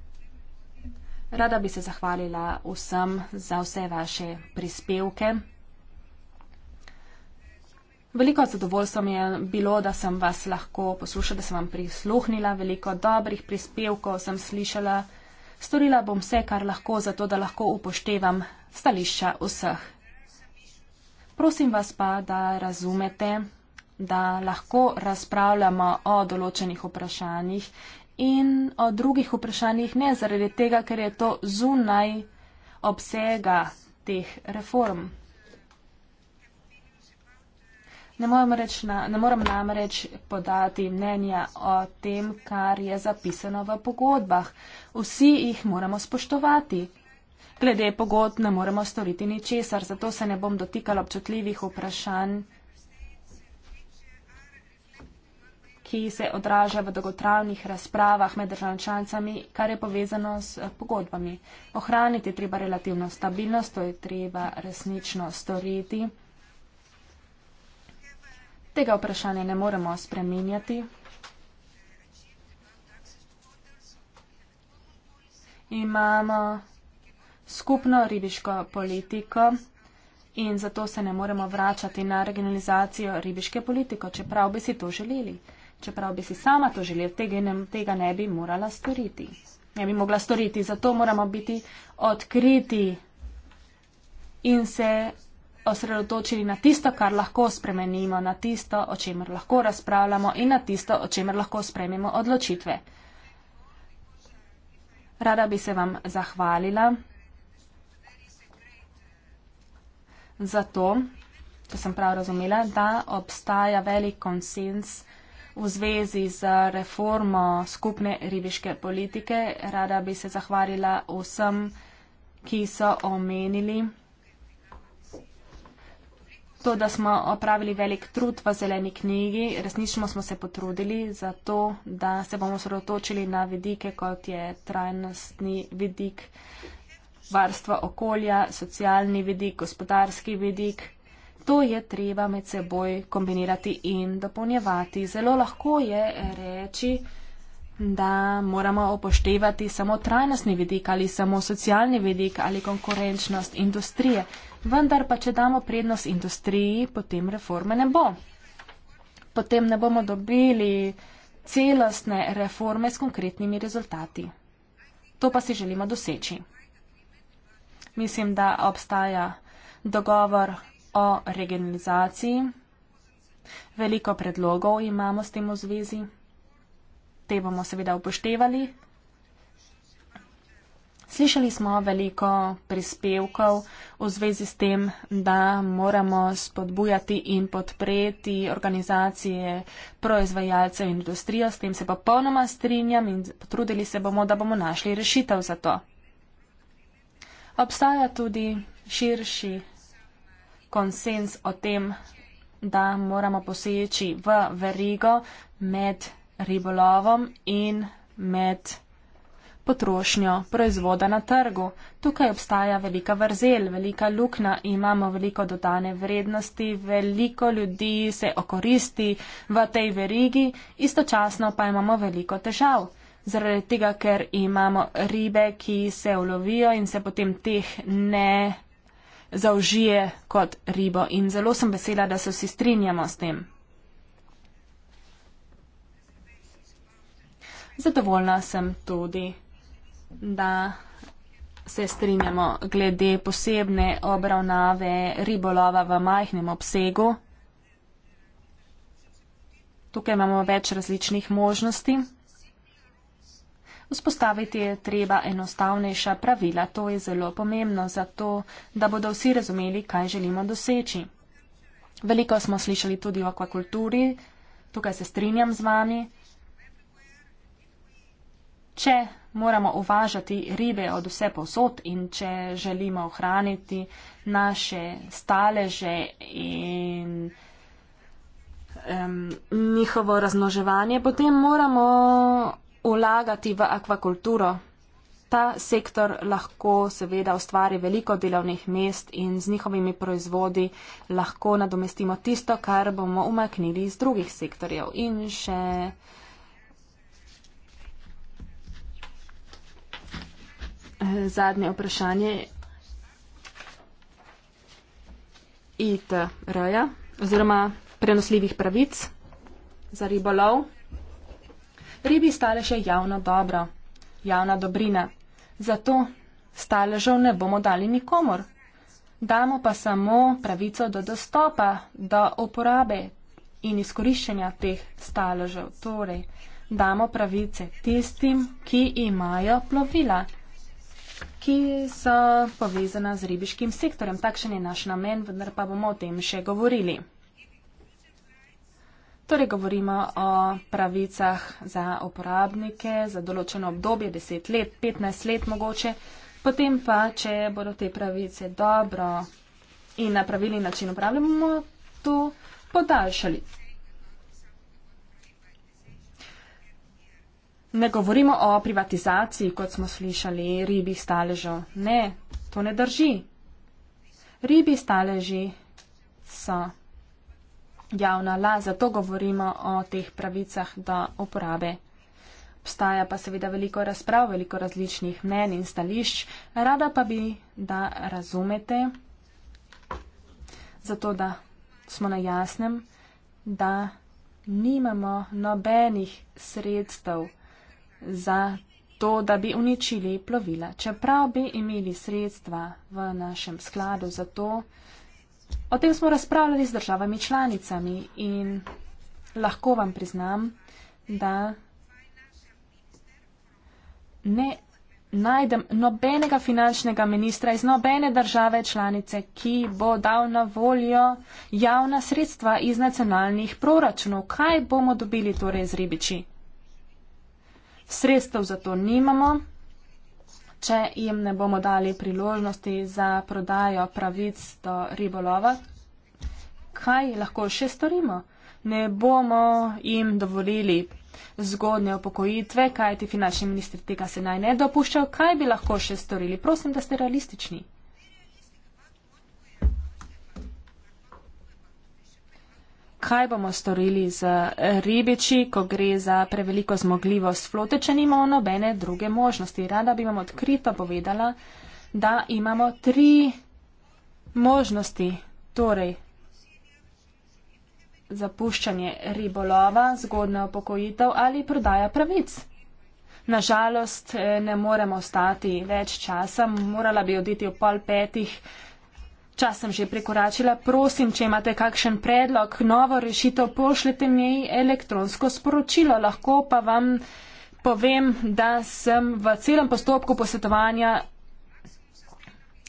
Rada bi se zahvalila vsem za vse vaše prispevke. Veliko zadovoljstvo mi je bilo, da sem vas lahko poslušala, da sem vam prisluhnila, veliko dobrih prispevkov sem slišala. Storila bom vse, kar lahko, zato da lahko upoštevam stališča vseh. Prosim vas pa, da razumete, da lahko razpravljamo o določenih vprašanjih in o drugih vprašanjih ne, zaradi tega, ker je to zunaj obsega teh reform. Ne morem, reč na, ne morem namreč podati mnenja o tem, kar je zapisano v pogodbah. Vsi jih moramo spoštovati. Glede pogod ne moremo storiti ničesar, zato se ne bom dotikala občutljivih vprašanj ki se odraža v dolgotravnih razpravah med državčancami, kar je povezano s eh, pogodbami. Ohraniti je treba relativno stabilnost, to je treba resnično storiti. Tega vprašanja ne moremo spreminjati. Imamo skupno ribiško politiko in zato se ne moremo vračati na regionalizacijo ribiške politiko, čeprav bi si to želeli čeprav bi si sama to želel, tega ne, tega ne bi morala storiti. Ne bi mogla storiti, zato moramo biti odkriti in se osredotočili na tisto, kar lahko spremenimo, na tisto, o čemer lahko razpravljamo in na tisto, o čemer lahko sprememo odločitve. Rada bi se vam zahvalila za to, če sem prav razumela, da obstaja velik konsens v zvezi z reformo skupne ribiške politike. Rada bi se zahvalila vsem, ki so omenili to, da smo opravili velik trud v zeleni knjigi. Resnično smo se potrudili za to, da se bomo sredotočili na vidike, kot je trajnostni vidik, varstvo okolja, socialni vidik, gospodarski vidik. To je treba med seboj kombinirati in dopolnjevati. Zelo lahko je reči, da moramo upoštevati samo trajnostni vidik ali samo socialni vidik ali konkurenčnost industrije. Vendar pa, če damo prednost industriji, potem reforme ne bo. Potem ne bomo dobili celostne reforme s konkretnimi rezultati. To pa si želimo doseči. Mislim, da obstaja dogovor o regionalizaciji. Veliko predlogov imamo s tem v zvezi. Te bomo seveda upoštevali. Slišali smo veliko prispevkov v zvezi s tem, da moramo spodbujati in podpreti organizacije proizvajalcev in industrijo. S tem se popolnoma strinjam in potrudili se bomo, da bomo našli rešitev za to. Obstaja tudi širši konsens o tem, da moramo poseči v verigo med ribolovom in med potrošnjo proizvoda na trgu. Tukaj obstaja velika vrzel, velika luknja, imamo veliko dodane vrednosti, veliko ljudi se okoristi v tej verigi, istočasno pa imamo veliko težav. Zaradi tega, ker imamo ribe, ki se ulovijo in se potem teh ne zaužije kot ribo. In zelo sem vesela, da se vsi strinjamo s tem. Zadovoljna sem tudi, da se strinjamo glede posebne obravnave ribolova v majhnem obsegu. Tukaj imamo več različnih možnosti. Vzpostaviti je treba enostavnejša pravila, to je zelo pomembno, zato da bodo vsi razumeli, kaj želimo doseči. Veliko smo slišali tudi o akvakulturi, tukaj se strinjam z vami. Če moramo uvažati ribe od vse posod in če želimo ohraniti naše staleže in um, njihovo raznoževanje, potem moramo vlagati v akvakulturo. Ta sektor lahko seveda ustvari veliko delovnih mest in z njihovimi proizvodi lahko nadomestimo tisto, kar bomo umaknili iz drugih sektorjev. In še. Zadnje vprašanje ITR-ja oziroma prenosljivih pravic za ribolov ribi stale še javno dobro, javna dobrina. Zato staležev ne bomo dali nikomor. Damo pa samo pravico do dostopa, do uporabe in izkoriščenja teh staležev. Torej, damo pravice tistim, ki imajo plovila, ki so povezana z ribiškim sektorem. Takšen je naš namen, vendar pa bomo o tem še govorili. Torej govorimo o pravicah za uporabnike za določeno obdobje, 10 let, 15 let mogoče. Potem pa, če bodo te pravice dobro in na pravilni način upravljamo, bomo to podaljšali. Ne govorimo o privatizaciji, kot smo slišali, ribih staležev. Ne, to ne drži. Ribi staleži so javna la, zato govorimo o teh pravicah do uporabe. Obstaja pa seveda veliko razprav, veliko različnih mnen in stališč. Rada pa bi, da razumete, zato da smo na jasnem, da nimamo nobenih sredstev za to, da bi uničili plovila. Čeprav bi imeli sredstva v našem skladu za to, O tem smo razpravljali z državami članicami in lahko vam priznam, da ne najdem nobenega finančnega ministra iz nobene države članice, ki bo dal na voljo javna sredstva iz nacionalnih proračunov. Kaj bomo dobili torej z ribiči? Sredstev za to nimamo če jim ne bomo dali priložnosti za prodajo pravic do ribolova. Kaj lahko še storimo? Ne bomo jim dovolili zgodne upokojitve, kajti finančni ministr tega se naj ne dopušča. Kaj bi lahko še storili? Prosim, da ste realistični. kaj bomo storili z ribiči, ko gre za preveliko zmogljivost flote, če nimamo nobene druge možnosti. Rada bi vam odkrito povedala, da imamo tri možnosti. Torej, zapuščanje ribolova, zgodna upokojitev ali prodaja pravic. Nažalost, eh, ne moremo ostati več časa, morala bi oditi ob pol petih. Čas sem že prekoračila. Prosim, če imate kakšen predlog, novo rešitev, pošljite mi elektronsko sporočilo. Lahko pa vam povem, da sem v celem postopku posvetovanja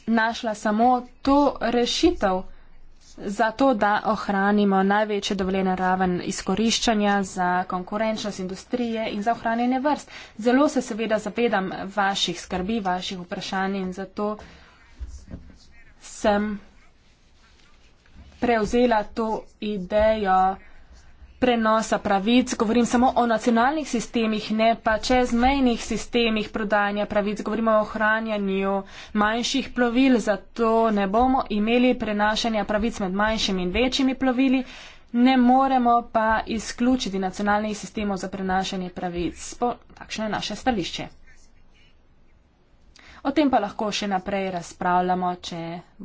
našla samo to rešitev za to, da ohranimo največje dovoljene raven izkoriščanja za konkurenčnost industrije in za ohranjanje vrst. Zelo se seveda zavedam vaših skrbi, vaših vprašanj in zato sem prevzela to idejo prenosa pravic. Govorim samo o nacionalnih sistemih, ne pa čezmejnih sistemih prodajanja pravic. Govorimo o ohranjanju manjših plovil, zato ne bomo imeli prenašanja pravic med manjšimi in večjimi plovili. Ne moremo pa izključiti nacionalnih sistemov za prenašanje pravic. Takšno je naše stališče. O tem pa lahko še naprej razpravljamo, če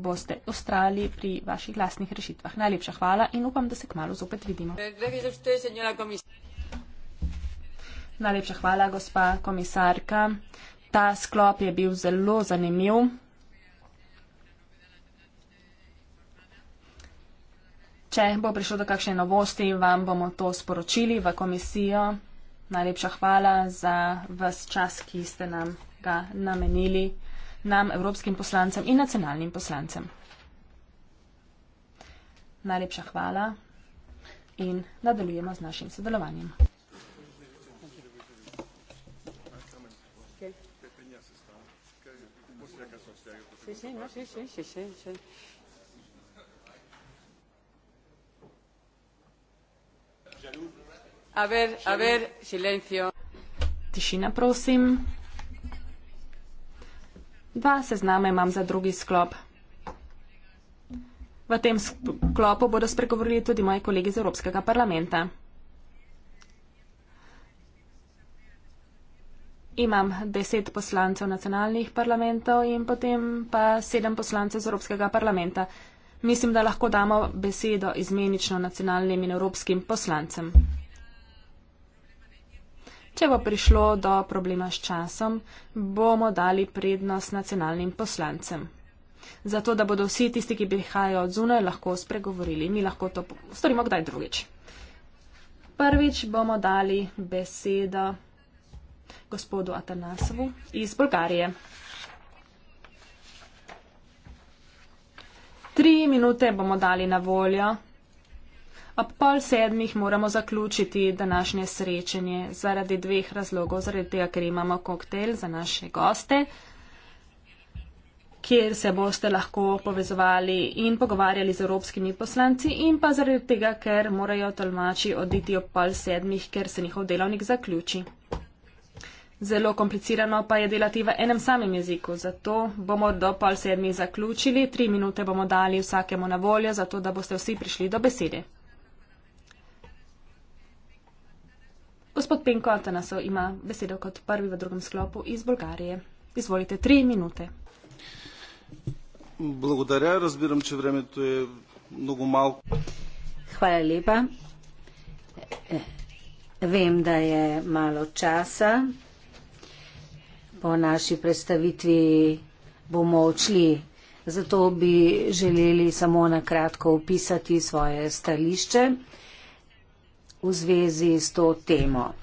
boste ustrali pri vaših lasnih rešitvah. Najlepša hvala in upam, da se kmalo zopet vidimo. Najlepša hvala, gospa komisarka. Ta sklop je bil zelo zanimiv. Če bo prišlo do kakšne novosti, vam bomo to sporočili v komisijo. Najlepša hvala za vse čas, ki ste nam ga namenili nam, evropskim poslancem in nacionalnim poslancem. Najlepša hvala in nadaljujemo z našim sodelovanjem. A ver, a ver, silencio. Tišina, prosim. Dva sezname imam za drugi sklop. V tem sklopu bodo spregovorili tudi moji kolegi iz Evropskega parlamenta. Imam deset poslancev nacionalnih parlamentov in potem pa sedem poslancev iz Evropskega parlamenta. Mislim, da lahko damo besedo izmenično nacionalnim in evropskim poslancem. Če bo prišlo do problema s časom, bomo dali prednost nacionalnim poslancem. Zato, da bodo vsi tisti, ki prihajajo od zunaj, lahko spregovorili. Mi lahko to storimo kdaj drugič. Prvič bomo dali besedo gospodu Atanasovu iz Bolgarije. Tri minute bomo dali na voljo Ob pol sedmih moramo zaključiti današnje srečanje zaradi dveh razlogov, zaradi tega, ker imamo koktejl za naše goste, kjer se boste lahko povezovali in pogovarjali z evropskimi poslanci in pa zaradi tega, ker morajo tolmači oditi ob pol sedmih, ker se njihov delovnik zaključi. Zelo komplicirano pa je delati v enem samem jeziku, zato bomo do pol sedmi zaključili, tri minute bomo dali vsakemu na voljo, zato da boste vsi prišli do besede. Gospod Penko Antanasov ima besedo kot prvi v drugem sklopu iz Bolgarije. Izvolite, tri minute. Благодаря, разбирам, че времето е много малко. Хвала лепа. Вем да е мало часа. По наши представители бомо очли. Зато би желели само на кратко описати своје сталище v zvezi s to temo,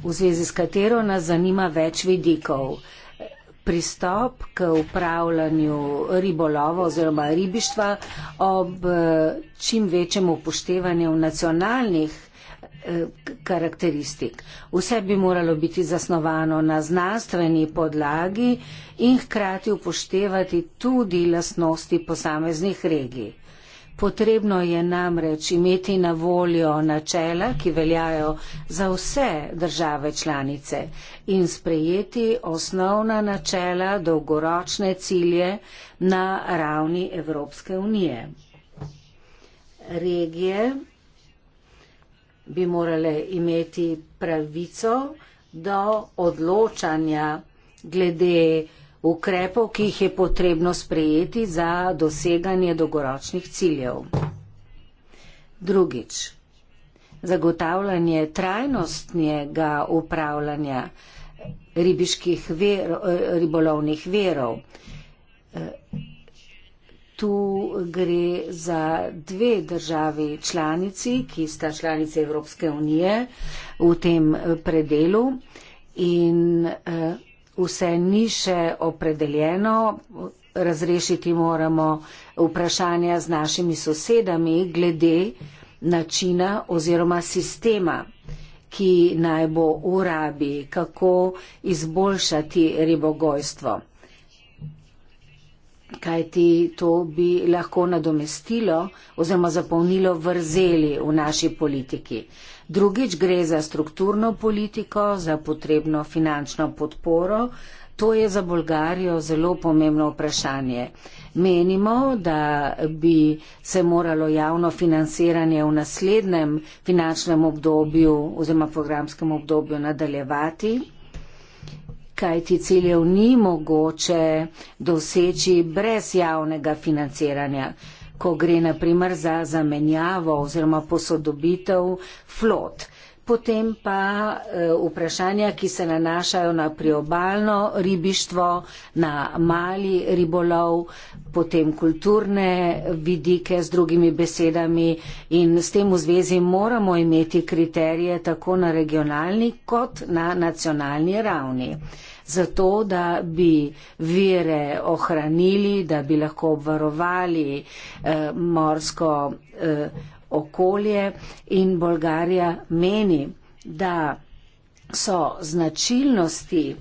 v zvezi s katero nas zanima več vidikov. Pristop k upravljanju ribolova oziroma ribištva ob eh, čim večjem upoštevanju nacionalnih eh, karakteristik. Vse bi moralo biti zasnovano na znanstveni podlagi in hkrati upoštevati tudi lasnosti posameznih regij. Potrebno je namreč imeti na voljo načela, ki veljajo za vse države članice in sprejeti osnovna načela dolgoročne cilje na ravni Evropske unije. Regije bi morale imeti pravico do odločanja glede ukrepov, ki jih je potrebno sprejeti za doseganje dolgoročnih ciljev. Drugič, zagotavljanje trajnostnega upravljanja ribiških ver, ribolovnih verov. Tu gre za dve državi članici, ki sta članice Evropske unije v tem predelu in eh, vse ni še opredeljeno. Razrešiti moramo vprašanja z našimi sosedami glede načina oziroma sistema, ki naj bo v rabi, kako izboljšati ribogojstvo. Kajti to bi lahko nadomestilo oziroma zapolnilo vrzeli v naši politiki drugič gre za strukturno politiko, za potrebno finančno podporo. To je za Bolgarijo zelo pomembno vprašanje. Menimo, da bi se moralo javno financiranje v naslednjem finančnem obdobju oziroma programskem obdobju nadaljevati, kajti ciljev ni mogoče doseči brez javnega financiranja ko gre naprimer za zamenjavo oziroma posodobitev flot. Potem pa e, vprašanja, ki se nanašajo na priobalno ribištvo, na mali ribolov, potem kulturne vidike z drugimi besedami in s tem v zvezi moramo imeti kriterije tako na regionalni kot na nacionalni ravni zato, da bi vire ohranili, da bi lahko obvarovali eh, morsko eh, okolje in Bolgarija meni, da so značilnosti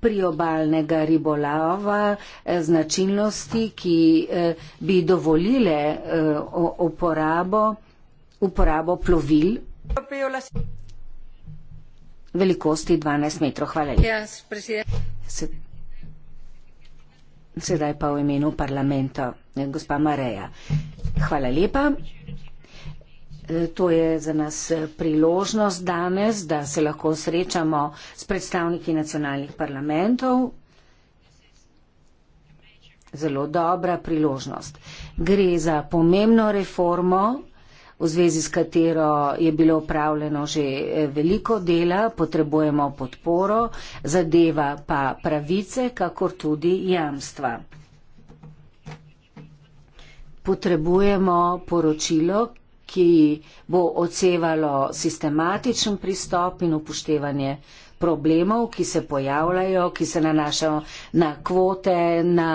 priobalnega ribolava, eh, značilnosti, ki eh, bi dovolile eh, uporabo, uporabo plovil velikosti 12 metrov. Hvala lepa. Sedaj pa v imenu parlamenta, gospa Mareja. Hvala lepa. E, to je za nas e, priložnost danes, da se lahko srečamo s predstavniki nacionalnih parlamentov. Zelo dobra priložnost. Gre za pomembno reformo v zvezi s katero je bilo upravljeno že eh, veliko dela, potrebujemo podporo, zadeva pa pravice, kakor tudi jamstva. Potrebujemo poročilo, ki bo ocevalo sistematičen pristop in upoštevanje problemov, ki se pojavljajo, ki se nanašajo na kvote, na,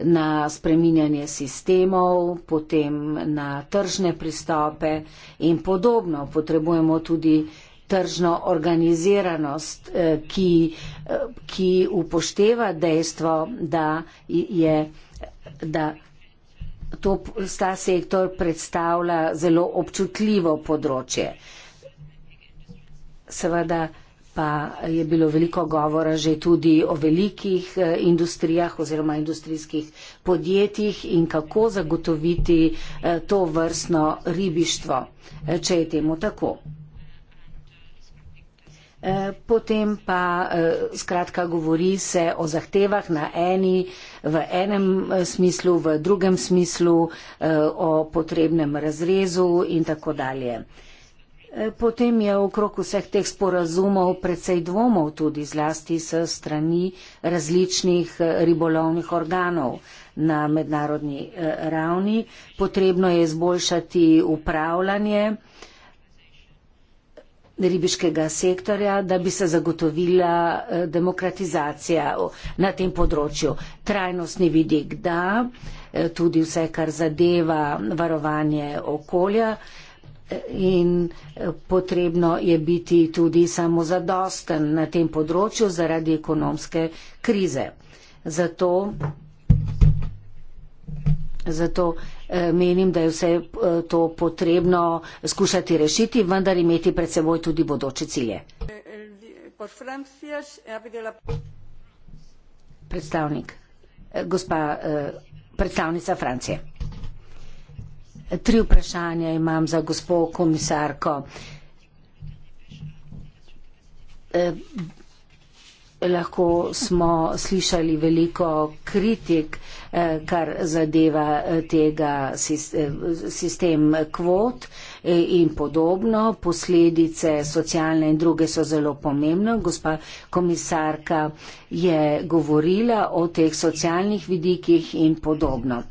na spreminjanje sistemov, potem na tržne pristope in podobno. Potrebujemo tudi tržno organiziranost, eh, ki, eh, ki upošteva dejstvo, da je. Da To sta sektor predstavlja zelo občutljivo področje. Seveda pa je bilo veliko govora že tudi o velikih eh, industrijah oziroma industrijskih podjetjih in kako zagotoviti eh, to vrstno ribištvo, eh, če je temu tako. Potem pa skratka govori se o zahtevah na eni, v enem smislu, v drugem smislu, o potrebnem razrezu in tako dalje. Potem je okrog vseh teh sporazumov precej dvomov tudi zlasti s strani različnih eh, ribolovnih organov na mednarodni eh, ravni. Potrebno je izboljšati upravljanje ribiškega sektorja, da bi se zagotovila eh, demokratizacija na tem področju. Trajnostni vidik da, tudi vse, kar zadeva varovanje okolja in eh, potrebno je biti tudi samozadosten na tem področju zaradi ekonomske krize. Zato, zato eh, menim, da je vse eh, to potrebno skušati rešiti, vendar imeti pred seboj tudi bodoče cilje. Predstavnik, gospa predstavnica Francije. Tri vprašanja imam za gospo komisarko. E, lahko smo slišali veliko kritik, e, kar zadeva e, tega sistem kvot in podobno. Posledice socialne in druge so zelo pomembne. Gospa komisarka je govorila o teh socialnih vidikih in podobno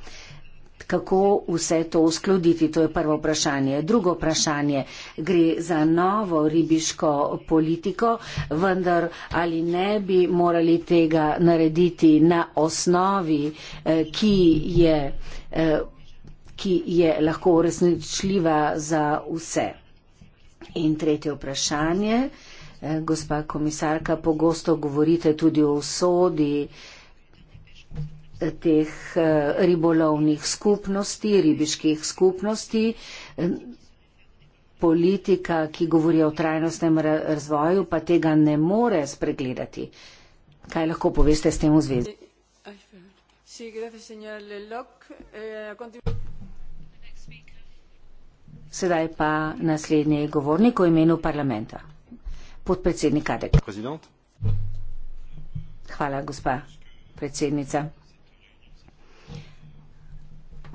kako vse to uskladiti. To je prvo vprašanje. Drugo vprašanje gre za novo ribiško politiko, vendar ali ne bi morali tega narediti na osnovi, eh, ki je, eh, ki je lahko uresničljiva za vse. In tretje vprašanje. Eh, gospa komisarka, pogosto govorite tudi o sodi eh, teh eh, ribolovnih skupnosti, ribiških skupnosti, eh, politika, ki govori o trajnostnem razvoju, pa tega ne more spregledati. Kaj lahko poveste s tem v zvezi? Eh, Sedaj pa naslednji govornik o imenu parlamenta. Podpredsednik Kadek. Hvala, gospa predsednica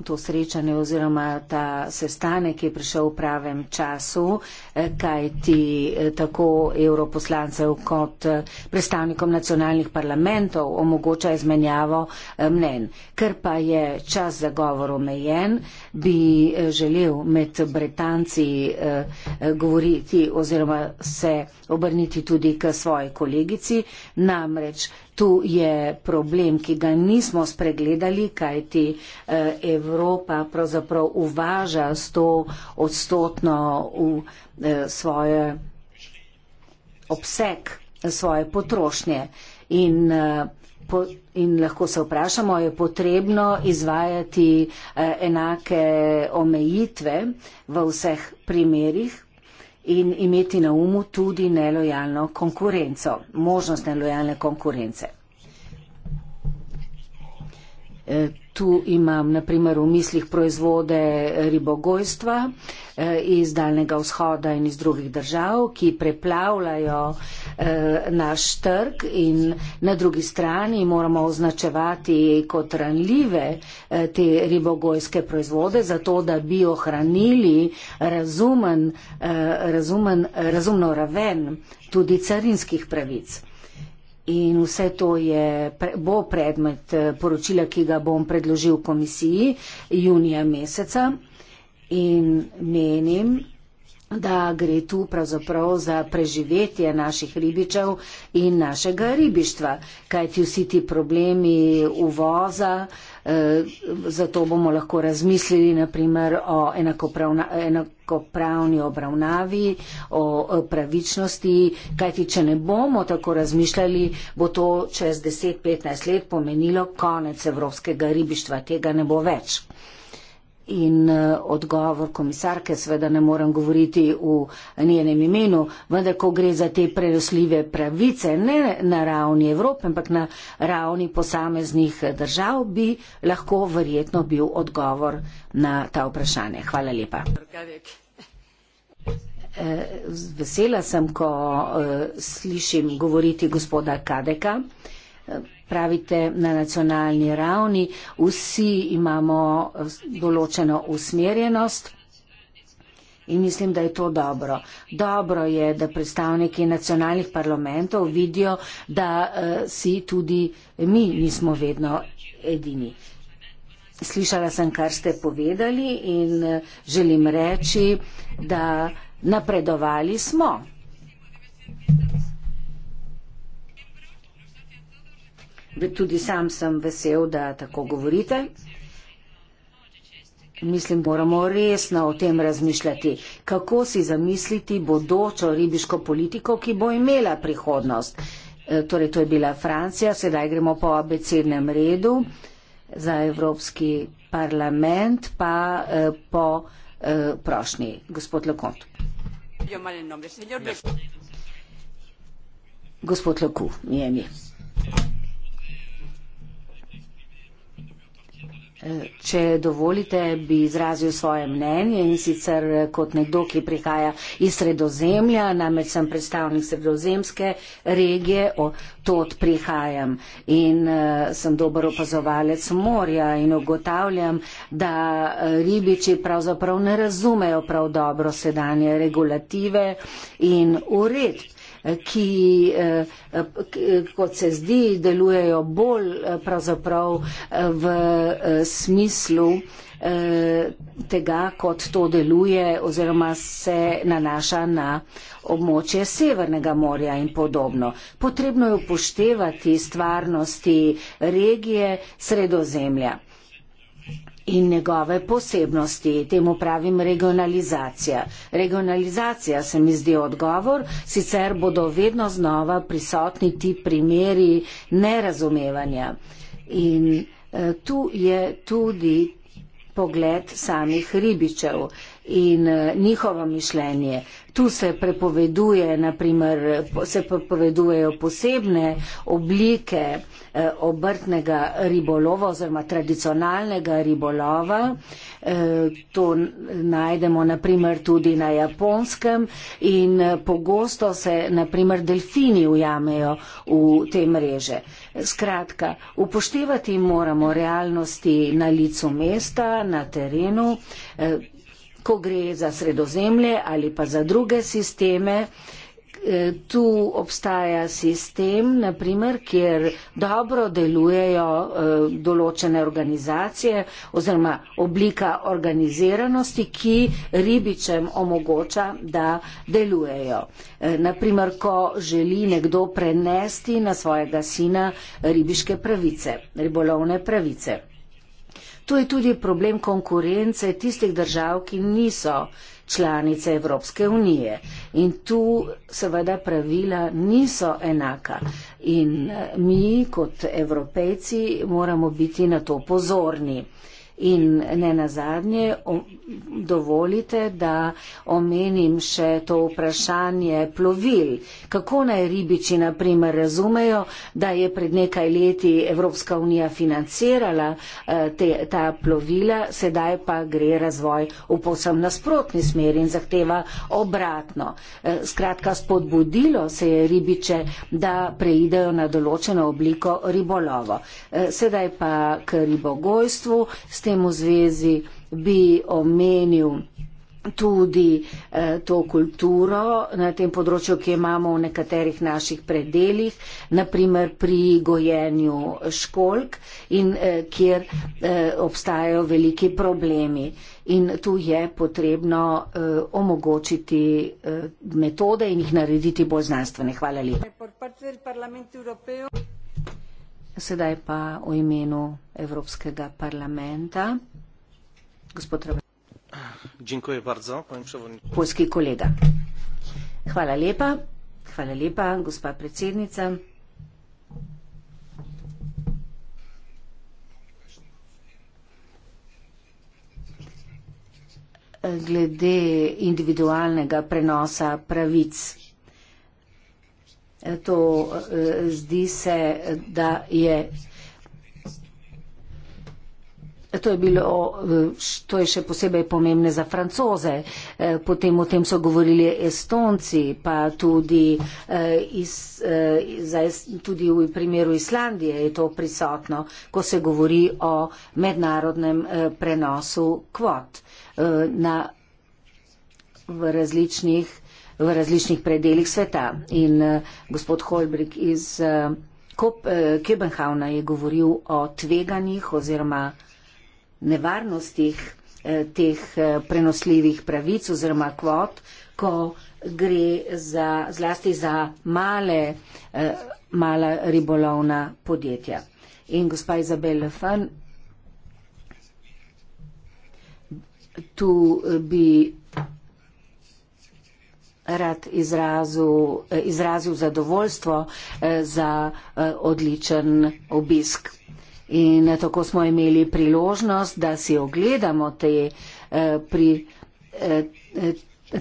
to srečanje oziroma ta sestanek je prišel v pravem času, eh, kaj ti eh, tako europoslancev kot eh, predstavnikom nacionalnih parlamentov omogoča izmenjavo mnen. Ker pa je čas za govor omejen, bi želel med Britanci govoriti oziroma se obrniti tudi k svoji kolegici, namreč Tu je problem, ki ga nismo spregledali, kajti eh, Evropa pravzaprav uvaža 100 odstotno v eh, svoje obseg, eh, svoje potrošnje. In, po, in lahko se vprašamo, je potrebno izvajati enake omejitve v vseh primerjih in imeti na umu tudi nelojalno konkurenco, možnost nelojalne konkurence. Eh, tu imam na primer v mislih proizvode ribogojstva eh, iz Daljnega vzhoda in iz drugih držav, ki preplavljajo eh, naš trg in na drugi strani moramo označevati kot ranljive te ribogojske proizvode, zato da bi ohranili razumen, razumen, razumno raven tudi carinskih pravic. In vse to je, bo predmet eh, poročila, ki ga bom predložil komisiji junija meseca. In menim, da gre tu pravzaprav za preživetje naših ribičev in našega ribištva, kajti vsi ti problemi uvoza, uh, Eh, zato bomo lahko razmislili naprimer o enakopravni obravnavi, o pravičnosti, kajti če ne bomo tako razmišljali, bo to čez 10-15 let pomenilo konec evropskega ribištva, tega ne bo več. In eh, odgovor komisarke, seveda ne morem govoriti v njenem imenu, vendar ko gre za te prerosljive pravice, ne na ravni Evrope, ampak na ravni posameznih držav, bi lahko verjetno bil odgovor na ta vprašanje. Hvala lepa. Eh, vesela sem, ko eh, slišim govoriti gospoda Kadeka pravite na nacionalni ravni, vsi imamo določeno usmerjenost. In mislim, da je to dobro. Dobro je, da predstavniki nacionalnih parlamentov vidijo, da uh, si tudi mi nismo vedno edini. Slišala sem, kar ste povedali in uh, želim reči, da napredovali smo. Tudi sam sem vesel, da tako govorite. Mislim, moramo resno o tem razmišljati, kako si zamisliti bodočo ribiško politiko, ki bo imela prihodnost. E, torej, to je bila Francija, sedaj gremo po abecednem redu za Evropski parlament, pa e, po e, prošnji. Gospod Lekont. Gospod Lekont, mi je mi. Če dovolite, bi izrazil svoje mnenje in sicer kot nekdo, ki prihaja iz sredozemlja, namreč sem predstavnik sredozemske regije, odtot prihajam in uh, sem dober opazovalec morja in ugotavljam, da eh, ribiči pravzaprav ne razumejo prav dobro sedanje regulative in uredb ki, eh, kot se zdi, delujejo bolj eh, pravzaprav eh, v smislu tega, kot to deluje oziroma se nanaša na območje Severnega morja in podobno. Potrebno je upoštevati stvarnosti regije Sredozemlja in njegove posebnosti. Temu pravim regionalizacija. Regionalizacija se mi zdi odgovor, sicer bodo vedno znova prisotni ti primeri nerazumevanja. In e, tu je tudi pogled samih ribičev in e, njihovo mišljenje. Tu se prepoveduje, naprimer, se prepovedujejo posebne oblike, Eh, obrtnega ribolova oziroma tradicionalnega ribolova. Eh, to najdemo naprimer tudi na japonskem in eh, pogosto se naprimer delfini ujamejo v te mreže. Skratka, upoštevati moramo realnosti na licu mesta, na terenu, ko gre za sredozemlje ali pa za druge sisteme tu obstaja sistem, naprimer, kjer dobro delujejo eh, določene organizacije oziroma oblika organiziranosti, ki ribičem omogoča, da delujejo. Eh, naprimer, ko želi nekdo prenesti na svojega sina ribiške pravice, ribolovne pravice. To je tudi problem konkurence tistih držav, ki niso članice Evropske unije. In tu seveda pravila niso enaka. In eh, mi kot evropejci moramo biti na to pozorni. In ne nazadnje, dovolite, da omenim še to vprašanje plovil. Kako naj ribiči, na primer, razumejo, da je pred nekaj leti Evropska unija financirala eh, te, ta plovila, sedaj pa gre razvoj v posebno nasprotni smeri in zahteva obratno. Eh, skratka, spodbudilo se je ribiče, da preidejo na določeno obliko ribolovo. Eh, sedaj pa k ribogojstvu tem v zvezi bi omenil tudi eh, to kulturo na tem področju, ki jo imamo v nekaterih naših predeljih, naprimer pri gojenju školk in eh, kjer eh, obstajajo veliki problemi. In tu je potrebno eh, omogočiti eh, metode in jih narediti bolj znanstvene. Hvala lepa. Sedaj pa o imenu Evropskega parlamenta. Gospod Robert. Polski kolega. Hvala lepa. Hvala lepa, gospa predsednica. Glede individualnega prenosa pravic to e, zdi se, da je. To je, bilo, e, to je še posebej pomembne za francoze. E, potem o tem so govorili estonci, pa tudi, iz, za, tudi v primeru Islandije je to prisotno, ko se govori o mednarodnem prenosu kvot na, v različnih v različnih predeljih sveta. In eh, gospod Holbrik iz eh, Kopenhavna eh, je govoril o tveganjih oziroma nevarnostih teh prenosljivih pravic oziroma kvot, ko gre za, zlasti za male, mala ribolovna podjetja. In gospa Izabel Lefan, tu bi rad izrazil, eh, izrazil zadovoljstvo eh, za eh, odličen obisk. In tako smo imeli priložnost, da si ogledamo te, pri,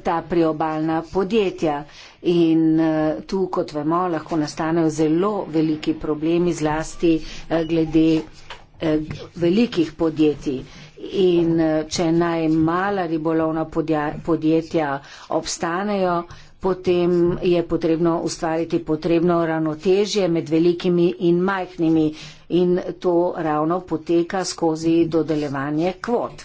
ta priobalna podjetja. In tu, kot vemo, lahko nastanejo zelo veliki problemi, zlasti glede velikih podjetij in eh, če najmala ribolovna podja, podjetja obstanejo, potem je potrebno ustvariti potrebno ravnotežje med velikimi in majhnimi in to ravno poteka skozi dodelevanje kvot.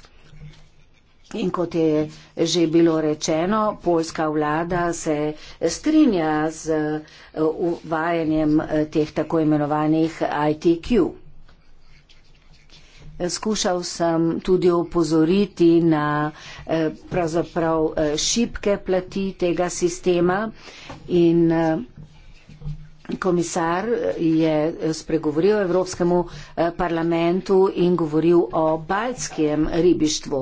In kot je že bilo rečeno, polska vlada se strinja z eh, uvajanjem eh, teh tako imenovanih ITQ. Skušal sem tudi opozoriti na eh, pravzaprav eh, šibke plati tega sistema in eh, komisar je spregovoril Evropskemu parlamentu in govoril o baltskem ribištvu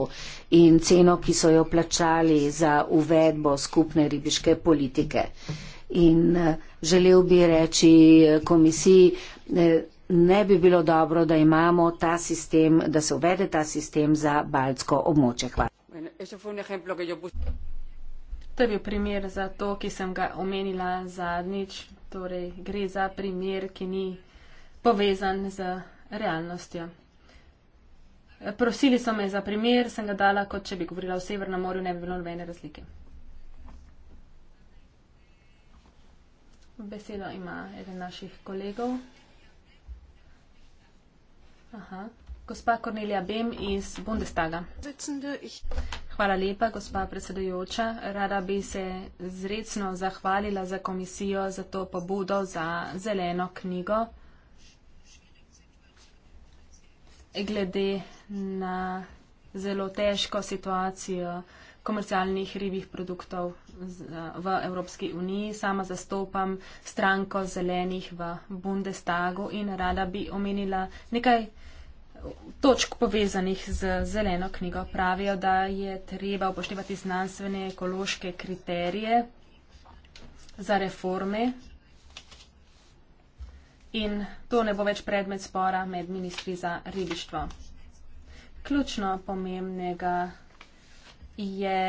in ceno, ki so jo plačali za uvedbo skupne ribiške politike. In želel bi reči komisiji, ne bi bilo dobro, da imamo ta sistem, da se uvede ta sistem za baltsko območje. Hvala. To je bil primer za to, ki sem ga omenila zadnjič. Torej, gre za primer, ki ni povezan z realnostjo. Prosili so me za primer, sem ga dala, kot če bi govorila o Severnem morju, ne bi bilo nobene razlike. Besedo ima eden naših kolegov. Aha. Gospa Kornelija Bem iz Bundestaga. Hvala lepa, gospa predsedujoča. Rada bi se zrecno zahvalila za komisijo za to pobudo za zeleno knjigo. Glede na zelo težko situacijo komercialnih ribih produktov Eh, v Evropski uniji. Sama zastopam stranko zelenih v Bundestagu in rada bi omenila nekaj točk povezanih z zeleno knjigo. Pravijo, da je treba upoštevati znanstvene ekološke kriterije za reforme. In to ne bo več predmet spora med ministri za ribištvo. Ključno pomembnega je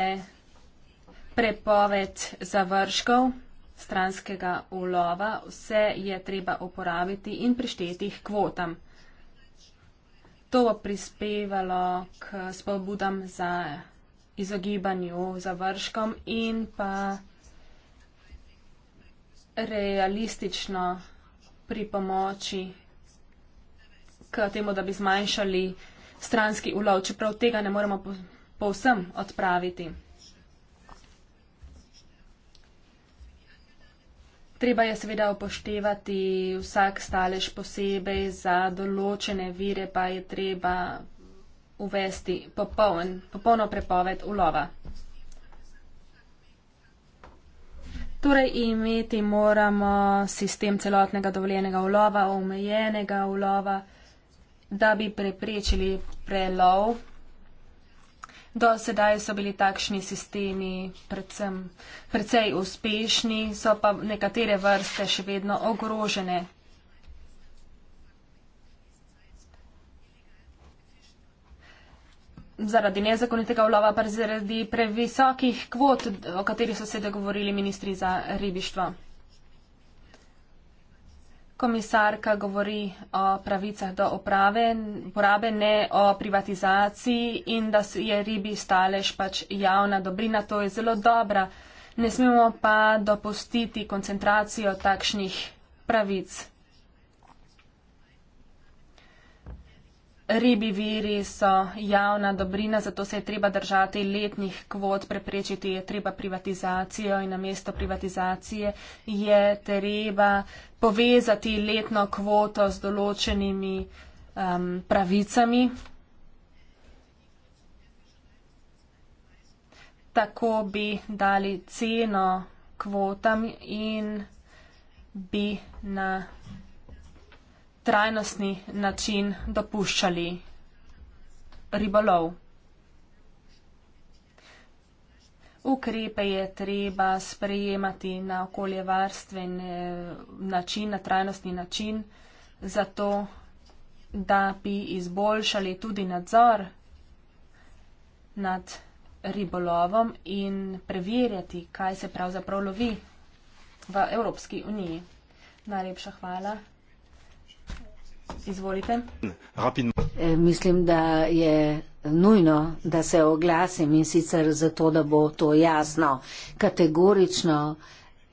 prepoved završkov, stranskega ulova, vse je treba uporabiti in prišteti k kvotam. To bo prispevalo k spodbudam za izogibanju završkom in pa realistično pri pomoči k temu, da bi zmanjšali stranski ulov, čeprav tega ne moremo povsem odpraviti. Treba je seveda upoštevati vsak stalež posebej, za določene vire pa je treba uvesti popoln, popolno prepoved ulova. Torej imeti moramo sistem celotnega dovoljenega ulova, omejenega ulova, da bi preprečili prelov Do sedaj so bili takšni sistemi predvsem precej uspešni, so pa nekatere vrste še vedno ogrožene. Zaradi nezakonitega ulova, pa zaradi previsokih kvot, o katerih so se dogovorili ministri za ribištvo komisarka govori o pravicah do uprave, uporabe, ne o privatizaciji in da je ribi stalež pač javna dobrina, to je zelo dobra. Ne smemo pa dopustiti koncentracijo takšnih pravic. Ribi viri so javna dobrina, zato se je treba držati letnih kvot, preprečiti je treba privatizacijo in na mesto privatizacije je treba povezati letno kvoto z določenimi um, pravicami. Tako bi dali ceno kvotam in bi na trajnostni način dopuščali ribolov. Ukrepe je treba sprejemati na okoljevarstven eh, način, na trajnostni način, zato da bi izboljšali tudi nadzor nad ribolovom in preverjati, kaj se pravzaprav lovi v Evropski uniji. Najlepša hvala. Izvolite. Rapidno. E, mislim, da je nujno, da se oglasim in sicer zato, da bo to jasno, kategorično.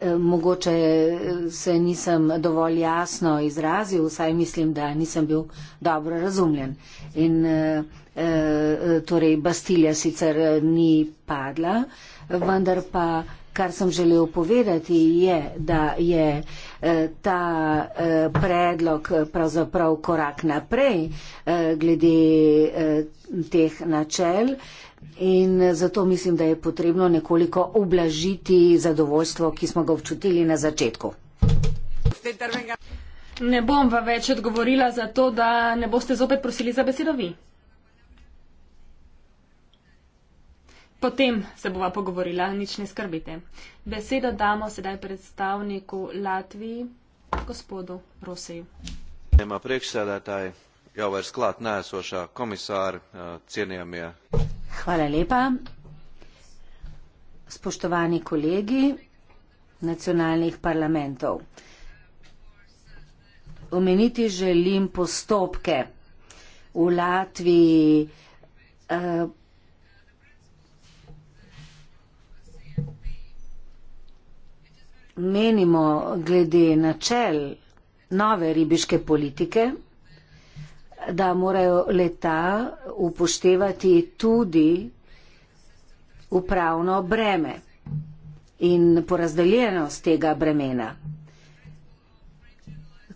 E, mogoče e, se nisem dovolj jasno izrazil, vsaj mislim, da nisem bil dobro razumljen. In torej Bastilja sicer ni padla, vendar pa kar sem želel povedati, je, da je eh, ta eh, predlog pravzaprav korak naprej eh, glede teh načel in zato mislim, da je potrebno nekoliko oblažiti zadovoljstvo, ki smo ga občutili na začetku. Ne bom vam več odgovorila za to, da ne boste zopet prosili za besedo vi. Potem se bova pogovorila, nič ne skrbite. Besedo damo sedaj predstavniku Latviji, gospodu Roseju. Nema predsedataj, ja, vaš sklad najsoša, komisar, cenim je. Hvala lepa. Spoštovani kolegi nacionalnih parlamentov. Omeniti želim postopke. V Latviji eh, menimo glede načel nove ribiške politike, da morajo leta upoštevati tudi upravno breme in porazdeljenost tega bremena.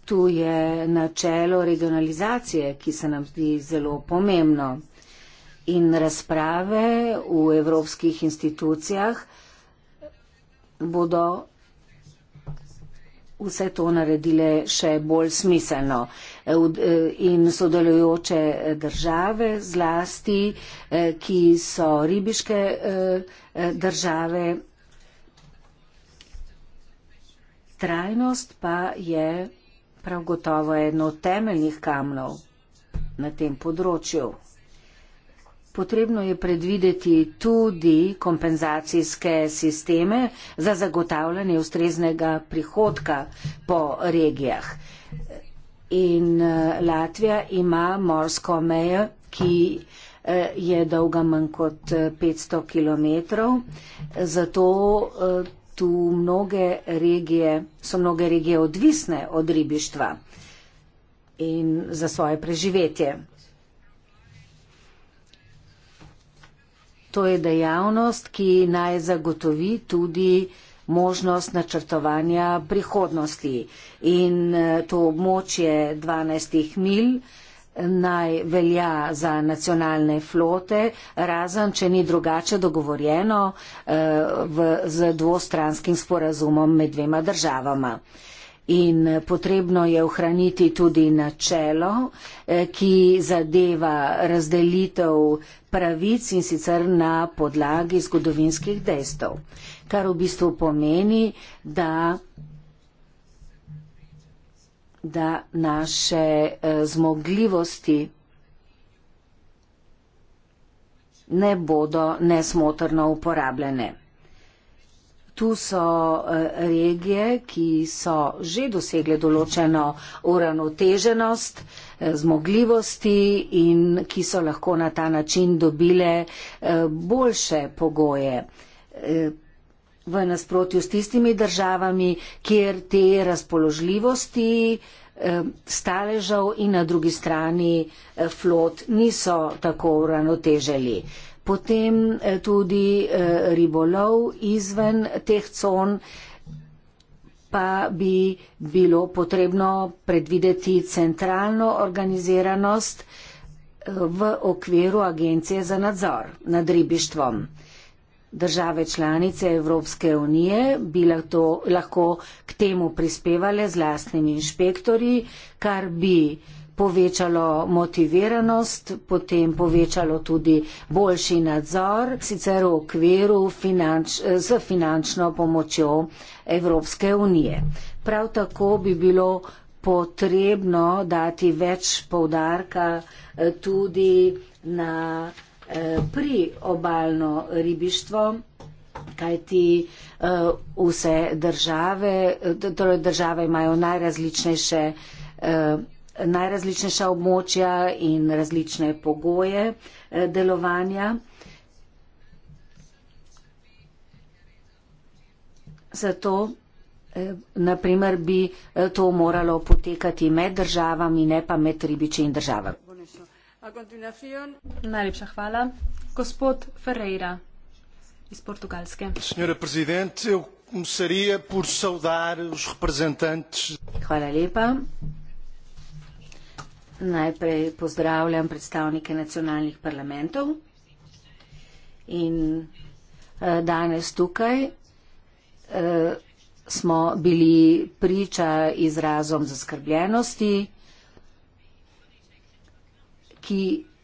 Tu je načelo regionalizacije, ki se nam zdi zelo pomembno in razprave v evropskih institucijah bodo vse to naredile še bolj smiselno. E, e, in sodelujoče e, države zlasti, ki so ribiške države, trajnost pa je prav gotovo eno temeljnih kamnov na tem področju. Potrebno je predvideti tudi kompenzacijske sisteme za zagotavljanje ustreznega prihodka po regijah. In eh, Latvija ima morsko mejo, ki eh, je dolga manj kot 500 eh, km, zato tu mnoge regije, so mnoge regije odvisne od ribištva in za svoje preživetje. To je dejavnost, ki naj zagotovi tudi možnost načrtovanja prihodnosti. In eh, to območje 12 mil eh, naj velja za nacionalne flote, razen če ni drugače dogovorjeno eh, v, z dvostranskim sporazumom med dvema državama in potrebno je ohraniti tudi načelo, eh, ki zadeva razdelitev pravic in sicer na podlagi zgodovinskih dejstev, kar v bistvu pomeni, da da naše eh, zmogljivosti ne bodo nesmotrno uporabljene. Tu so e, regije, ki so že dosegle določeno uravnoteženost, e, zmogljivosti in ki so lahko na ta način dobile e, boljše pogoje v nasprotju s tistimi državami, kjer te razpoložljivosti staležev in na drugi strani flot niso tako uravnotežili potem eh, tudi eh, ribolov izven teh con pa bi bilo potrebno predvideti centralno organiziranost eh, v okviru Agencije za nadzor nad ribištvom. Države članice Evropske unije bi lahko, lahko k temu prispevale z lastnimi inšpektori, kar bi povečalo motiviranost, potem povečalo tudi boljši nadzor, sicer v okviru finanč, z finančno pomočjo Evropske unije. Prav tako bi bilo potrebno dati več povdarka eh, tudi na eh, priobalno ribištvo, kajti eh, vse države, torej države imajo najrazličnejše najrazličnejša območja in različne pogoje eh, delovanja. Zato, eh, naprimer, bi eh, to moralo potekati med državami, ne pa med ribiči in državami. Najlepša hvala. Gospod Ferreira iz Portugalske. Hvala lepa. Najprej pozdravljam predstavnike nacionalnih parlamentov in eh, danes tukaj eh, smo bili priča izrazom zaskrbljenosti, ki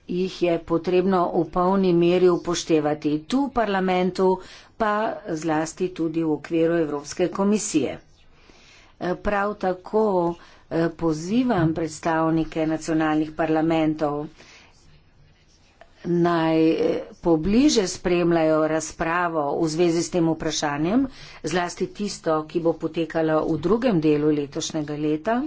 jih je potrebno v polni meri upoštevati tu v parlamentu, pa zlasti tudi v okviru Evropske komisije. Eh, prav tako Eh, pozivam predstavnike nacionalnih parlamentov, naj eh, pobliže spremljajo razpravo v zvezi s tem vprašanjem, zlasti tisto, ki bo potekala v drugem delu letošnjega leta.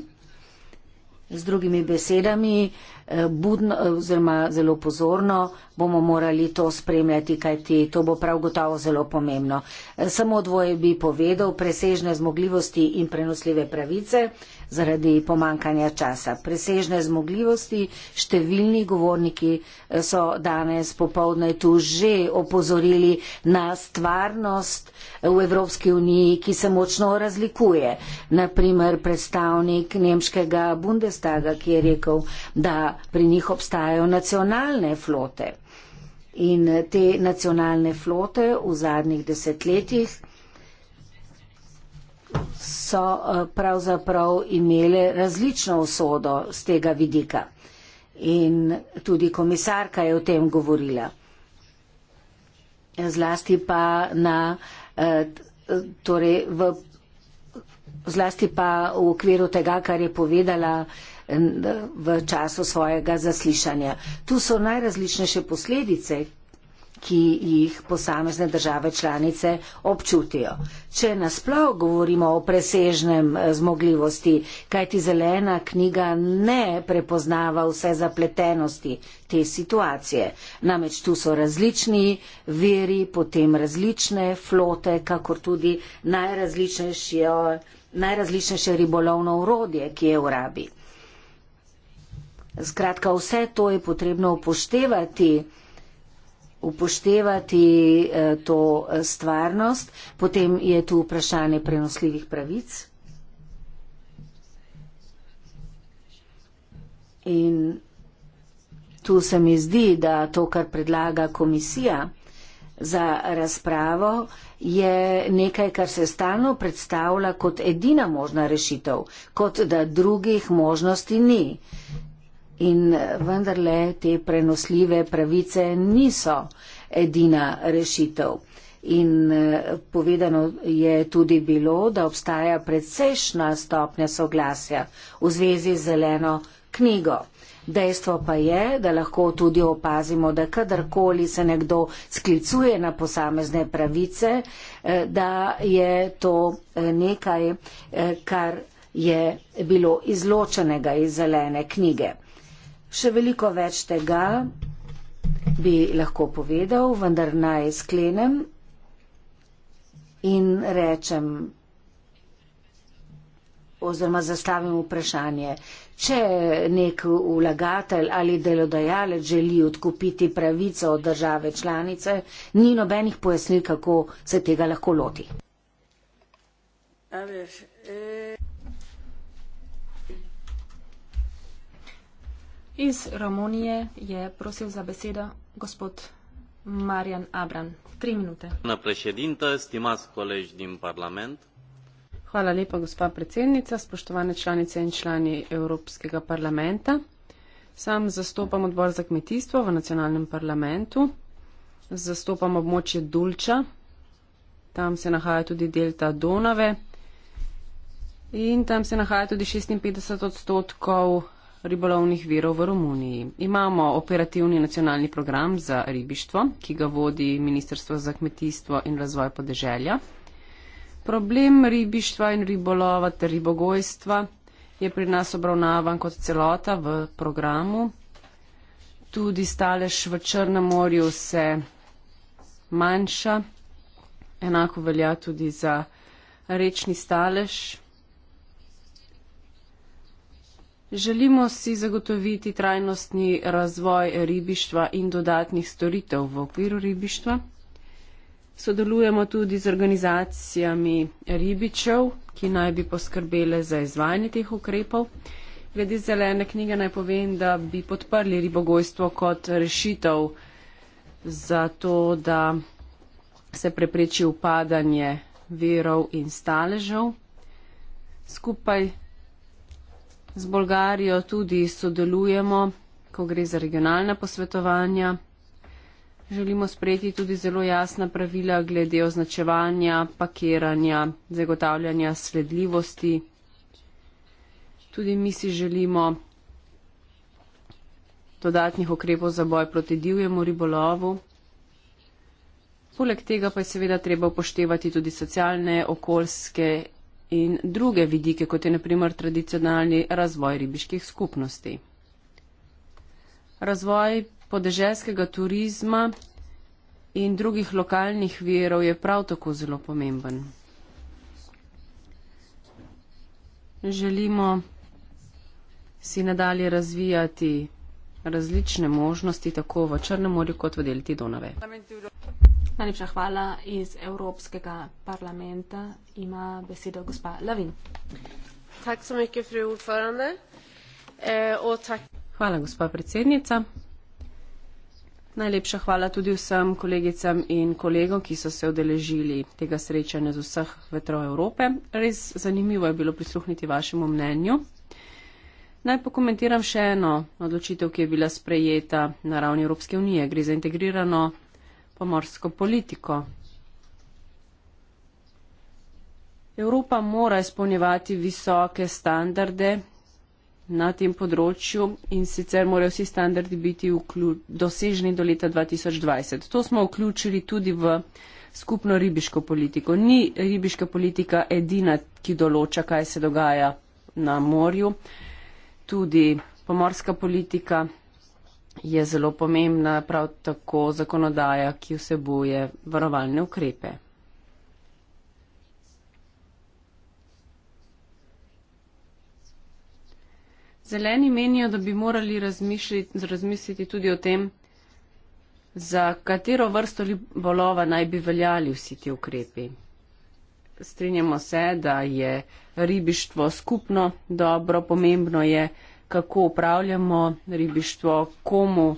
Z drugimi besedami, eh, budno, oziroma zelo pozorno bomo morali to spremljati, kajti to bo prav gotovo zelo pomembno. Samo dvoje bi povedal, presežne zmogljivosti in prenosljive pravice, zaradi pomankanja časa. Presežne zmogljivosti, številni govorniki eh, so danes popovdne tu že opozorili na stvarnost eh, v Evropski uniji, ki se močno razlikuje. Naprimer, predstavnik nemškega Bundestaga, ki je rekel, da pri njih obstajajo nacionalne flote. In te nacionalne flote v zadnjih desetletjih so eh, pravzaprav imele različno usodo z tega vidika. In tudi komisarka je o tem govorila. Zlasti pa, na, eh, torej v, zlasti pa v okviru tega, kar je povedala eh, v času svojega zaslišanja. Tu so najrazličnejše posledice, ki jih posamezne države članice občutijo. Če nasploh govorimo o presežnem eh, zmogljivosti, kajti zelena knjiga ne prepoznava vse zapletenosti te situacije. Namreč tu so različni veri, potem različne flote, kakor tudi najrazličnejšo najrazličnejše ribolovno urodje, ki je v rabi. Skratka, vse to je potrebno upoštevati upoštevati eh, to eh, stvarnost. Potem je tu vprašanje prenosljivih pravic. In tu se mi zdi, da to, kar predlaga komisija za razpravo, je nekaj, kar se stalno predstavlja kot edina možna rešitev, kot da drugih možnosti ni in vendarle te prenosljive pravice niso edina rešitev. In eh, povedano je tudi bilo, da obstaja precejšna stopnja soglasja v zvezi z zeleno knjigo. Dejstvo pa je, da lahko tudi opazimo, da kadarkoli se nekdo sklicuje na posamezne pravice, eh, da je to eh, nekaj, kar je bilo izločenega iz zelene knjige. Še veliko več tega bi lahko povedal, vendar naj sklenem in rečem oziroma zastavim vprašanje. Če nek vlagatelj ali delodajalec želi odkupiti pravico od države članice, ni nobenih pojasnil, kako se tega lahko loti. A veš, e... Iz Romunije je prosil za besedo gospod Marjan Abran. Tri minute. Na prešedinta, stimas kolež din parlament. Hvala lepa, gospa predsednica, spoštovane članice in člani Evropskega parlamenta. Sam zastopam odbor za kmetijstvo v nacionalnem parlamentu. Zastopam območje Dulča, tam se nahaja tudi delta Donave in tam se nahaja tudi 56 odstotkov ribolovnih virov v Romuniji. Imamo operativni nacionalni program za ribištvo, ki ga vodi Ministrstvo za kmetijstvo in razvoj podeželja. Problem ribištva in ribolova ter ribogojstva je pri nas obravnavan kot celota v programu. Tudi stalež v Črnem morju se manjša. Enako velja tudi za rečni stalež. Želimo si zagotoviti trajnostni razvoj ribištva in dodatnih storitev v okviru ribištva. Sodelujemo tudi z organizacijami ribičev, ki naj bi poskrbele za izvajanje teh ukrepov. Glede zelene knjige naj povem, da bi podprli ribogojstvo kot rešitev za to, da se prepreči upadanje verov in staležev. Skupaj z Bolgarijo tudi sodelujemo, ko gre za regionalna posvetovanja. Želimo sprejeti tudi zelo jasna pravila glede označevanja, pakiranja, zagotavljanja sledljivosti. Tudi mi si želimo dodatnih ukrepov za boj proti divjemu ribolovu. Poleg tega pa je seveda treba upoštevati tudi socialne, okoljske in druge vidike, kot je naprimer tradicionalni razvoj ribiških skupnosti. Razvoj podeželskega turizma in drugih lokalnih verov je prav tako zelo pomemben. Želimo si nadalje razvijati različne možnosti tako v Črnem morju kot v Delti Donave. Najlepša hvala. Iz Evropskega parlamenta ima besedo gospa Lavin. Eh, hvala, gospa predsednica. Najlepša hvala tudi vsem kolegicam in kolegom, ki so se odeležili tega srečanja z vseh vetrov Evrope. Res zanimivo je bilo prisluhniti vašemu mnenju. Naj pokomentiram še eno odločitev, ki je bila sprejeta na ravni Evropske unije. Gre za integrirano pomorsko politiko. Evropa mora izpolnjevati visoke standarde na tem področju in sicer morajo vsi standardi biti dosežni do leta 2020. To smo vključili tudi v skupno ribiško politiko. Ni ribiška politika edina, ki določa, kaj se dogaja na morju. Tudi pomorska politika je zelo pomembna prav tako zakonodaja, ki vsebuje varovalne ukrepe. Zeleni menijo, da bi morali razmisliti tudi o tem, za katero vrsto ribolova naj bi veljali vsi ti ukrepi. Strinjamo se, da je ribištvo skupno dobro, pomembno je, kako upravljamo ribištvo, komu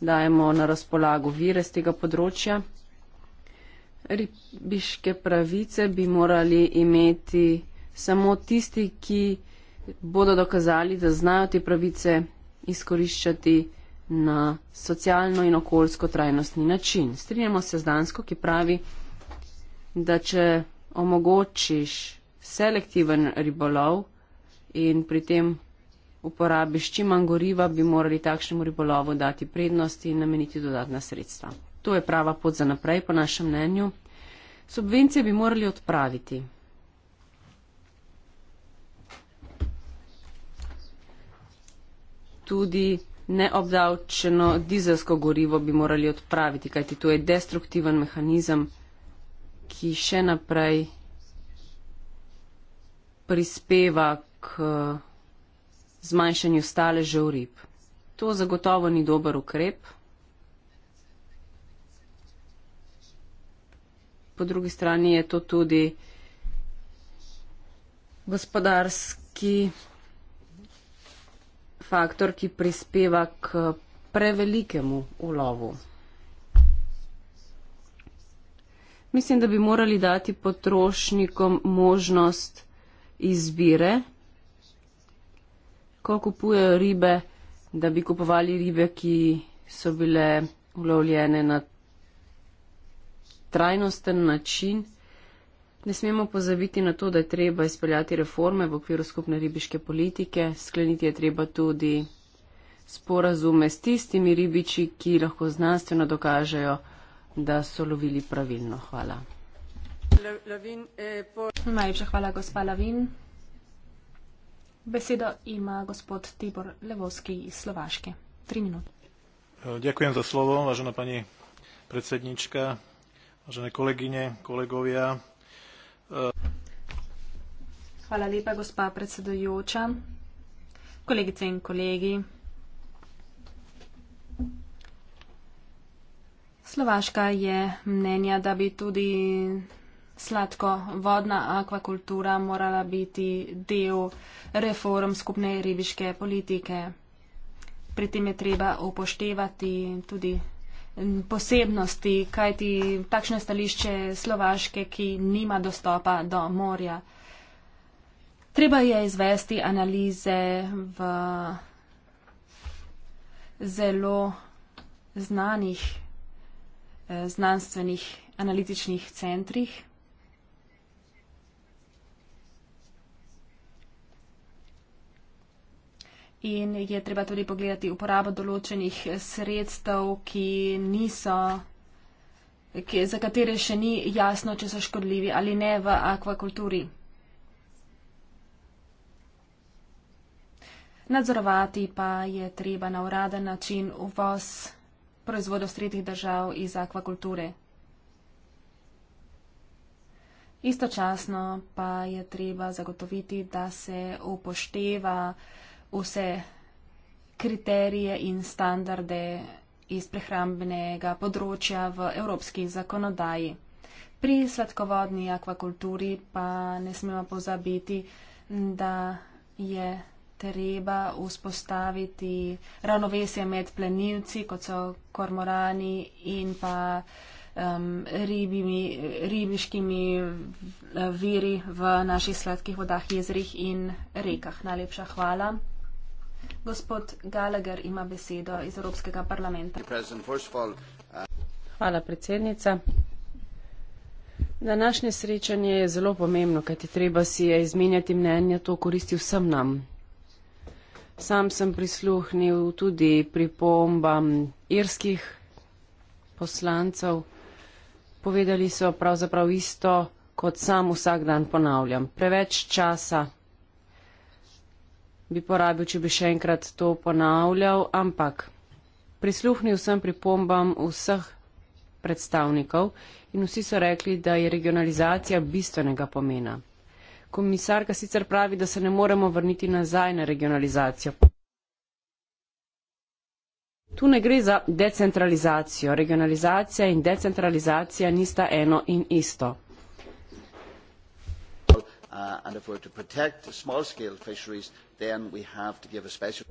dajemo na razpolago vire z tega področja. Ribiške pravice bi morali imeti samo tisti, ki bodo dokazali, da znajo te pravice izkoriščati na socialno in okoljsko trajnostni način. Strinjamo se z Dansko, ki pravi, da če omogočiš selektiven ribolov in pri tem uporabiš čim manj goriva, bi morali takšnemu ribolovu dati prednost in nameniti dodatna sredstva. To je prava pot za naprej, po našem mnenju. Subvencije bi morali odpraviti. Tudi neobdavčeno dizelsko gorivo bi morali odpraviti, kajti to je destruktiven mehanizem, ki še naprej prispeva k zmanjšanju staležev rib. To zagotovo ni dober ukrep. Po drugi strani je to tudi gospodarski faktor, ki prispeva k prevelikemu ulovu. Mislim, da bi morali dati potrošnikom možnost izbire ko kupujejo ribe, da bi kupovali ribe, ki so bile ulovljene na trajnosten način. Ne smemo pozabiti na to, da je treba izpeljati reforme v okviru skupne ribiške politike. Skleniti je treba tudi sporazume s tistimi ribiči, ki lahko znanstveno dokažejo, da so lovili pravilno. Hvala. Najlepša hvala, gospa Lavin. Besedo ima gospod Tibor Levoski iz Slovaške. Tri minut. E, Ďakujem za slovo, vážená pani predsednička, vážené kolegyne, kolegovia. E, Hvala lepa, gospa predsedujoča, kolegice in kolegi. Slovaška je mnenja, da bi tudi sladkovodna akvakultura morala biti del reform skupne ribiške politike. Pri tem je treba upoštevati tudi posebnosti, kajti takšno stališče Slovaške, ki nima dostopa do morja. Treba je izvesti analize v zelo znanih eh, znanstvenih analitičnih centrih. in je treba tudi pogledati uporabo določenih sredstev, ki niso, ki, za katere še ni jasno, če so škodljivi ali ne v akvakulturi. Nadzorovati pa je treba na uraden način uvoz proizvodov stretih držav iz akvakulture. Istočasno pa je treba zagotoviti, da se upošteva uh, vse kriterije in standarde iz prehrambnega področja v evropski zakonodaji. Pri sladkovodni akvakulturi pa ne smemo pozabiti, da je treba vzpostaviti ravnovesje med plenilci, kot so kormorani in pa um, ribimi, ribiškimi eh, viri v naših sladkih vodah, jezerih in rekah. Najlepša hvala. Gospod Gallagher ima besedo iz Evropskega parlamenta. Uh, Hvala, predsednica. Današnje srečanje je zelo pomembno, kajti treba si je izmenjati mnenja, to koristi vsem nam. Sam sem prisluhnil tudi pripombam irskih poslancev. Povedali so pravzaprav isto, kot sam vsak dan ponavljam. Preveč časa bi porabil, če bi še enkrat to ponavljal, ampak prisluhnil sem pripombam vseh predstavnikov in vsi so rekli, da je regionalizacija bistvenega pomena. Komisarka sicer pravi, da se ne moremo vrniti nazaj na regionalizacijo. Tu ne gre za decentralizacijo. Regionalizacija in decentralizacija nista eno in isto. Uh, and if we are to protect small scale fisheries then we have to give a special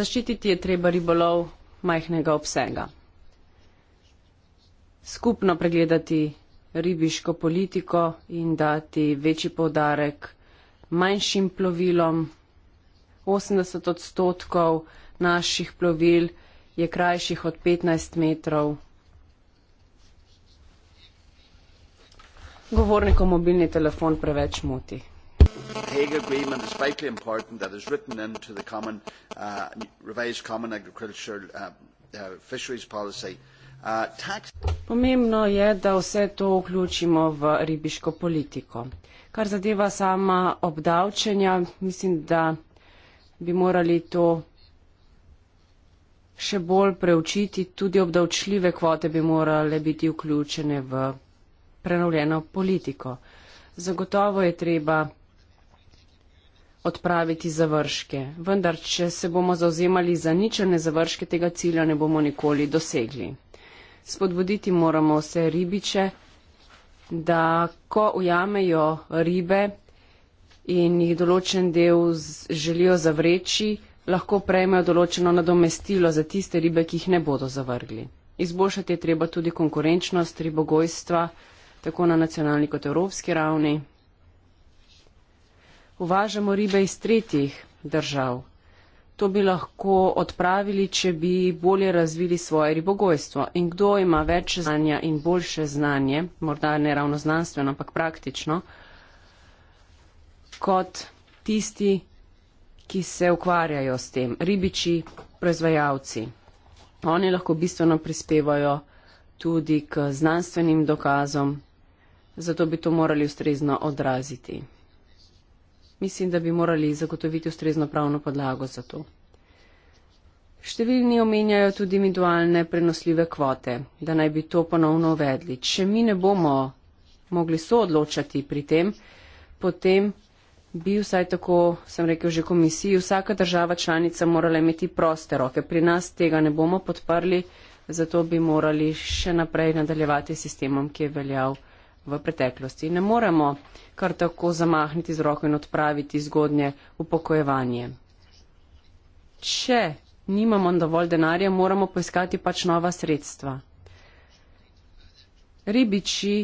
zaščititi je treba ribolov majhnega obsega skupno pregledati ribiško politiko in dati večji poudarek manjšim plovilom. 80 odstotkov naših plovil je krajših od 15 metrov govorniku mobilni telefon preveč moti. Hague agreement is vitally important that is written into the common, uh, revised common agricultural uh, uh, fisheries policy. Uh, tax... Pomembno je, da vse to vključimo v ribiško politiko. Kar zadeva sama obdavčenja, mislim, da bi morali to še bolj preučiti. Tudi obdavčljive kvote bi morale biti vključene v prenovljeno politiko. Zagotovo je treba odpraviti završke, vendar če se bomo zauzemali za ničelne završke tega cilja, ne bomo nikoli dosegli. Spodbuditi moramo vse ribiče, da ko ujamejo ribe in jih določen del želijo zavreči, lahko prejmejo določeno nadomestilo za tiste ribe, ki jih ne bodo zavrgli. Izboljšati je treba tudi konkurenčnost ribogojstva, tako na nacionalni kot evropski ravni. Uvažamo ribe iz tretjih držav. To bi lahko odpravili, če bi bolje razvili svoje ribogojstvo. In kdo ima več znanja in boljše znanje, morda ne ravno znanstveno, ampak praktično, kot tisti, ki se ukvarjajo s tem, ribiči, proizvajalci. Oni lahko bistveno prispevajo tudi k znanstvenim dokazom, zato bi to morali ustrezno odraziti. Mislim, da bi morali zagotoviti ustrezno pravno podlago za to. Številni omenjajo tudi individualne prenosljive kvote, da naj bi to ponovno uvedli. Če mi ne bomo mogli soodločati pri tem, potem bi vsaj tako, sem rekel že komisiji, vsaka država članica morala imeti proste roke. Pri nas tega ne bomo podprli, zato bi morali še naprej nadaljevati sistemom, ki je veljal v preteklosti. Ne moremo kar tako zamahniti z roko in odpraviti zgodnje upokojevanje. Če nimamo dovolj denarja, moramo poiskati pač nova sredstva. Ribiči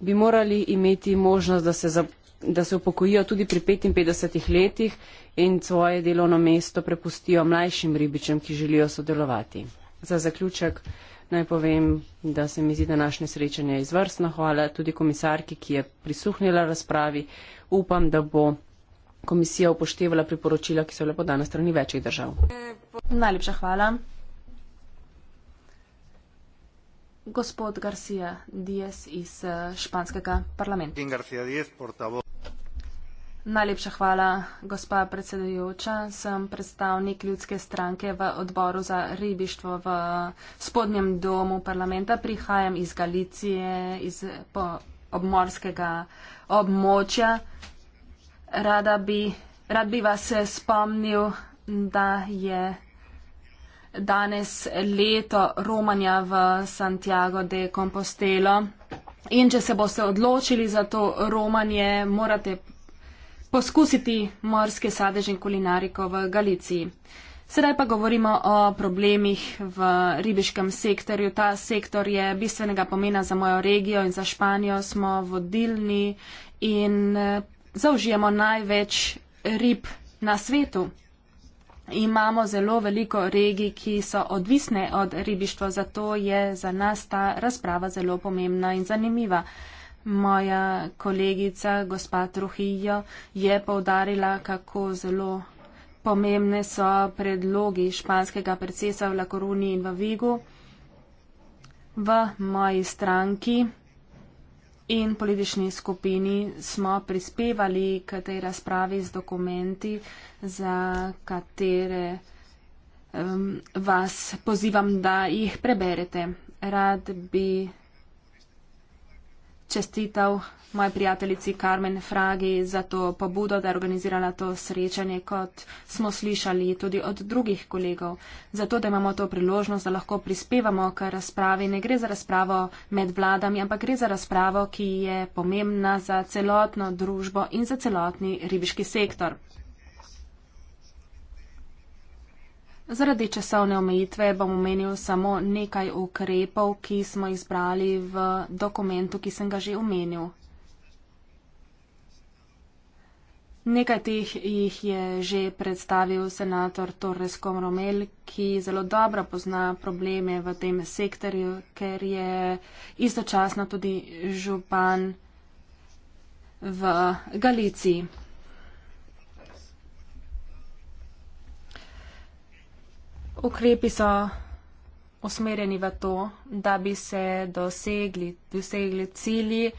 bi morali imeti možnost, da se, za, da se upokojijo tudi pri 55 letih in svoje delovno mesto prepustijo mlajšim ribičem, ki želijo sodelovati. Za zaključek. Naj povem, da se mi zdi današnje srečanje izvrstno. Hvala tudi komisarki, ki je prisuhnila razpravi. Upam, da bo komisija upoštevala priporočila, ki so lepo dana strani večjih držav. Najlepša hvala. Gospod Garcia Díez iz eh, španskega parlamenta. Najlepša hvala, gospa predsedujoča. Sem predstavnik ljudske stranke v odboru za ribištvo v spodnjem domu parlamenta. Prihajam iz Galicije, iz obmorskega območja. Rada bi, rad bi vas spomnil, da je danes leto romanja v Santiago de Compostelo. In če se boste odločili za to romanje, morate poskusiti morske sadeže in kulinariko v Galiciji. Sedaj pa govorimo o problemih v ribiškem sektorju. Ta sektor je bistvenega pomena za mojo regijo in za Španijo. Smo vodilni in eh, zaužijemo največ rib na svetu. Imamo zelo veliko regij, ki so odvisne od ribištva, zato je za nas ta razprava zelo pomembna in zanimiva. Moja kolegica, gospa Trujillo, je povdarila, kako zelo pomembne so predlogi španskega predsesa v Lakoruni in v Vigu v moji stranki. In politični skupini smo prispevali k tej razpravi z dokumenti, za katere um, vas pozivam, da jih preberete. Rad bi čestital moj prijateljici Carmen Fragi za to pobudo, da je organizirala to srečanje, kot smo slišali tudi od drugih kolegov. Zato, da imamo to priložnost, da lahko prispevamo k razpravi. Ne gre za razpravo med vladami, ampak gre za razpravo, ki je pomembna za celotno družbo in za celotni ribiški sektor. Zaradi časovne omejitve bom omenil samo nekaj ukrepov, ki smo izbrali v dokumentu, ki sem ga že omenil. Nekaj teh jih je že predstavil senator Torres Komromel, ki zelo dobro pozna probleme v tem sektorju, ker je istočasno tudi župan v Galiciji. ukrepi so usmerjeni v to, da bi se dosegli, dosegli cilji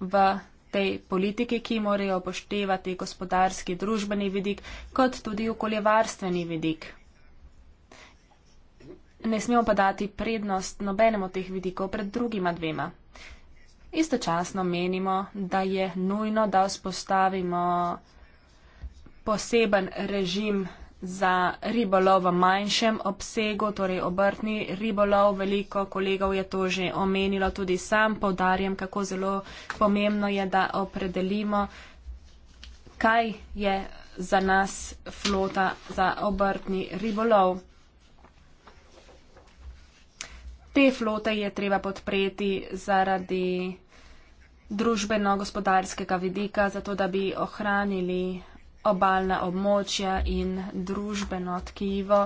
v tej politiki, ki morajo upoštevati gospodarski, družbeni vidik, kot tudi okoljevarstveni vidik. Ne smemo pa dati prednost nobenemu teh vidikov pred drugima dvema. Istočasno menimo, da je nujno, da vzpostavimo poseben režim za ribolov v manjšem obsegu, torej obrtni ribolov. Veliko kolegov je to že omenilo, tudi sam povdarjam, kako zelo pomembno je, da opredelimo, kaj je za nas flota za obrtni ribolov. Te flote je treba podpreti zaradi družbeno-gospodarskega vidika, zato da bi ohranili obaljna območja in družbeno tkivo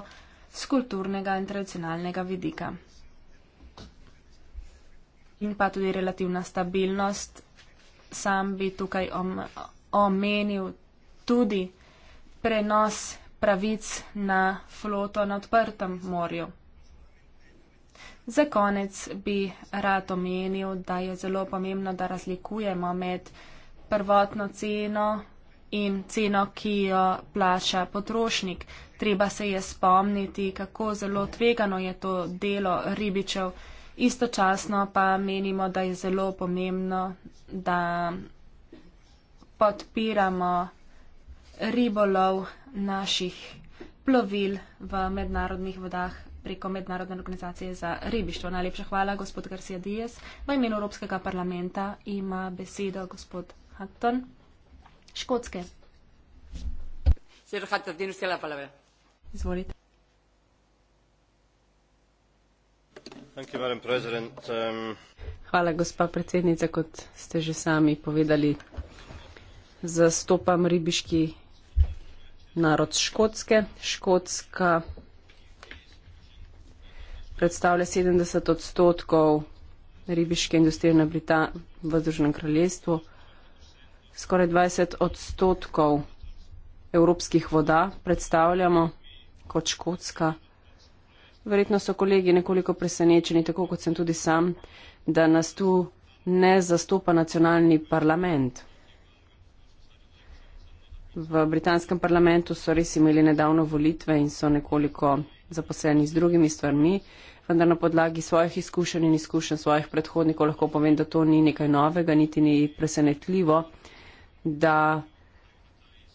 z kulturnega in tradicionalnega vidika. In pa tudi relativna stabilnost. Sam bi tukaj om, omenil tudi prenos pravic na floto na odprtem morju. Za konec bi rad omenil, da je zelo pomembno, da razlikujemo med prvotno ceno in ceno, ki jo plača potrošnik. Treba se je spomniti, kako zelo tvegano je to delo ribičev. Istočasno pa menimo, da je zelo pomembno, da podpiramo ribolov naših plovil v mednarodnih vodah preko Mednarodne organizacije za ribištvo. Najlepša hvala, gospod Garcia Díez. V imenu Evropskega parlamenta ima besedo gospod Hatton škotske. Um, Hvala, gospa predsednica. Kot ste že sami povedali, zastopam ribiški narod Škotske. Škotska predstavlja 70 odstotkov ribiške industrije v Združenem kraljestvu skoraj 20 odstotkov evropskih voda predstavljamo kot škotska. Verjetno so kolegi nekoliko presenečeni, tako kot sem tudi sam, da nas tu ne zastopa nacionalni parlament. V britanskem parlamentu so res imeli nedavno volitve in so nekoliko zaposleni z drugimi stvarmi, vendar na podlagi svojih izkušenj in izkušenj svojih predhodnikov lahko povem, da to ni nekaj novega, niti ni presenetljivo da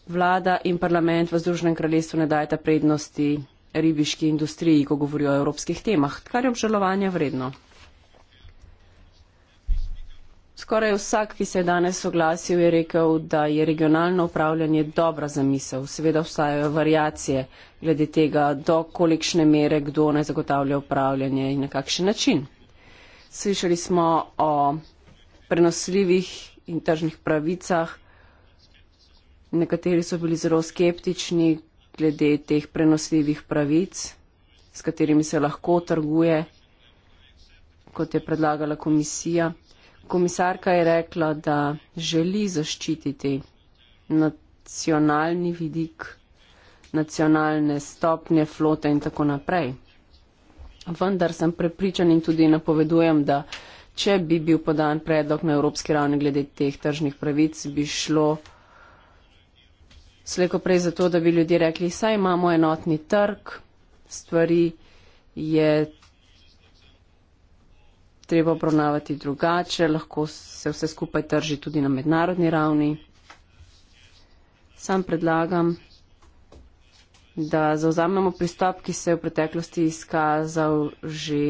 vlada in parlament v Združenem kraljestvu ne dajeta prednosti ribiški industriji, ko govorijo o evropskih temah, kar je obžalovanja vredno. Skoraj vsak, ki se je danes oglasil, je rekel, da je regionalno upravljanje dobra zamisel. Seveda obstajajo variacije glede tega, do kolikšne mere kdo naj zagotavlja upravljanje in na kakšen način. Slišali smo o prenosljivih in tržnih pravicah, Nekateri so bili zelo skeptični glede teh prenosljivih pravic, s katerimi se lahko trguje, kot je predlagala komisija. Komisarka je rekla, da želi zaščititi nacionalni vidik, nacionalne stopnje flote in tako naprej. Vendar sem prepričan in tudi napovedujem, da če bi bil podan predlog na evropski ravni glede teh tržnih pravic, bi šlo slejkoprej zato, da bi ljudje rekli, saj imamo enotni trg, stvari je treba obravnavati drugače, lahko se vse skupaj trži tudi na mednarodni ravni. Sam predlagam, da zauzamemo pristop, ki se je v preteklosti izkazal že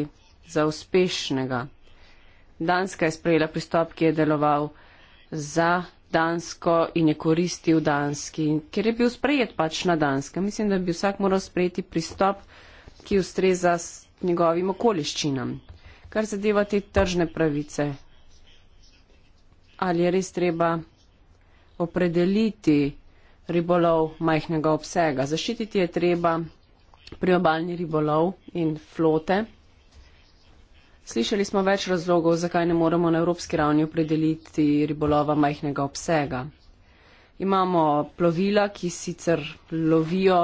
za uspešnega. Danska je sprejela pristop, ki je deloval za Dansko in je koristil Danski, ker je bil sprejet pač na Danska. Mislim, da bi vsak moral sprejeti pristop, ki ustreza njegovim okoliščinam. Kar zadeva te tržne pravice, ali je res treba opredeliti ribolov majhnega obsega. Zaščititi je treba priobalni ribolov in flote. Slišali smo več razlogov, zakaj ne moremo na evropski ravni opredeliti ribolova majhnega obsega. Imamo plovila, ki sicer lovijo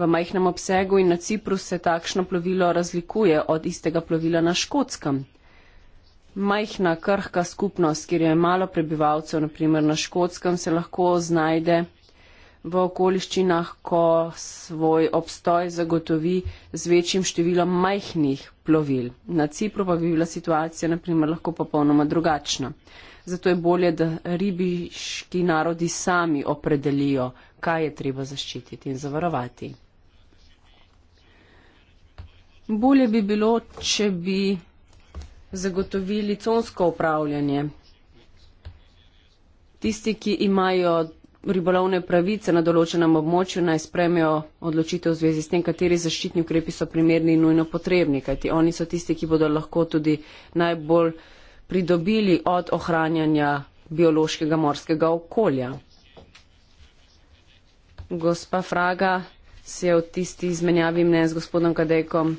v majhnem obsegu in na Cipru se takšno plovilo razlikuje od istega plovila na Škotskem. Majhna krhka skupnost, kjer je malo prebivalcev, naprimer na Škotskem, se lahko znajde v okoliščinah, ko svoj obstoj zagotovi z večjim številom majhnih plovil. Na Cipru pa bi bila situacija naprimer lahko popolnoma drugačna. Zato je bolje, da ribiški narodi sami opredelijo, kaj je treba zaščititi in zavarovati. Bolje bi bilo, če bi zagotovili consko upravljanje. Tisti, ki imajo ribolovne pravice na določenem območju naj spremejo odločitev v zvezi s tem, kateri zaščitni ukrepi so primerni in nujno potrebni, kajti oni so tisti, ki bodo lahko tudi najbolj pridobili od ohranjanja biološkega morskega okolja. Gospa Fraga se je v tisti izmenjavi mne z gospodom Kadejkom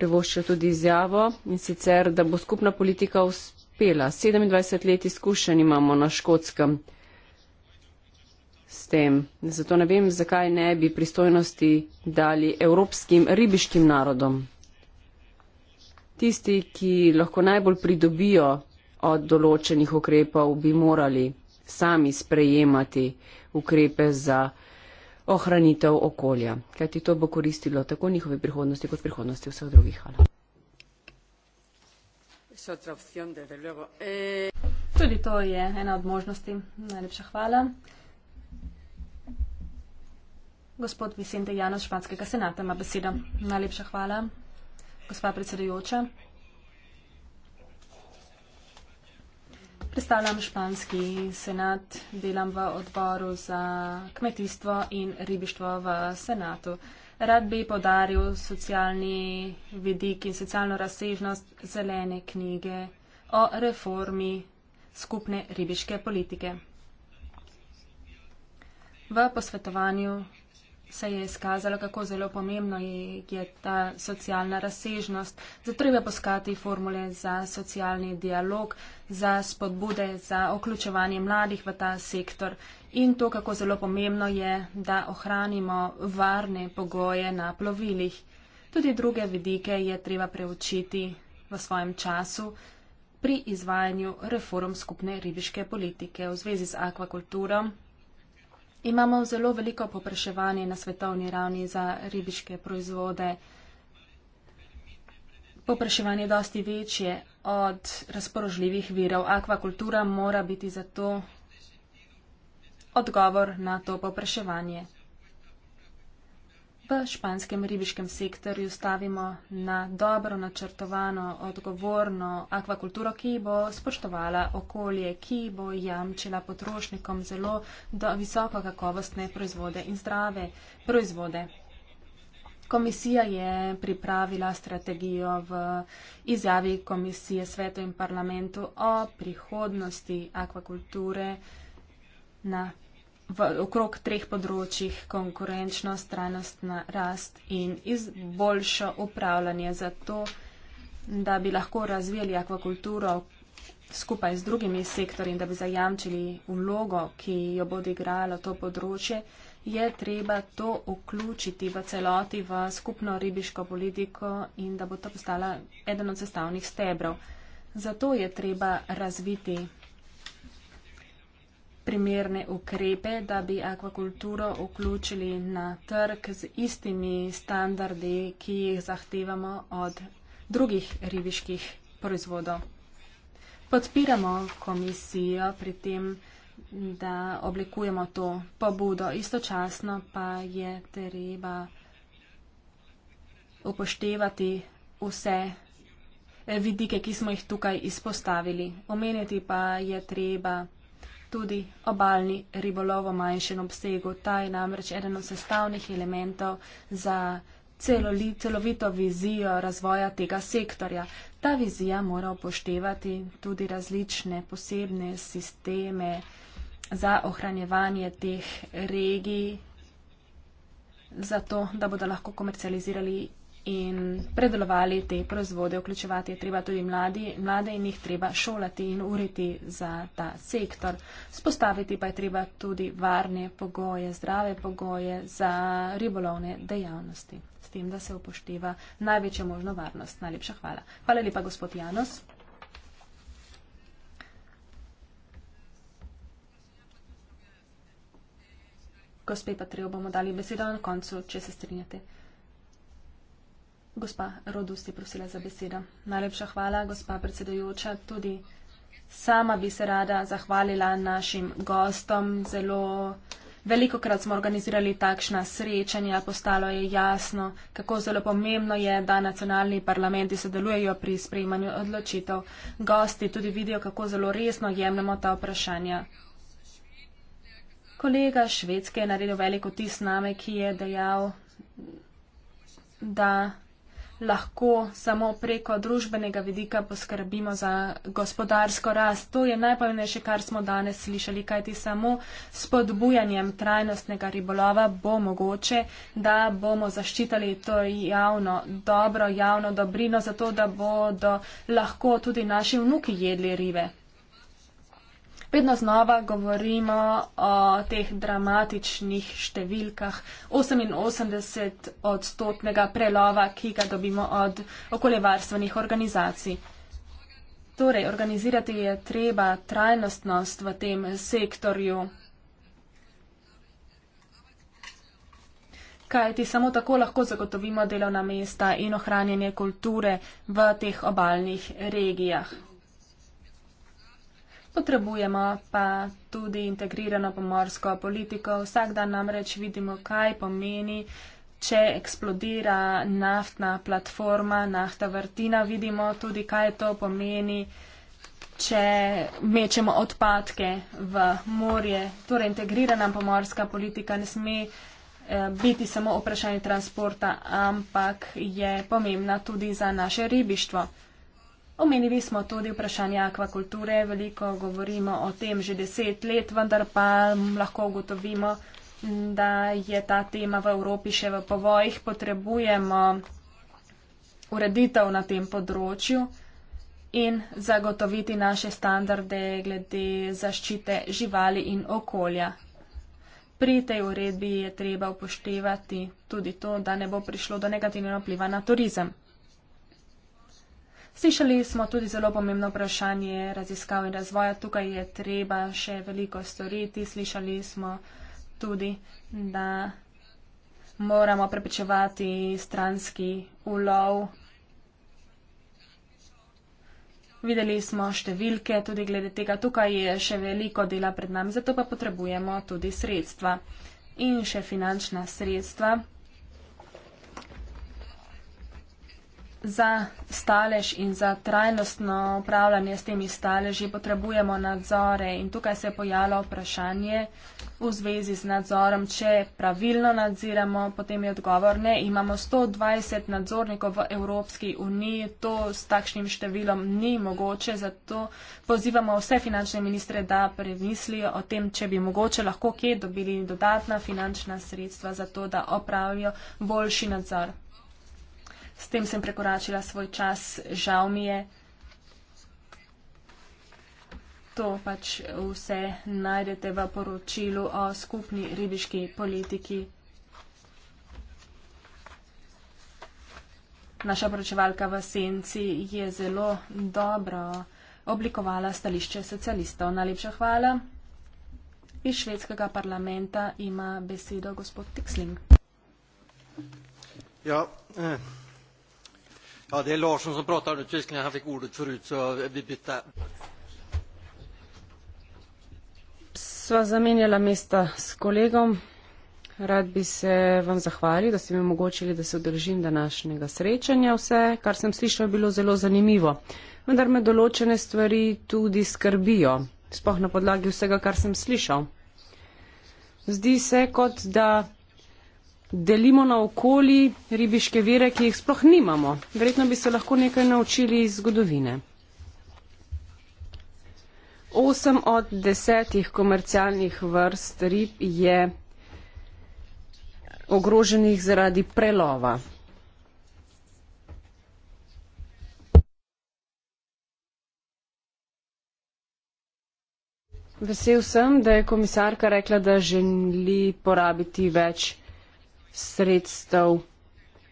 privoščil tudi izjavo in sicer, da bo skupna politika uspela. 27 let izkušenj imamo na škotskem s tem. Zato ne vem, zakaj ne bi pristojnosti dali evropskim ribiškim narodom. Tisti, ki lahko najbolj pridobijo od določenih ukrepov, bi morali sami sprejemati ukrepe za ohranitev okolja, kajti to bo koristilo tako njihovi prihodnosti kot prihodnosti vseh drugih. Hvala. Eh, Tudi to je ena od možnosti. Najlepša hvala. Gospod Vicente Janov Španskega senata ima besedo. Najlepša hvala, gospa predsedujoča. Predstavljam Španski senat, delam v odboru za kmetijstvo in ribištvo v senatu. Rad bi podaril socialni vidik in socialno razsežnost zelene knjige o reformi skupne ribiške politike. V posvetovanju se je izkazalo, kako zelo pomembno je, je ta socialna razsežnost. Zato treba poskati formule za socialni dialog, za spodbude, za vključevanje mladih v ta sektor in to, kako zelo pomembno je, da ohranimo varne pogoje na plovilih. Tudi druge vidike je treba preučiti v svojem času pri izvajanju reform skupne ribiške politike v zvezi z akvakulturo. Imamo zelo veliko popraševanje na svetovni ravni za ribiške proizvode. Popraševanje je dosti večje od razpoložljivih virov. Akvakultura mora biti zato odgovor na to popraševanje španskem ribiškem sektorju stavimo na dobro načrtovano, odgovorno akvakulturo, ki bo spoštovala okolje, ki bo jamčila potrošnikom zelo visoko kakovostne proizvode in zdrave proizvode. Komisija je pripravila strategijo v izjavi Komisije svetu in parlamentu o prihodnosti akvakulture na v, okrog treh področjih konkurenčnost, trajnostna rast in izboljšo upravljanje za to, da bi lahko razvijali akvakulturo skupaj z drugimi sektorji in da bi zajamčili vlogo, ki jo bo odigralo to področje, je treba to vključiti v celoti v skupno ribiško politiko in da bo to postala eden od sestavnih stebrov. Zato je treba razviti primerne ukrepe, da bi akvakulturo vključili na trg z istimi standardi, ki jih zahtevamo od drugih ribiških proizvodov. Podpiramo komisijo pri tem, da oblikujemo to pobudo, istočasno pa je treba upoštevati vse vidike, ki smo jih tukaj izpostavili. Omeniti pa je treba tudi obaljni ribolov v manjšem obsegu. Ta je namreč eden od sestavnih elementov za celoli, celovito vizijo razvoja tega sektorja. Ta vizija mora upoštevati tudi različne posebne sisteme za ohranjevanje teh regij, zato da bodo lahko komercializirali in predelovali te proizvode, vključevati je treba tudi mladi, mlade in jih treba šolati in uriti za ta sektor. Spostaviti pa je treba tudi varne pogoje, zdrave pogoje za ribolovne dejavnosti, s tem, da se upošteva največjo možno varnost. Najlepša hvala. Hvala lepa, gospod Janos. Gospe Patrijo bomo dali besedo na koncu, če se strinjate. Gospa Rodust je prosila za besedo. Najlepša hvala, gospa predsedujoča. Tudi sama bi se rada zahvalila našim gostom. Zelo veliko krat smo organizirali takšna srečanja, postalo je jasno, kako zelo pomembno je, da nacionalni parlamenti sodelujejo pri sprejmanju odločitev. Gosti tudi vidijo, kako zelo resno jemljamo ta vprašanja. Kolega Švedske je naredil veliko tis name, ki je dejal, da lahko samo preko družbenega vidika poskrbimo za gospodarsko rast. To je najpomembnejše, kar smo danes slišali, kajti samo spodbujanjem trajnostnega ribolova bo mogoče, da bomo zaščitali to javno dobro, javno dobrino, zato da bodo lahko tudi naši vnuki jedli rive vedno znova govorimo o teh dramatičnih številkah 88 odstotnega prelova, ki ga dobimo od okoljevarstvenih organizacij. Torej, organizirati je treba trajnostnost v tem sektorju. Kajti samo tako lahko zagotovimo delovna mesta in ohranjanje kulture v teh obaljnih regijah. Potrebujemo pa tudi integrirano pomorsko politiko. Vsak dan namreč vidimo, kaj pomeni, če eksplodira naftna platforma, nafta vrtina. Vidimo tudi, kaj to pomeni, če mečemo odpadke v morje. Torej, integrirana pomorska politika ne sme eh, biti samo vprašanje transporta, ampak je pomembna tudi za naše ribištvo. Omenili smo tudi vprašanje akvakulture, veliko govorimo o tem že deset let, vendar pa lahko ugotovimo, da je ta tema v Evropi še v povojih. Potrebujemo ureditev na tem področju in zagotoviti naše standarde glede zaščite živali in okolja. Pri tej uredbi je treba upoštevati tudi to, da ne bo prišlo do negativnega vpliva na turizem. Slišali smo tudi zelo pomembno vprašanje raziskav in razvoja. Tukaj je treba še veliko storiti. Slišali smo tudi, da moramo prepečevati stranski ulov. Videli smo številke tudi glede tega. Tukaj je še veliko dela pred nami, zato pa potrebujemo tudi sredstva in še finančna sredstva. za stalež in za trajnostno upravljanje s temi staleži potrebujemo nadzore in tukaj se je pojavilo vprašanje v zvezi z nadzorom, če pravilno nadziramo, potem je odgovor ne. Imamo 120 nadzornikov v Evropski uniji, to s takšnim številom ni mogoče, zato pozivamo vse finančne ministre, da premislijo o tem, če bi mogoče lahko kje dobili dodatna finančna sredstva za to, da opravijo boljši nadzor. S tem sem prekoračila svoj čas, žal mi je. To pač vse najdete v poročilu o skupni ribiški politiki. Naša poročevalka v senci je zelo dobro oblikovala stališče socialistov. Najlepša hvala. Iz švedskega parlamenta ima besedo gospod Tiksling. Ja, eh. Ja, det är Larsson som pratar nu. Tyskland, han fick ordet förut, så vi bytte. sva zamenjala mesta s kolegom. Rad bi se vam zahvalil, da ste mi omogočili, da se održim današnjega srečanja. Vse, kar sem slišal, je bilo zelo zanimivo. Vendar me določene stvari tudi skrbijo, spoh na podlagi vsega, kar sem slišal. Zdi se, kot da delimo na okoli ribiške vire, ki jih sploh nimamo. Verjetno bi se lahko nekaj naučili iz zgodovine. Osem od desetih komercialnih vrst rib je ogroženih zaradi prelova. Vesel sem, da je komisarka rekla, da želi porabiti več sredstev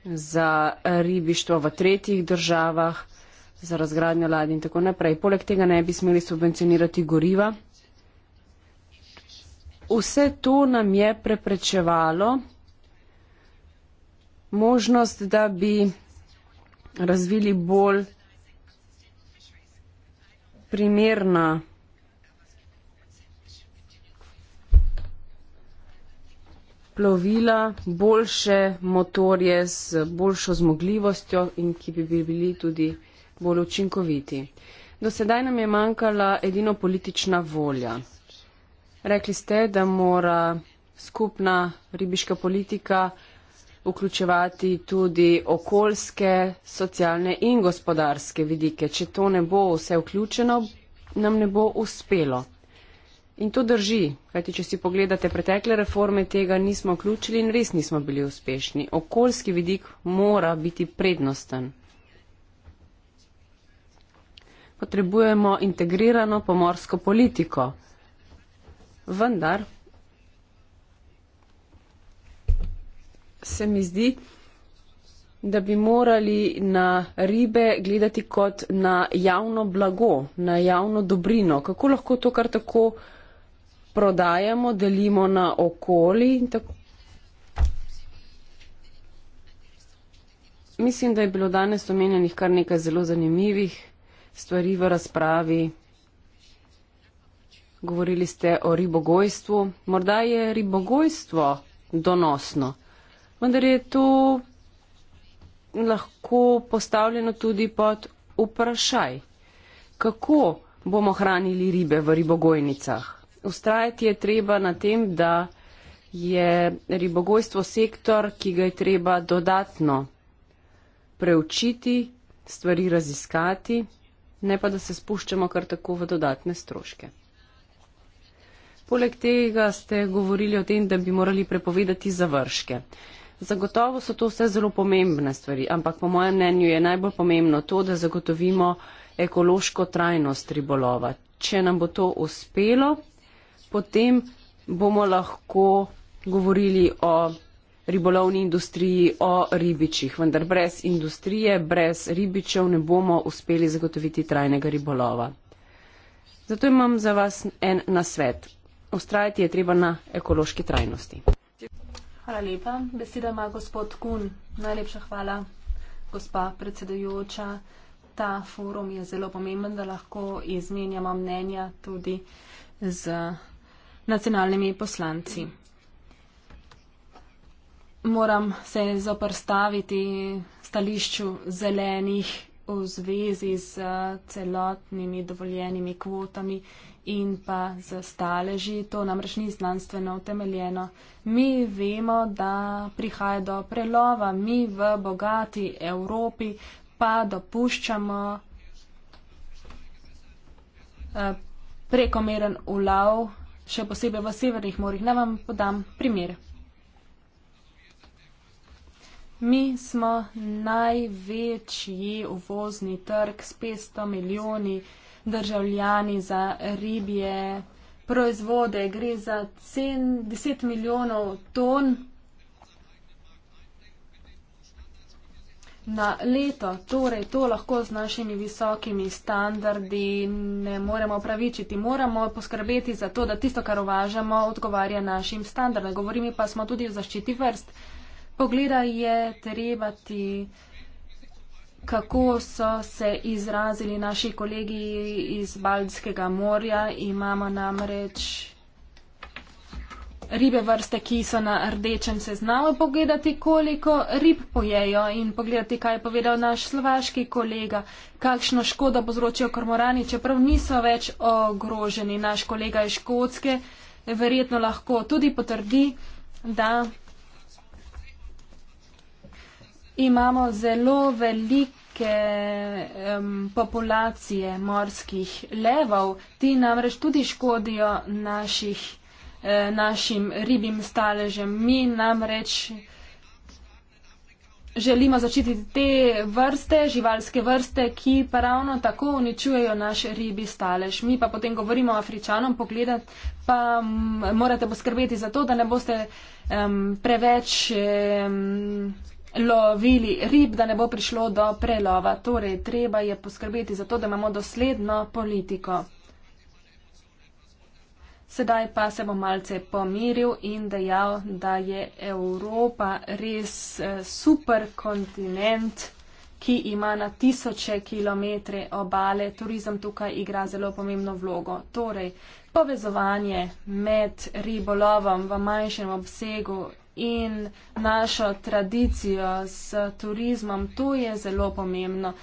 za ribištvo v tretjih državah, za razgradnjo ladi in tako naprej. Poleg tega ne bi smeli subvencionirati goriva. Vse to nam je preprečevalo možnost, da bi razvili bolj primerna plovila, boljše motorje z boljšo zmogljivostjo in ki bi bili tudi bolj učinkoviti. Do sedaj nam je manjkala edino politična volja. Rekli ste, da mora skupna ribiška politika vključevati tudi okoljske, socialne in gospodarske vidike. Če to ne bo vse vključeno, nam ne bo uspelo. In to drži, kajti če si pogledate pretekle reforme, tega nismo vključili in res nismo bili uspešni. Okoljski vidik mora biti prednosten. Potrebujemo integrirano pomorsko politiko. Vendar se mi zdi, da bi morali na ribe gledati kot na javno blago, na javno dobrino. Kako lahko to kar tako prodajamo, delimo na okoli. Mislim, da je bilo danes omenjenih kar nekaj zelo zanimivih stvari v razpravi. Govorili ste o ribogojstvu. Morda je ribogojstvo donosno, vendar je to lahko postavljeno tudi pod vprašaj. Kako bomo hranili ribe v ribogojnicah? ustrajati je treba na tem, da je ribogojstvo sektor, ki ga je treba dodatno preučiti, stvari raziskati, ne pa da se spuščamo kar tako v dodatne stroške. Poleg tega ste govorili o tem, da bi morali prepovedati završke. Zagotovo so to vse zelo pomembne stvari, ampak po mojem mnenju je najbolj pomembno to, da zagotovimo ekološko trajnost ribolova. Če nam bo to uspelo, potem bomo lahko govorili o ribolovni industriji, o ribičih. Vendar brez industrije, brez ribičev ne bomo uspeli zagotoviti trajnega ribolova. Zato imam za vas en nasvet. Ustrajati je treba na ekološki trajnosti. Hvala lepa. Beseda ima gospod Kun. Najlepša hvala, gospa predsedujoča. Ta forum je zelo pomemben, da lahko izmenjamo mnenja tudi z nacionalnimi poslanci. Moram se zoprstaviti stališču zelenih v zvezi z eh, celotnimi dovoljenimi kvotami in pa z staleži. To namreč ni znanstveno utemeljeno. Mi vemo, da prihaja do prelova. Mi v bogati Evropi pa dopuščamo eh, prekomeren ulov še posebej v severnih morjih. Naj vam podam primer. Mi smo največji uvozni trg s 500 milijoni državljani za ribje proizvode. Gre za 10 milijonov ton. na leto. Torej, to lahko z našimi visokimi standardi ne moremo pravičiti. Moramo poskrbeti za to, da tisto, kar uvažamo, odgovarja našim standardom. Govorimo pa smo tudi o zaščiti vrst. Pogleda je treba ti kako so se izrazili naši kolegi iz Baltskega morja. Imamo namreč ribe vrste, ki so na rdečem seznamu, pogledati, koliko rib pojejo in pogledati, kaj je povedal naš slovaški kolega, kakšno škodo povzročijo kormorani, čeprav niso več ogroženi. Naš kolega iz Škotske verjetno lahko tudi potrdi, da imamo zelo veliko populacije morskih levov, ti namreč tudi škodijo naših Eh, našim ribim staležem. Mi namreč želimo začititi te vrste, živalske vrste, ki pa ravno tako uničujejo naš ribi stalež. Mi pa potem govorimo afričanom, pogledati pa morate poskrbeti za to, da ne boste um, preveč um, lovili rib, da ne bo prišlo do prelova. Torej, treba je poskrbeti za to, da imamo dosledno politiko. Sedaj pa se bom malce pomiril in dejal, da je Evropa res eh, super kontinent, ki ima na tisoče kilometre obale. Turizem tukaj igra zelo pomembno vlogo. Torej, povezovanje med ribolovom v manjšem obsegu in našo tradicijo s turizmom, to je zelo pomembno.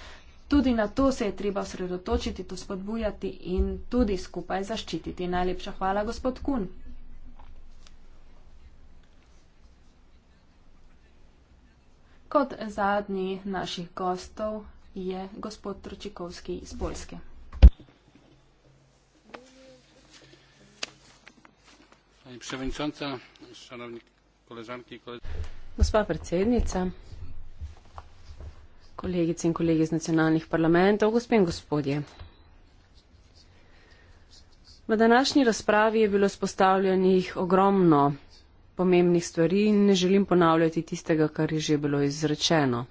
Tudi na to se je treba osredotočiti, to spodbujati in tudi skupaj zaščititi. Najlepša hvala, gospod Kun. Kot zadnji naših gostov je gospod Tročikovski iz Poljske. Gospa predsednica, kolegice in kolegi iz nacionalnih parlamentov, gospe in gospodje. V današnji razpravi je bilo spostavljenih ogromno pomembnih stvari in ne želim ponavljati tistega, kar je že bilo izrečeno,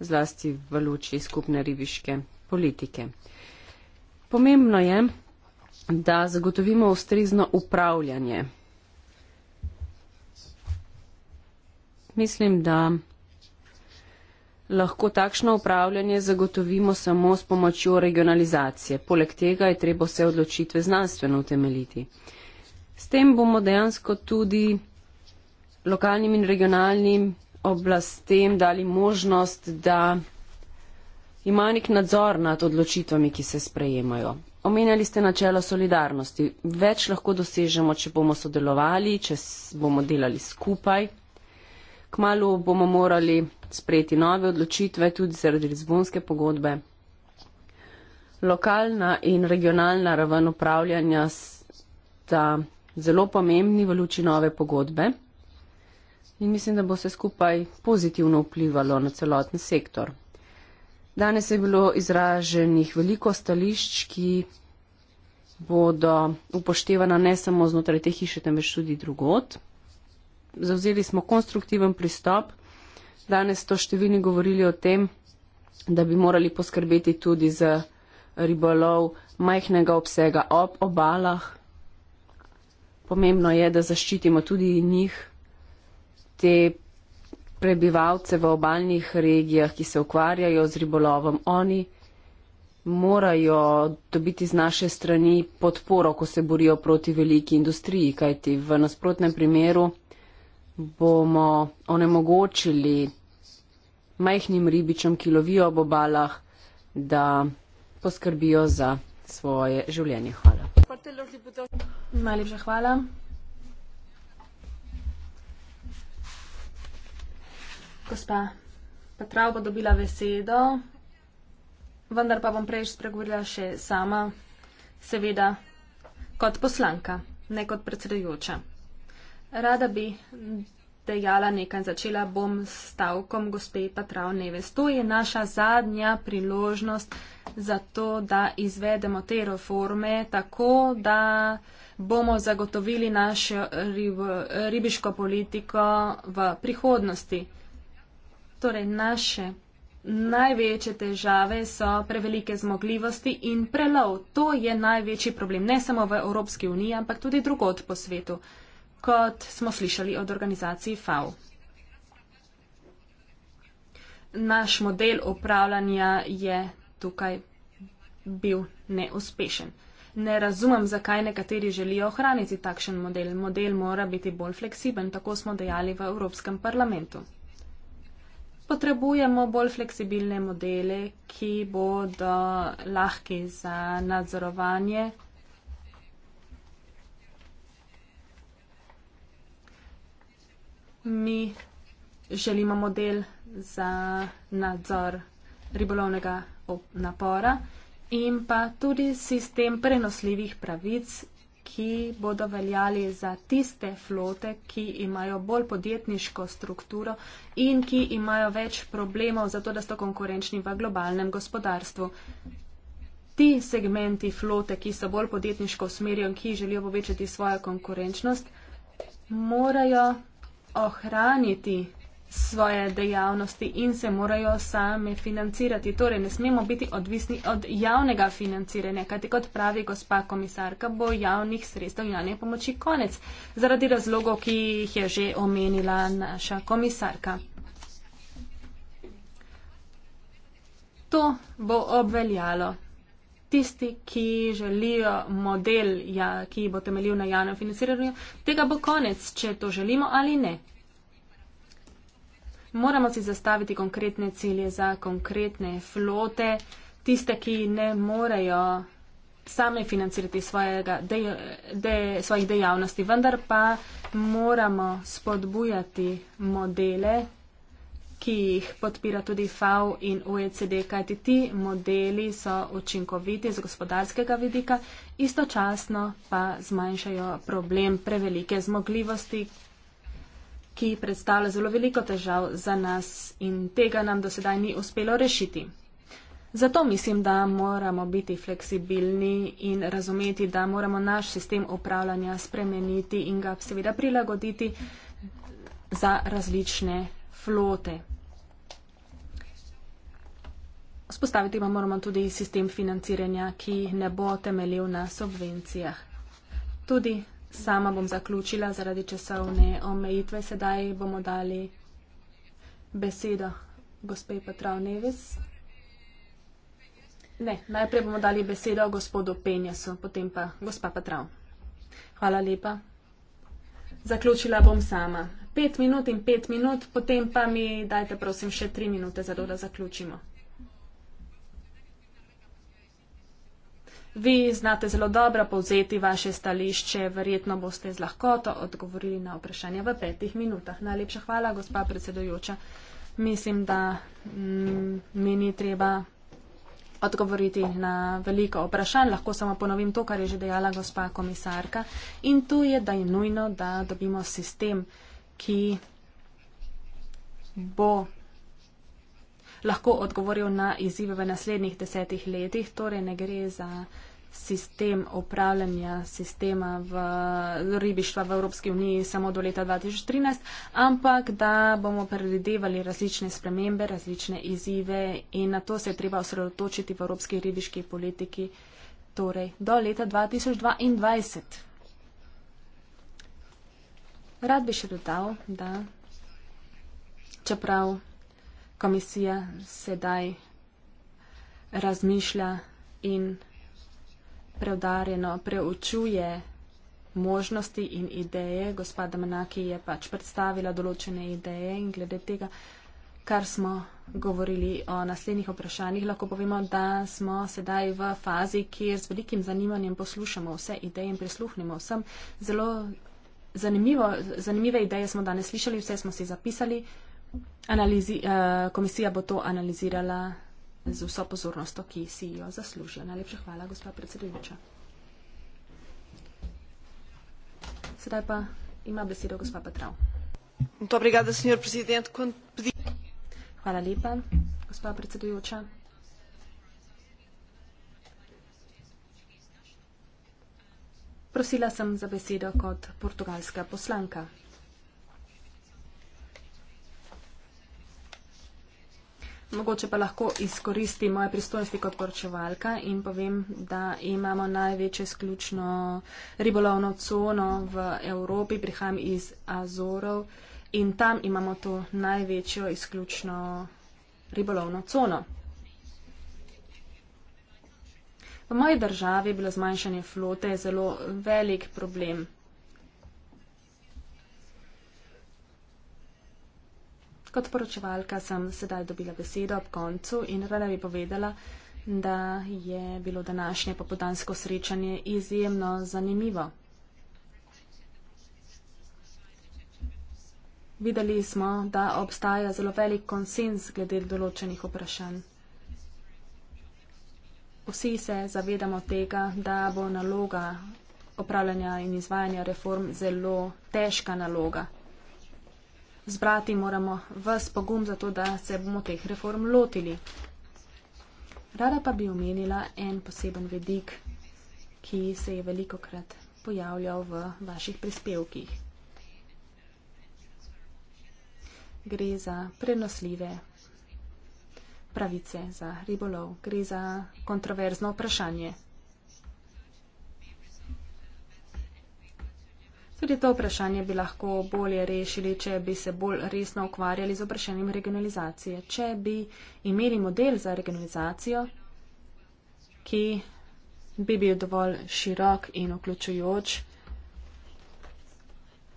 zlasti v luči skupne ribiške politike. Pomembno je, da zagotovimo ustrezno upravljanje. Mislim, da lahko takšno upravljanje zagotovimo samo s pomočjo regionalizacije. Poleg tega je treba vse odločitve znanstveno utemeliti. S tem bomo dejansko tudi lokalnim in regionalnim oblastem dali možnost, da ima nek nadzor nad odločitvami, ki se sprejemajo. Omenjali ste načelo solidarnosti. Več lahko dosežemo, če bomo sodelovali, če bomo delali skupaj. Kmalo bomo morali sprejeti nove odločitve tudi zaradi Lizbonske pogodbe. Lokalna in regionalna raven upravljanja sta zelo pomembni v luči nove pogodbe in mislim, da bo se skupaj pozitivno vplivalo na celoten sektor. Danes je bilo izraženih veliko stališč, ki bodo upoštevana ne samo znotraj te hiše, temveč tudi drugot. Zavzeli smo konstruktiven pristop danes to številni govorili o tem, da bi morali poskrbeti tudi za ribolov majhnega obsega ob obalah. Pomembno je, da zaščitimo tudi njih, te prebivalce v obaljnih regijah, ki se ukvarjajo z ribolovom. Oni morajo dobiti z naše strani podporo, ko se borijo proti veliki industriji, kajti v nasprotnem primeru bomo onemogočili majhnim ribičem, ki lovijo ob obalah, da poskrbijo za svoje življenje. Hvala. Najlepša hvala. Gospa Petrav bo dobila besedo, vendar pa bom prej spregovorila še sama, seveda, kot poslanka, ne kot predsedujoča. Rada bi dejala nekaj, začela bom s stavkom gospe Patravneves. To je naša zadnja priložnost za to, da izvedemo te reforme tako, da bomo zagotovili našo rib, ribiško politiko v prihodnosti. Torej, naše največje težave so prevelike zmogljivosti in prelov. To je največji problem ne samo v Evropski uniji, ampak tudi drugot po svetu kot smo slišali od organizacije FAO. Naš model upravljanja je tukaj bil neuspešen. Ne razumem, zakaj nekateri želijo ohraniti takšen model. Model mora biti bolj fleksiben, tako smo dejali v Evropskem parlamentu. Potrebujemo bolj fleksibilne modele, ki bodo lahki za nadzorovanje mi želimo model za nadzor ribolovnega napora in pa tudi sistem prenosljivih pravic, ki bodo veljali za tiste flote, ki imajo bolj podjetniško strukturo in ki imajo več problemov zato, da so konkurenčni v globalnem gospodarstvu. Ti segmenti flote, ki so bolj podjetniško usmerjeni, ki želijo povečati svojo konkurenčnost, morajo ohraniti svoje dejavnosti in se morajo same financirati. Torej, ne smemo biti odvisni od javnega financiranja, kajti kot pravi gospa komisarka, bo javnih sredstev javne pomoči konec, zaradi razlogov, ki jih je že omenila naša komisarka. To bo obveljalo tisti, ki želijo model, ja, ki bo temeljil na javnem financiranju, tega bo konec, če to želimo ali ne. Moramo si zastaviti konkretne cilje za konkretne flote, tiste, ki ne morejo same financirati svojega, de, de, svojih dejavnosti, vendar pa moramo spodbujati modele ki jih podpira tudi FAO in OECD, kajti ti modeli so učinkoviti z gospodarskega vidika, istočasno pa zmanjšajo problem prevelike zmogljivosti, ki predstavlja zelo veliko težav za nas in tega nam do sedaj ni uspelo rešiti. Zato mislim, da moramo biti fleksibilni in razumeti, da moramo naš sistem upravljanja spremeniti in ga seveda prilagoditi za različne flote. Vzpostaviti pa moramo tudi sistem financiranja, ki ne bo temeljil na subvencijah. Tudi sama bom zaključila zaradi časovne omejitve. Sedaj bomo dali besedo gospe Petrov Neves. Ne, najprej bomo dali besedo gospodu Penjasu, potem pa gospa Petrov. Hvala lepa. Zaključila bom sama. Pet minut in pet minut, potem pa mi dajte prosim še tri minute za to, da zaključimo. Vi znate zelo dobro povzeti vaše stališče, verjetno boste z lahkoto odgovorili na vprašanje v petih minutah. Najlepša hvala, gospa predsedujoča. Mislim, da mm, mi ni treba odgovoriti na veliko vprašanj. Lahko samo ponovim to, kar je že dejala gospa komisarka. In to je, da je nujno, da dobimo sistem, ki bo lahko odgovoril na izzive v naslednjih desetih letih. Torej ne gre za sistem upravljanja sistema v ribištva v Evropski uniji samo do leta 2013, ampak da bomo predvidevali različne spremembe, različne izzive in na to se je treba osredotočiti v Evropski ribiški politiki torej do leta 2022. Rad bi še dodal, da čeprav komisija sedaj razmišlja in preudarjeno preučuje možnosti in ideje. Gospoda Manaki je pač predstavila določene ideje in glede tega, kar smo govorili o naslednjih vprašanjih, lahko povemo, da smo sedaj v fazi, kjer z velikim zanimanjem poslušamo vse ideje in prisluhnemo vsem. Zelo zanimivo, zanimive ideje smo danes slišali, vse smo si zapisali analizi, uh, komisija bo to analizirala z vso pozornostjo, ki si jo zaslužijo. Najlepša hvala, gospa predsedujoča. Sedaj pa ima besedo gospa Petrov. Obrigada, senjor predsednik. Hvala lepa, gospa predsedujoča. Prosila sem za besedo kot portugalska poslanka. Mogoče pa lahko izkoristi moje pristojnosti kot poročevalka in povem, da imamo največjo izključno ribolovno cono v Evropi, prihajam iz Azorov in tam imamo to največjo izključno ribolovno cono. V moji državi je bilo zmanjšanje flote zelo velik problem. Kot poročevalka sem sedaj dobila besedo ob koncu in rada bi povedala, da je bilo današnje popodansko srečanje izjemno zanimivo. Videli smo, da obstaja zelo velik konsens glede določenih vprašanj. Vsi se zavedamo tega, da bo naloga opravljanja in izvajanja reform zelo težka naloga zbrati moramo vs pogum za to, da se bomo teh reform lotili. Rada pa bi omenila en poseben vedik, ki se je veliko krat pojavljal v vaših prispevkih. Gre za prenosljive pravice za ribolov, gre za kontroverzno vprašanje. Tudi to vprašanje bi lahko bolje rešili, če bi se bolj resno ukvarjali z vprašanjem regionalizacije. Če bi imeli model za regionalizacijo, ki bi bil dovolj širok in vključujoč,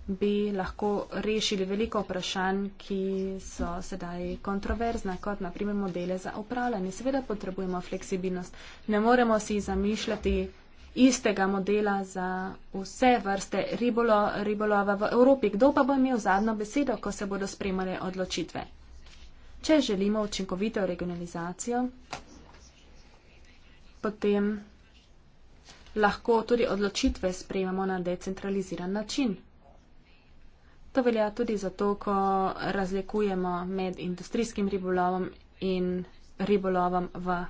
bi lahko rešili veliko vprašanj, ki so sedaj kontroverzna, kot naprimer modele za upravljanje. Seveda potrebujemo fleksibilnost. Ne moremo si zamišljati istega modela za vse vrste ribolo, ribolova v Evropi. Kdo pa bo imel zadnjo besedo, ko se bodo spremale odločitve? Če želimo učinkovito regionalizacijo, potem lahko tudi odločitve sprejemamo na decentraliziran način. To velja tudi zato, ko razlikujemo med industrijskim ribolovom in ribolovom v.